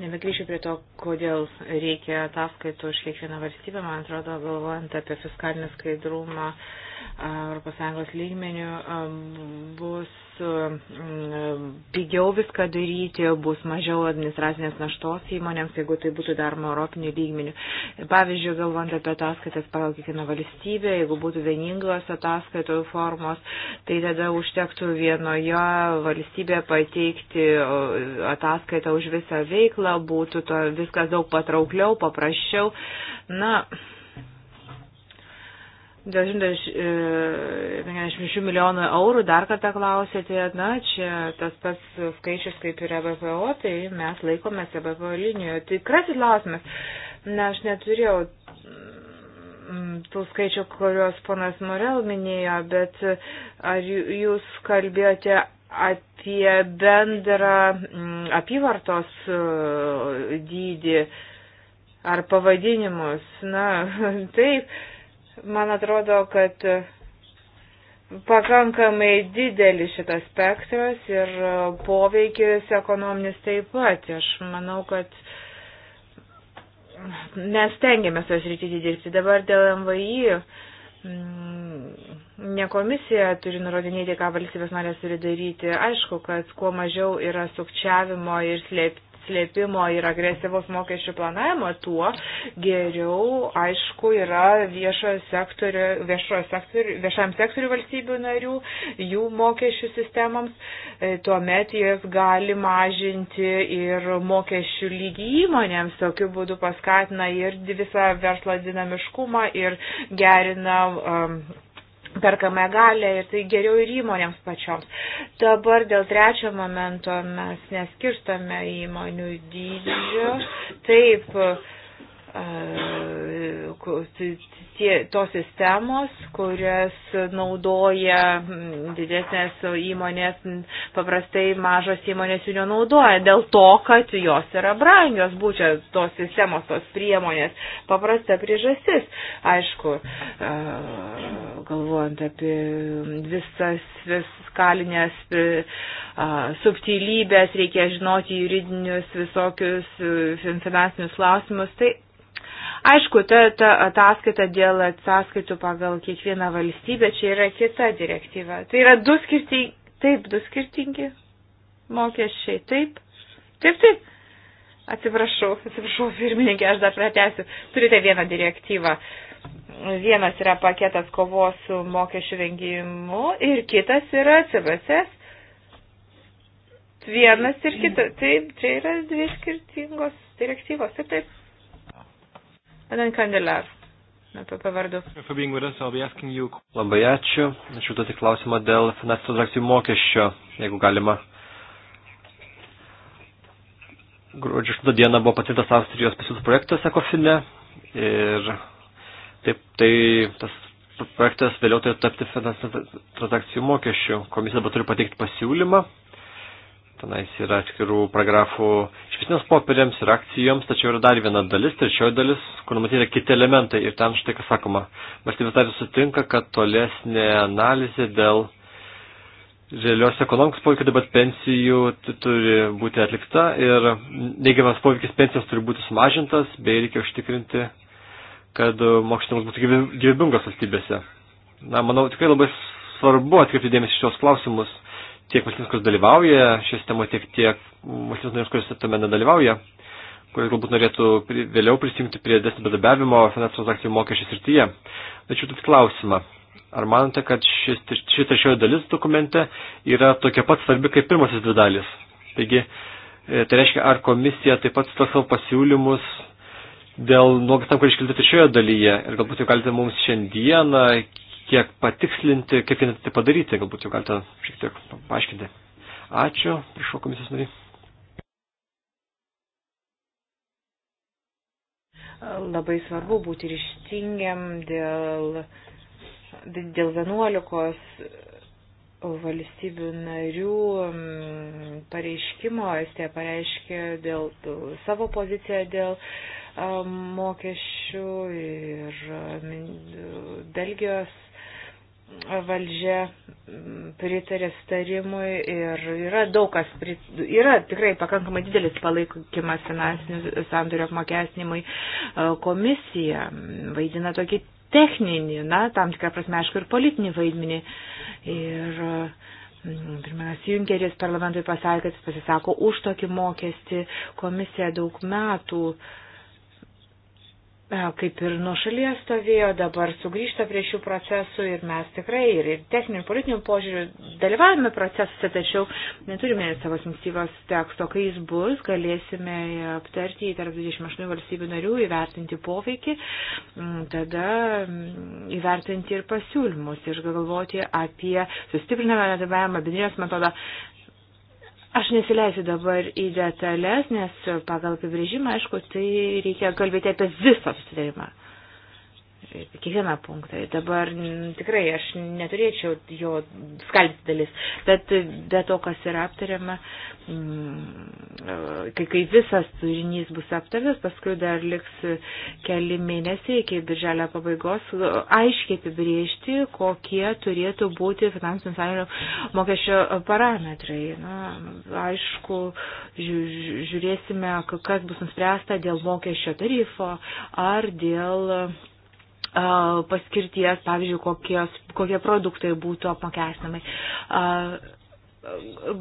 Nebegrįšiu prie to, kodėl reikia ataskaitų už kiekvieną valstybę, man atrodo, galvojant apie fiskalinį skaidrumą. Uh, ES lygmenių bus pigiau viską daryti, bus mažiau administracinės naštos įmonėms, jeigu tai būtų daroma europinių lygmenių. Pavyzdžiui, galvant apie ataskaitas pagal kiekvieną valstybę, jeigu būtų vieningos ataskaitų formos, tai tada užtektų vienoje valstybėje pateikti ataskaitą už visą veiklą, būtų to viskas daug patraukliau, paprasčiau. Na, Dėl 156 e, milijonų eurų dar kartą klausėte, na, čia tas pats skaičius kaip ir EBPO, tai mes laikomės EBPO linijoje. Tikrasis klausimas, na, aš neturėjau mm, tų skaičių, kuriuos ponas Morel minėjo, bet ar jūs kalbėjote apie bendrą mm, apyvartos e, dydį ar pavadinimus? Na, [LAUGHS] taip Man atrodo, kad pakankamai didelis šitas spektras ir poveikis ekonominis taip pat. Aš manau, kad mes tengiamės tos rytyti dirbti. Dabar dėl MVI mm, ne komisija turi nurodinėti, ką valstybės narės turi daryti. Aišku, kad kuo mažiau yra sukčiavimo ir slėpti slėpimo ir agresyvos mokesčių planavimo, tuo geriau, aišku, yra viešojo sektorio, viešojo sektorio, viešam sektoriu valstybių narių, jų mokesčių sistemams. E, tuomet jas gali mažinti ir mokesčių lygį įmonėms, tokiu būdu paskatina ir visą verslo dinamiškumą ir gerina um, perkame galę ir tai geriau ir įmonėms pačioms. Dabar dėl trečio momento mes neskirstame įmonių dydžio. Taip, tie, tos sistemos, kurias naudoja didesnės įmonės, paprastai mažos įmonės jų nenaudoja dėl to, kad jos yra brangios, būtent tos sistemos, tos priemonės. Paprasta priežastis, aišku, galvojant apie visas fiskalinės subtilybės, reikia žinoti juridinius visokius finansinius klausimus. Tai Aišku, ta, ta ataskaita dėl ataskaitų pagal kiekvieną valstybę, čia yra kita direktyva. Tai yra du skirtingi, taip, du skirtingi mokesčiai, taip, taip, taip. Atsiprašau, atsiprašau, [LAUGHS] pirmininkė, aš dar pratęsiu. Turite vieną direktyvą. Vienas yra paketas kovos su mokesčių vengimu ir kitas yra CBSS. Vienas ir kitas. Taip, čia yra dvi skirtingos direktyvos. Taip, taip. Eden Kandelar, apie pavardų. Labai ačiū. Ačiū duoti klausimą dėl finansinių transakcijų mokesčio, jeigu galima. Gruodžio 8 dieną buvo patirtas Austrijos pasiūlytas projektas Ekofine ir taip, tai tas projektas vėliau turėtų tapti finansinių transakcijų mokesčių. Komisija dabar turi pateikti pasiūlymą Tenais yra atskirų paragrafų išvestinės popieriams ir akcijoms, tačiau yra dar viena dalis, trečioji dalis, kur numatyta kiti elementai ir ten štai kas sakoma. Valstybės dar sutinka, kad tolesnė analizė dėl realios ekonomikos poveikio dabar pensijų turi būti atlikta ir neigiamas poveikis pensijos turi būti sumažintas, bei reikia užtikrinti, kad mokslinimas būtų gyvybingas valstybėse. Na, manau, tikrai labai svarbu atkreipti dėmesį šios klausimus tiek valstybės, kurios dalyvauja šią sistemą, tiek tiek valstybės narės, kurios tame nedalyvauja, kurios galbūt norėtų vėliau prisijungti prie desnio bedarbiavimo finansų transakcijų mokesčių srityje. Tačiau turiu klausimą. Ar manote, kad šis, ši trečioji dalis dokumente yra tokia pat svarbi kaip pirmasis dvi dalis? Taigi, e, tai reiškia, ar komisija taip pat stos savo pasiūlymus dėl nuogastam, kur iškilti trečioje dalyje? Ir galbūt jau galite mums šiandieną, kiek patikslinti, kaip ketinate tai padaryti, galbūt jau galite šiek tiek paaiškinti. Ačiū, priešau komisijos nariai. Labai svarbu būti ryštingiam dėl, dėl 11 valstybių narių mm, pareiškimo, Estija pareiškė dėl savo poziciją dėl mm, mokesčių ir mm, Belgijos valdžia mm, pritarė starimui ir yra daug kas, prit... yra tikrai pakankamai didelis palaikymas finansinių sandorių apmokestinimui. E, komisija vaidina tokį techninį, na, tam tikrą prasme, aišku, ir politinį vaidmenį. Ir mm, Pirminas Junkeris parlamentui pasakė, kad jis pasisako už tokį mokestį. Komisija daug metų uh, kaip ir nuo šalies stovėjo, dabar sugrįžta prie šių procesų ir mes tikrai ir, ir techninių ir politinių požiūrių dalyvavome procesuose, tačiau neturime savo iniciatyvos teksto. Kai jis bus, galėsime aptarti į tarp 28 valstybių narių, įvertinti poveikį, mm, tada mm, įvertinti ir pasiūlymus ir galvoti apie sustiprinamą bendradarbiavimą, bendrijos metodą. Aš nesileisiu dabar į detalės, nes pagal apibrėžimą, aišku, tai reikia kalbėti apie visą susitarimą kiekvieną punktą. Dabar mm, tikrai aš neturėčiau jo skaldyti dalis, bet e, be to, kas yra aptariama, mm, e, kai, kai visas turinys bus aptartas, paskui dar liks e, keli mėnesiai iki birželio pabaigos, aiškiai apibriežti, kokie turėtų būti finansinių sąjungų mokesčio parametrai. Na, aišku, žiūrėsime, kas bus nuspręsta dėl mokesčio tarifo ar dėl paskirties, pavyzdžiui, kokios, kokie produktai būtų apmokestinami.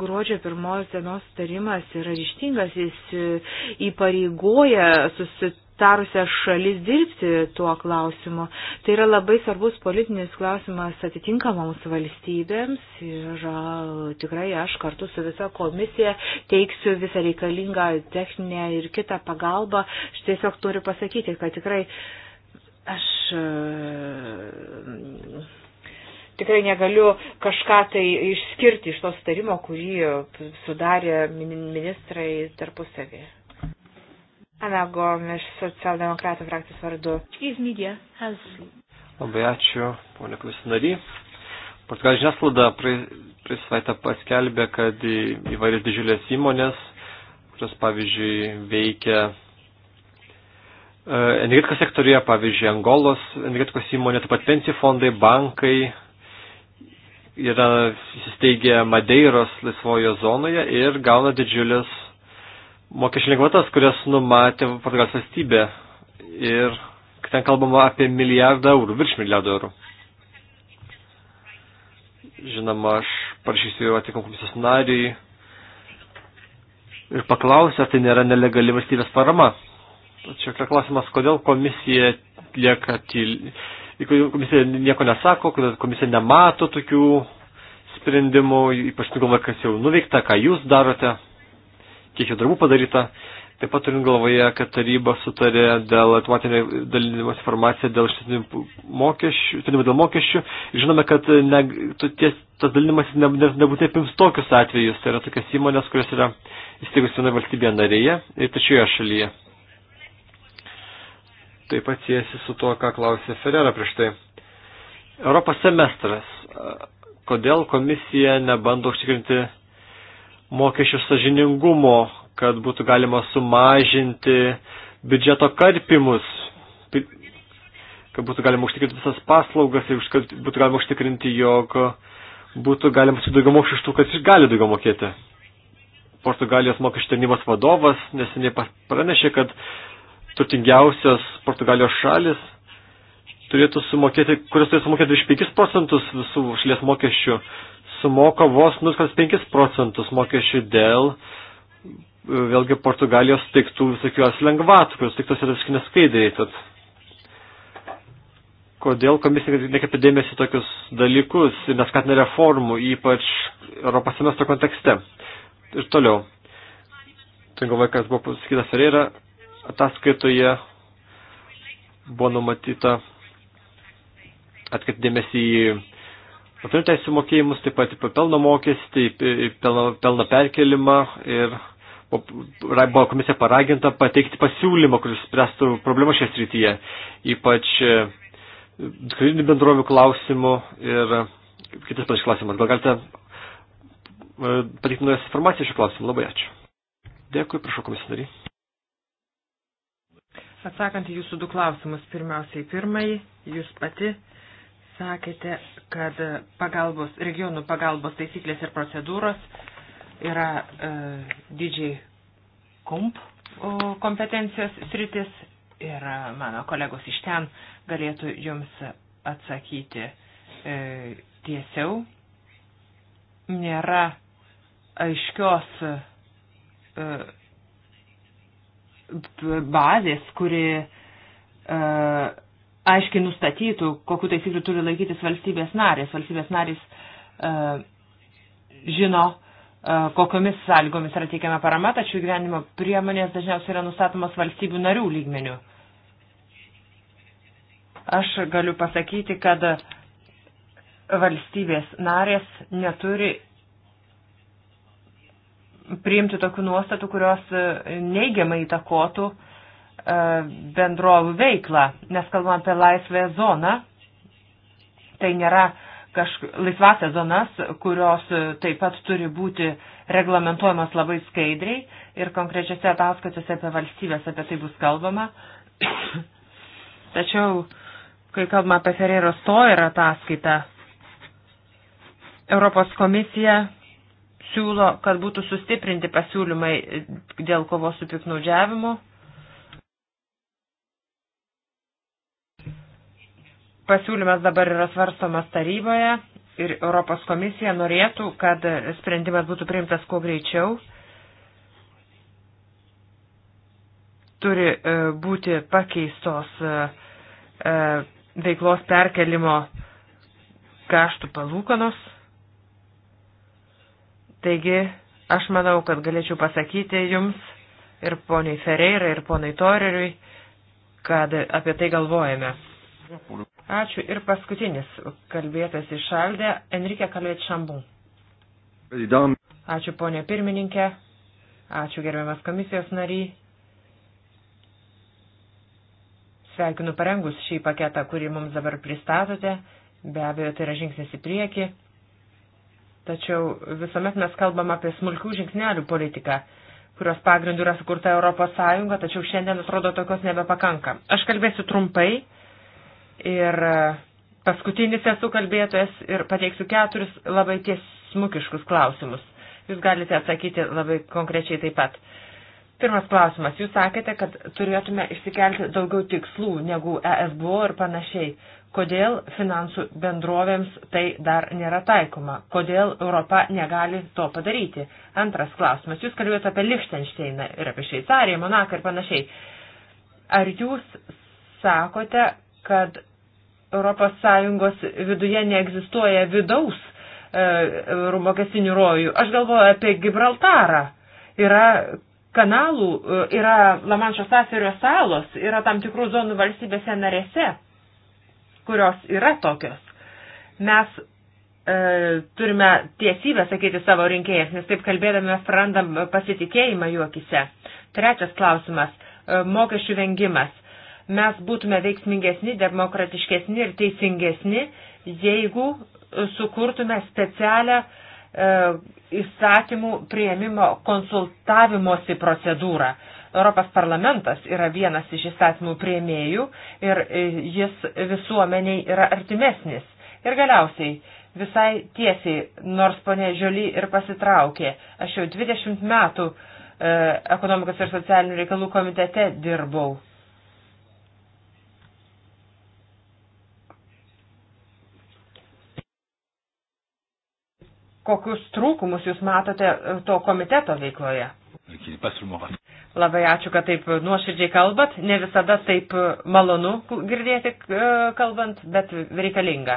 Gruodžio pirmos dienos tarimas yra ryštingas, jis įpareigoja susitikti aptarusią šalis dirbti tuo klausimu. Tai yra labai svarbus politinis klausimas atitinkamoms valstybėms ir tikrai aš kartu su visa komisija teiksiu visą reikalingą techninę ir kitą pagalbą. Aš tiesiog turiu pasakyti, kad tikrai uh, Aš e, tikrai negaliu kažką tai išskirti iš to starimo, kurį sudarė ministrai tarpusavį. Ana Gomes, socialdemokratų frakcijos vardu. Labai ačiū, ponė Kusinary. Portugal žiniasklaida prieš savaitę paskelbė, kad įvairias didžiulės įmonės, kurios pavyzdžiui veikia E, energetikos sektoriuje, pavyzdžiui, Angolos energetikos įmonė, taip pat pensijų fondai, bankai yra įsisteigę Madeiros laisvojo zonoje ir gauna didžiulis mokesčių lengvatas, kurias numatė Portugalijos valstybė. Ir ten kalbama apie milijardą eurų, virš milijardo eurų. Žinoma, aš parašysiu atitinkamą komisijos nariui ir paklausiu, ar tai nėra nelegali valstybės parama. Tačiau yra klausimas, kodėl komisija lieka tyli, komisija nieko nesako, kodėl komisija nemato tokių sprendimų, ypač turint galvoje, kas jau nuveikta, ką jūs darote, kiek jau darbų padaryta. Taip pat turint galvoje, kad taryba sutarė dėl automatinio dalinimo informaciją dėl mokesčių, dėl mokesčių. Žinome, kad ne, ties, tas dalinimas ne, ne, nebūtinai apims tokius atvejus, tai yra tokias įmonės, kurios yra įsteigusi vienoje valstybėje narėje ir tačioje šalyje taip pat siejasi su tuo, ką klausė Ferrera prieš tai. Europos semestras. Kodėl komisija nebando užtikrinti mokesčių sažiningumo, kad būtų galima sumažinti biudžeto karpimus, kad būtų galima užtikrinti visas paslaugas ir kad būtų galima užtikrinti, jog būtų galima su daugiau mokesčių iš tų, kad gali daugiau mokėti. Portugalijos mokesčių tarnybos vadovas neseniai pranešė, kad turtingiausios Portugalijos šalis turėtų sumokėti, kurios turėtų sumokėti 25 procentus visų šalies mokesčių, sumoka vos 0,5 procentus mokesčių dėl e, vėlgi Portugalijos teiktų visokios lengvatų, kurios teiktos yra visiškai neskaidriai. Tad kodėl komisija nekapė dėmesį tokius dalykus ir neskatina reformų, ypač Europos semestro kontekste. Ir toliau. Tai galvoju, kas buvo pasakyta Ferreira, ataskaitoje buvo numatyta atkirtdėmėsi į Papildomų teisų mokėjimus, taip pat pelno mokestį, pelno, pelno perkelimą ir buvo komisija paraginta pateikti pasiūlymą, kuris spręstų problemą šią srityje, ypač e, kredinių bendrovių klausimų ir kitas panašus klausimas. Gal galite e, pateikti naujas informacijas šiuo klausimu? Labai ačiū. Dėkui, prašau komisijos nariai. Atsakant į jūsų du klausimus, pirmiausiai pirmąjį, jūs pati sakėte, kad pagalbos, regionų pagalbos taisyklės ir procedūros yra e, didžiai komp kompetencijos sritis ir e, mano kolegos iš ten galėtų jums atsakyti e, tiesiau. Nėra aiškios e, bazės, kuri uh, aiškiai nustatytų, kokiu taisykliu turi laikytis valstybės narės. Valstybės narės uh, žino, uh, kokiomis sąlygomis yra teikiama parama, tačiau gyvenimo priemonės dažniausiai yra nustatomas valstybių narių lygmenių. Aš galiu pasakyti, kad valstybės narės neturi priimti tokių nuostatų, kurios e, neigiamai įtakotų e, bendrovų veiklą. Nes kalbam apie laisvę zoną, tai nėra kažk... laisvasias zonas, kurios e, taip pat turi būti reglamentuojamas labai skaidriai ir konkrečiose ataskaitose apie valstybės apie tai bus kalbama. [COUGHS] Tačiau, kai kalbama apie Ferreiro Stoer ataskaitą, Europos komisija siūlo, kad būtų sustiprinti pasiūlymai dėl kovos su piknaudžiavimu. Pasiūlymas dabar yra svarstomas taryboje ir Europos komisija norėtų, kad sprendimas būtų priimtas kuo greičiau. Turi e, būti pakeistos e, e, veiklos perkelimo kaštų palūkanos. Taigi, aš manau, kad galėčiau pasakyti jums ir poniai Ferreirai, ir poniai Toreriui, kad apie tai galvojame. Ačiū. Ir paskutinis kalbėtas išaldė Enrique Kalvėt Šambų. Ačiū ponė pirmininkė. Ačiū gerbiamas komisijos nary. Sveikinu parengus šį paketą, kurį mums dabar pristatote. Be abejo, tai yra žingsnis į priekį. Tačiau visuomet mes kalbam apie smulkių žingsnelių politiką, kurios pagrindų yra sukurta Europos Sąjunga, tačiau šiandien atrodo tokios nebepakanka. Aš kalbėsiu trumpai ir e, paskutinis esu kalbėtojas ir pateiksiu keturis labai tiesmukiškus klausimus. Jūs galite atsakyti labai konkrečiai taip pat. Pirmas klausimas. Jūs sakėte, kad turėtume išsikelti daugiau tikslų negu ES buvo ir panašiai. Kodėl finansų bendrovėms tai dar nėra taikoma? Kodėl Europa negali to padaryti? Antras klausimas. Jūs kalbėjote apie Lichtensteiną ir apie Šveicariją, Monaką ir panašiai. Ar jūs sakote, kad ES viduje neegzistuoja vidaus e, mokestinių rojų? Aš galvoju apie Gibraltarą. Yra kanalų, e, yra Lamanšo sąsirio salos, yra tam tikrų zonų valstybėse narėse kurios yra tokios. Mes e, turime tiesybę sakyti savo rinkėjams, nes taip kalbėdami mes prarandam pasitikėjimą juokise. Trečias klausimas e, - mokesčių vengimas. Mes būtume veiksmingesni, demokratiškesni ir teisingesni, jeigu sukurtume specialią e, įstatymų prieimimo konsultavimosi procedūrą. E, Europos parlamentas yra vienas iš įstatymų prieimėjų ir e, jis visuomeniai yra artimesnis. Ir galiausiai, visai tiesiai, nors ponė Žioli ir pasitraukė, aš jau 20 metų e, ekonomikos ir socialinių reikalų komitete dirbau. Kokius trūkumus jūs matote e, to komiteto veikloje? Labai ačiū, kad taip nuoširdžiai kalbat. Ne visada taip malonu girdėti kalbant, bet reikalinga.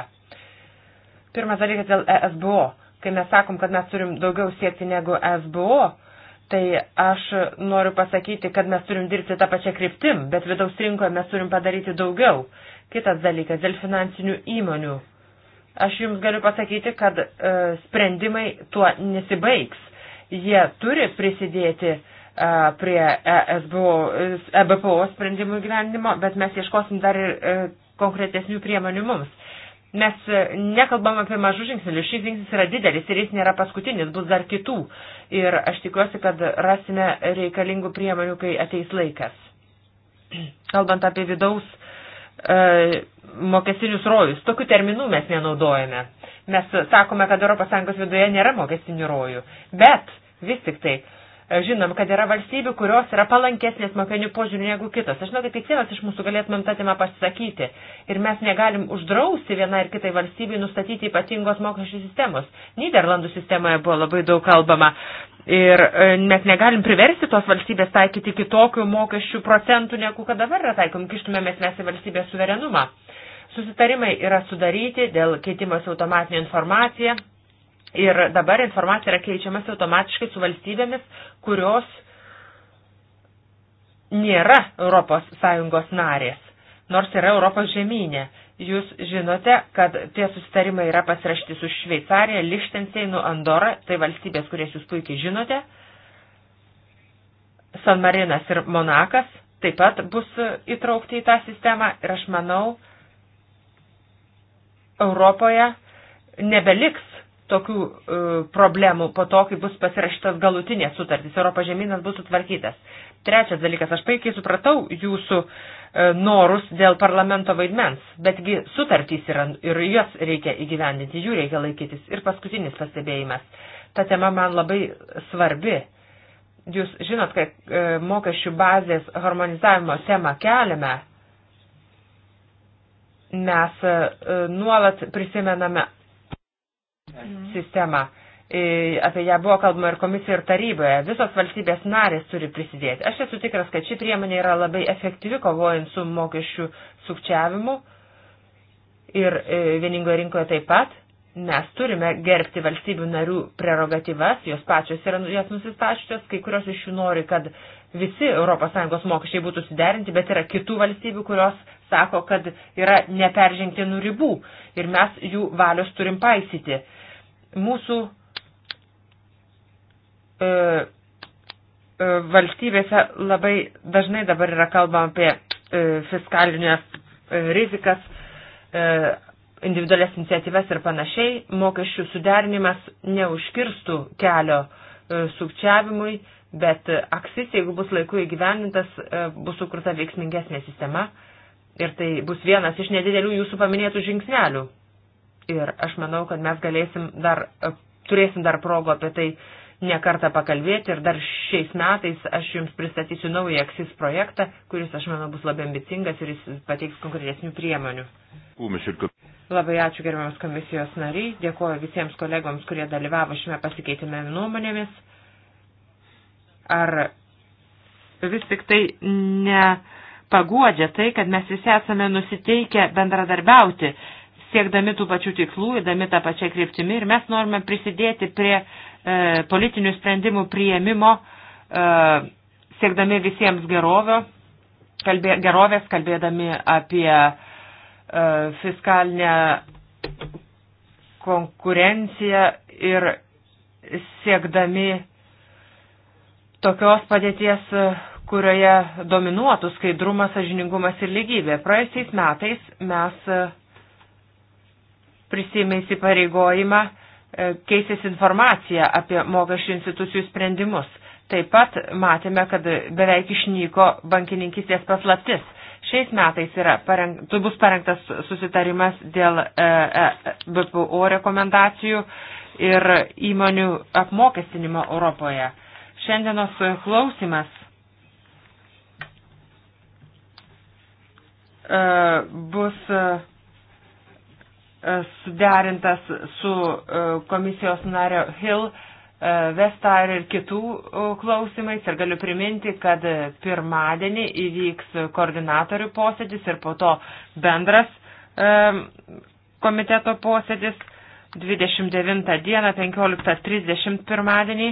Pirmas dalykas dėl ESBO. Kai mes sakom, kad mes turim daugiau siekti negu ESBO, tai aš noriu pasakyti, kad mes turim dirbti tą pačią kryptim, bet vidaus rinkoje mes turim padaryti daugiau. Kitas dalykas dėl finansinių įmonių. Aš jums galiu pasakyti, kad e, sprendimai tuo nesibaigs Jie turi prisidėti prie ESBO, EBPO sprendimų gyvenimo, bet mes ieškosim dar ir e, konkretesnių priemonių mums. Mes e, nekalbam apie mažus žingsnelius, šis žingsnis yra didelis ir jis nėra paskutinis, bus dar kitų. Ir aš tikiuosi, kad rasime reikalingų priemonių, kai ateis laikas. [CLEARS THROAT] Kalbant apie vidaus e, mokestinius rojus. Tokių terminų mes nenaudojame. Mes sakome, kad ES viduje nėra mokestinių rojų. Bet vis tik tai e, žinom, kad yra valstybių, kurios yra palankesnės mokinių požiūrių negu kitos. Aš žinau, kad kiekvienas iš mūsų galėtumėm tą temą pasisakyti. Ir mes negalim uždrausti vienai ar kitai valstybei nustatyti ypatingos mokesčių sistemos. Niderlandų sistemoje buvo labai daug kalbama. Ir e, mes negalim priversti tos valstybės taikyti kitokių mokesčių procentų, negu kad dabar yra taikom. Kištumėmės mes į valstybės suverenumą. Susitarimai yra sudaryti dėl keitimas automatinė informacija ir dabar informacija yra keičiamas automatiškai su valstybėmis, kurios nėra ES narės, nors yra Europos žemynė. Jūs žinote, kad tie susitarimai yra pasirašti su Šveicarija, Lichtensteinu, Andora, tai valstybės, kurias jūs puikiai žinote, San Marinas ir Monakas taip pat bus įtraukti į tą sistemą ir aš manau, Europoje nebeliks tokių e, problemų po to, kai bus pasirašytas galutinės sutartys, Europos žemynas bus sutvarkytas. Trečias dalykas, aš puikiai supratau jūsų e, norus dėl parlamento vaidmens, betgi sutartys yra ir jas reikia įgyvendinti, jų reikia laikytis. Ir paskutinis pastebėjimas. Ta tema man labai svarbi. Jūs žinot, kad e, mokesčių bazės harmonizavimo temą keliame mes e, nuolat prisimename sistemą. E, apie ją buvo kalbama ir komisijoje, ir taryboje. Visos valstybės narės turi prisidėti. Aš esu tikras, kad ši priemonė yra labai efektyvi kovojant su mokesčių sukčiavimu ir e, vieningoje rinkoje taip pat. Mes turime gerbti valstybių narių prerogatyvas, jos pačios yra jas nusistačiusios, kai kurios iš jų nori, kad visi ES mokesčiai būtų suderinti, bet yra kitų valstybių, kurios sako, kad yra neperžengtinų ribų ir mes jų valios turim paisyti. Mūsų e, e, valstybėse labai dažnai dabar yra kalbama apie e, fiskalinės e, rizikas, e, individualias iniciatyvas ir panašiai. Mokesčių suderinimas neužkirstų kelio e, sukčiavimui, bet aksis, jeigu bus laiku įgyvendintas, e, bus sukurta veiksmingesnė sistema Ir tai bus vienas iš nedidelių jūsų paminėtų žingsnelių. Ir aš manau, kad mes galėsim dar, e, turėsim dar progą apie tai nekartą pakalbėti ir dar šiais metais aš jums pristatysiu naują AXIS projektą, kuris, aš manau, bus labai ambicingas ir jis pateiks konkretesnių priemonių. Labai ačiū gerbiamas komisijos nariai, dėkuoju visiems kolegoms, kurie dalyvavo šiame pasikeitime nuomonėmis. Ar vis tik tai ne paguodžia tai, kad mes visi esame nusiteikę bendradarbiauti, siekdami tų pačių tikslų, įdami tą pačią kryptimį ir mes norime prisidėti prie e, politinių sprendimų prieimimo, e, siekdami visiems gerovio, kalbė, gerovės, kalbėdami apie e, fiskalinę konkurenciją ir siekdami tokios padėties, kurioje dominuotų skaidrumas, sažiningumas ir lygybė. Praėjusiais metais mes e, prisėmė įsipareigojimą e, keistis informaciją apie mokesčių institucijų sprendimus. Taip pat matėme, kad beveik išnyko bankininkistės paslaptis. Šiais metais yra pareng, tu bus parengtas susitarimas dėl e, e, BPO rekomendacijų ir įmonių apmokestinimo Europoje. Šiandienos klausimas E, bus e, e, suderintas su komisijos nario Hill, Vestar ir kitų klausimais. Ir galiu priminti, kad pirmadienį įvyks koordinatorių posėdis ir po to bendras komiteto posėdis 29 dieną 15.30 pirmadienį.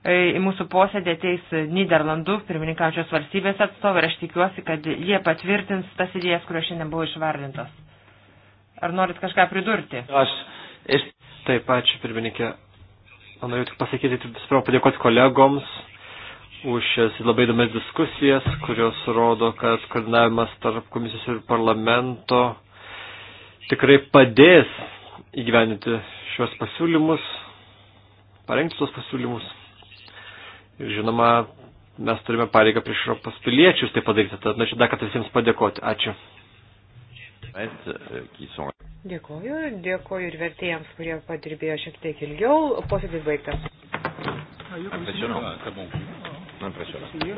E, į mūsų posėdį ateis Niderlandų pirmininkaujančios valstybės atstovai ir aš tikiuosi, kad jie patvirtins tas idėjas, kurios šiandien buvo išvardintos. Ar norit kažką pridurti? Aš iš... taip ačiū, pirmininkė. Noriu tik pasakyti, pirmiausia, padėkoti kolegoms už šias labai įdomias diskusijas, kurios rodo, kad koordinavimas tarp komisijos ir parlamento tikrai padės įgyveninti šios pasiūlymus, parengti tos pasiūlymus. Ir žinoma, mes turime pareigą prieš Europos piliečius tai padaryti. Tad norėčiau dar kartą visiems padėkoti. Ačiū. Dėkoju, dėkoju ir vertėjams, kurie padirbėjo šiek tiek ilgiau. Posėdis baigtas. Impresionant. Impresionant.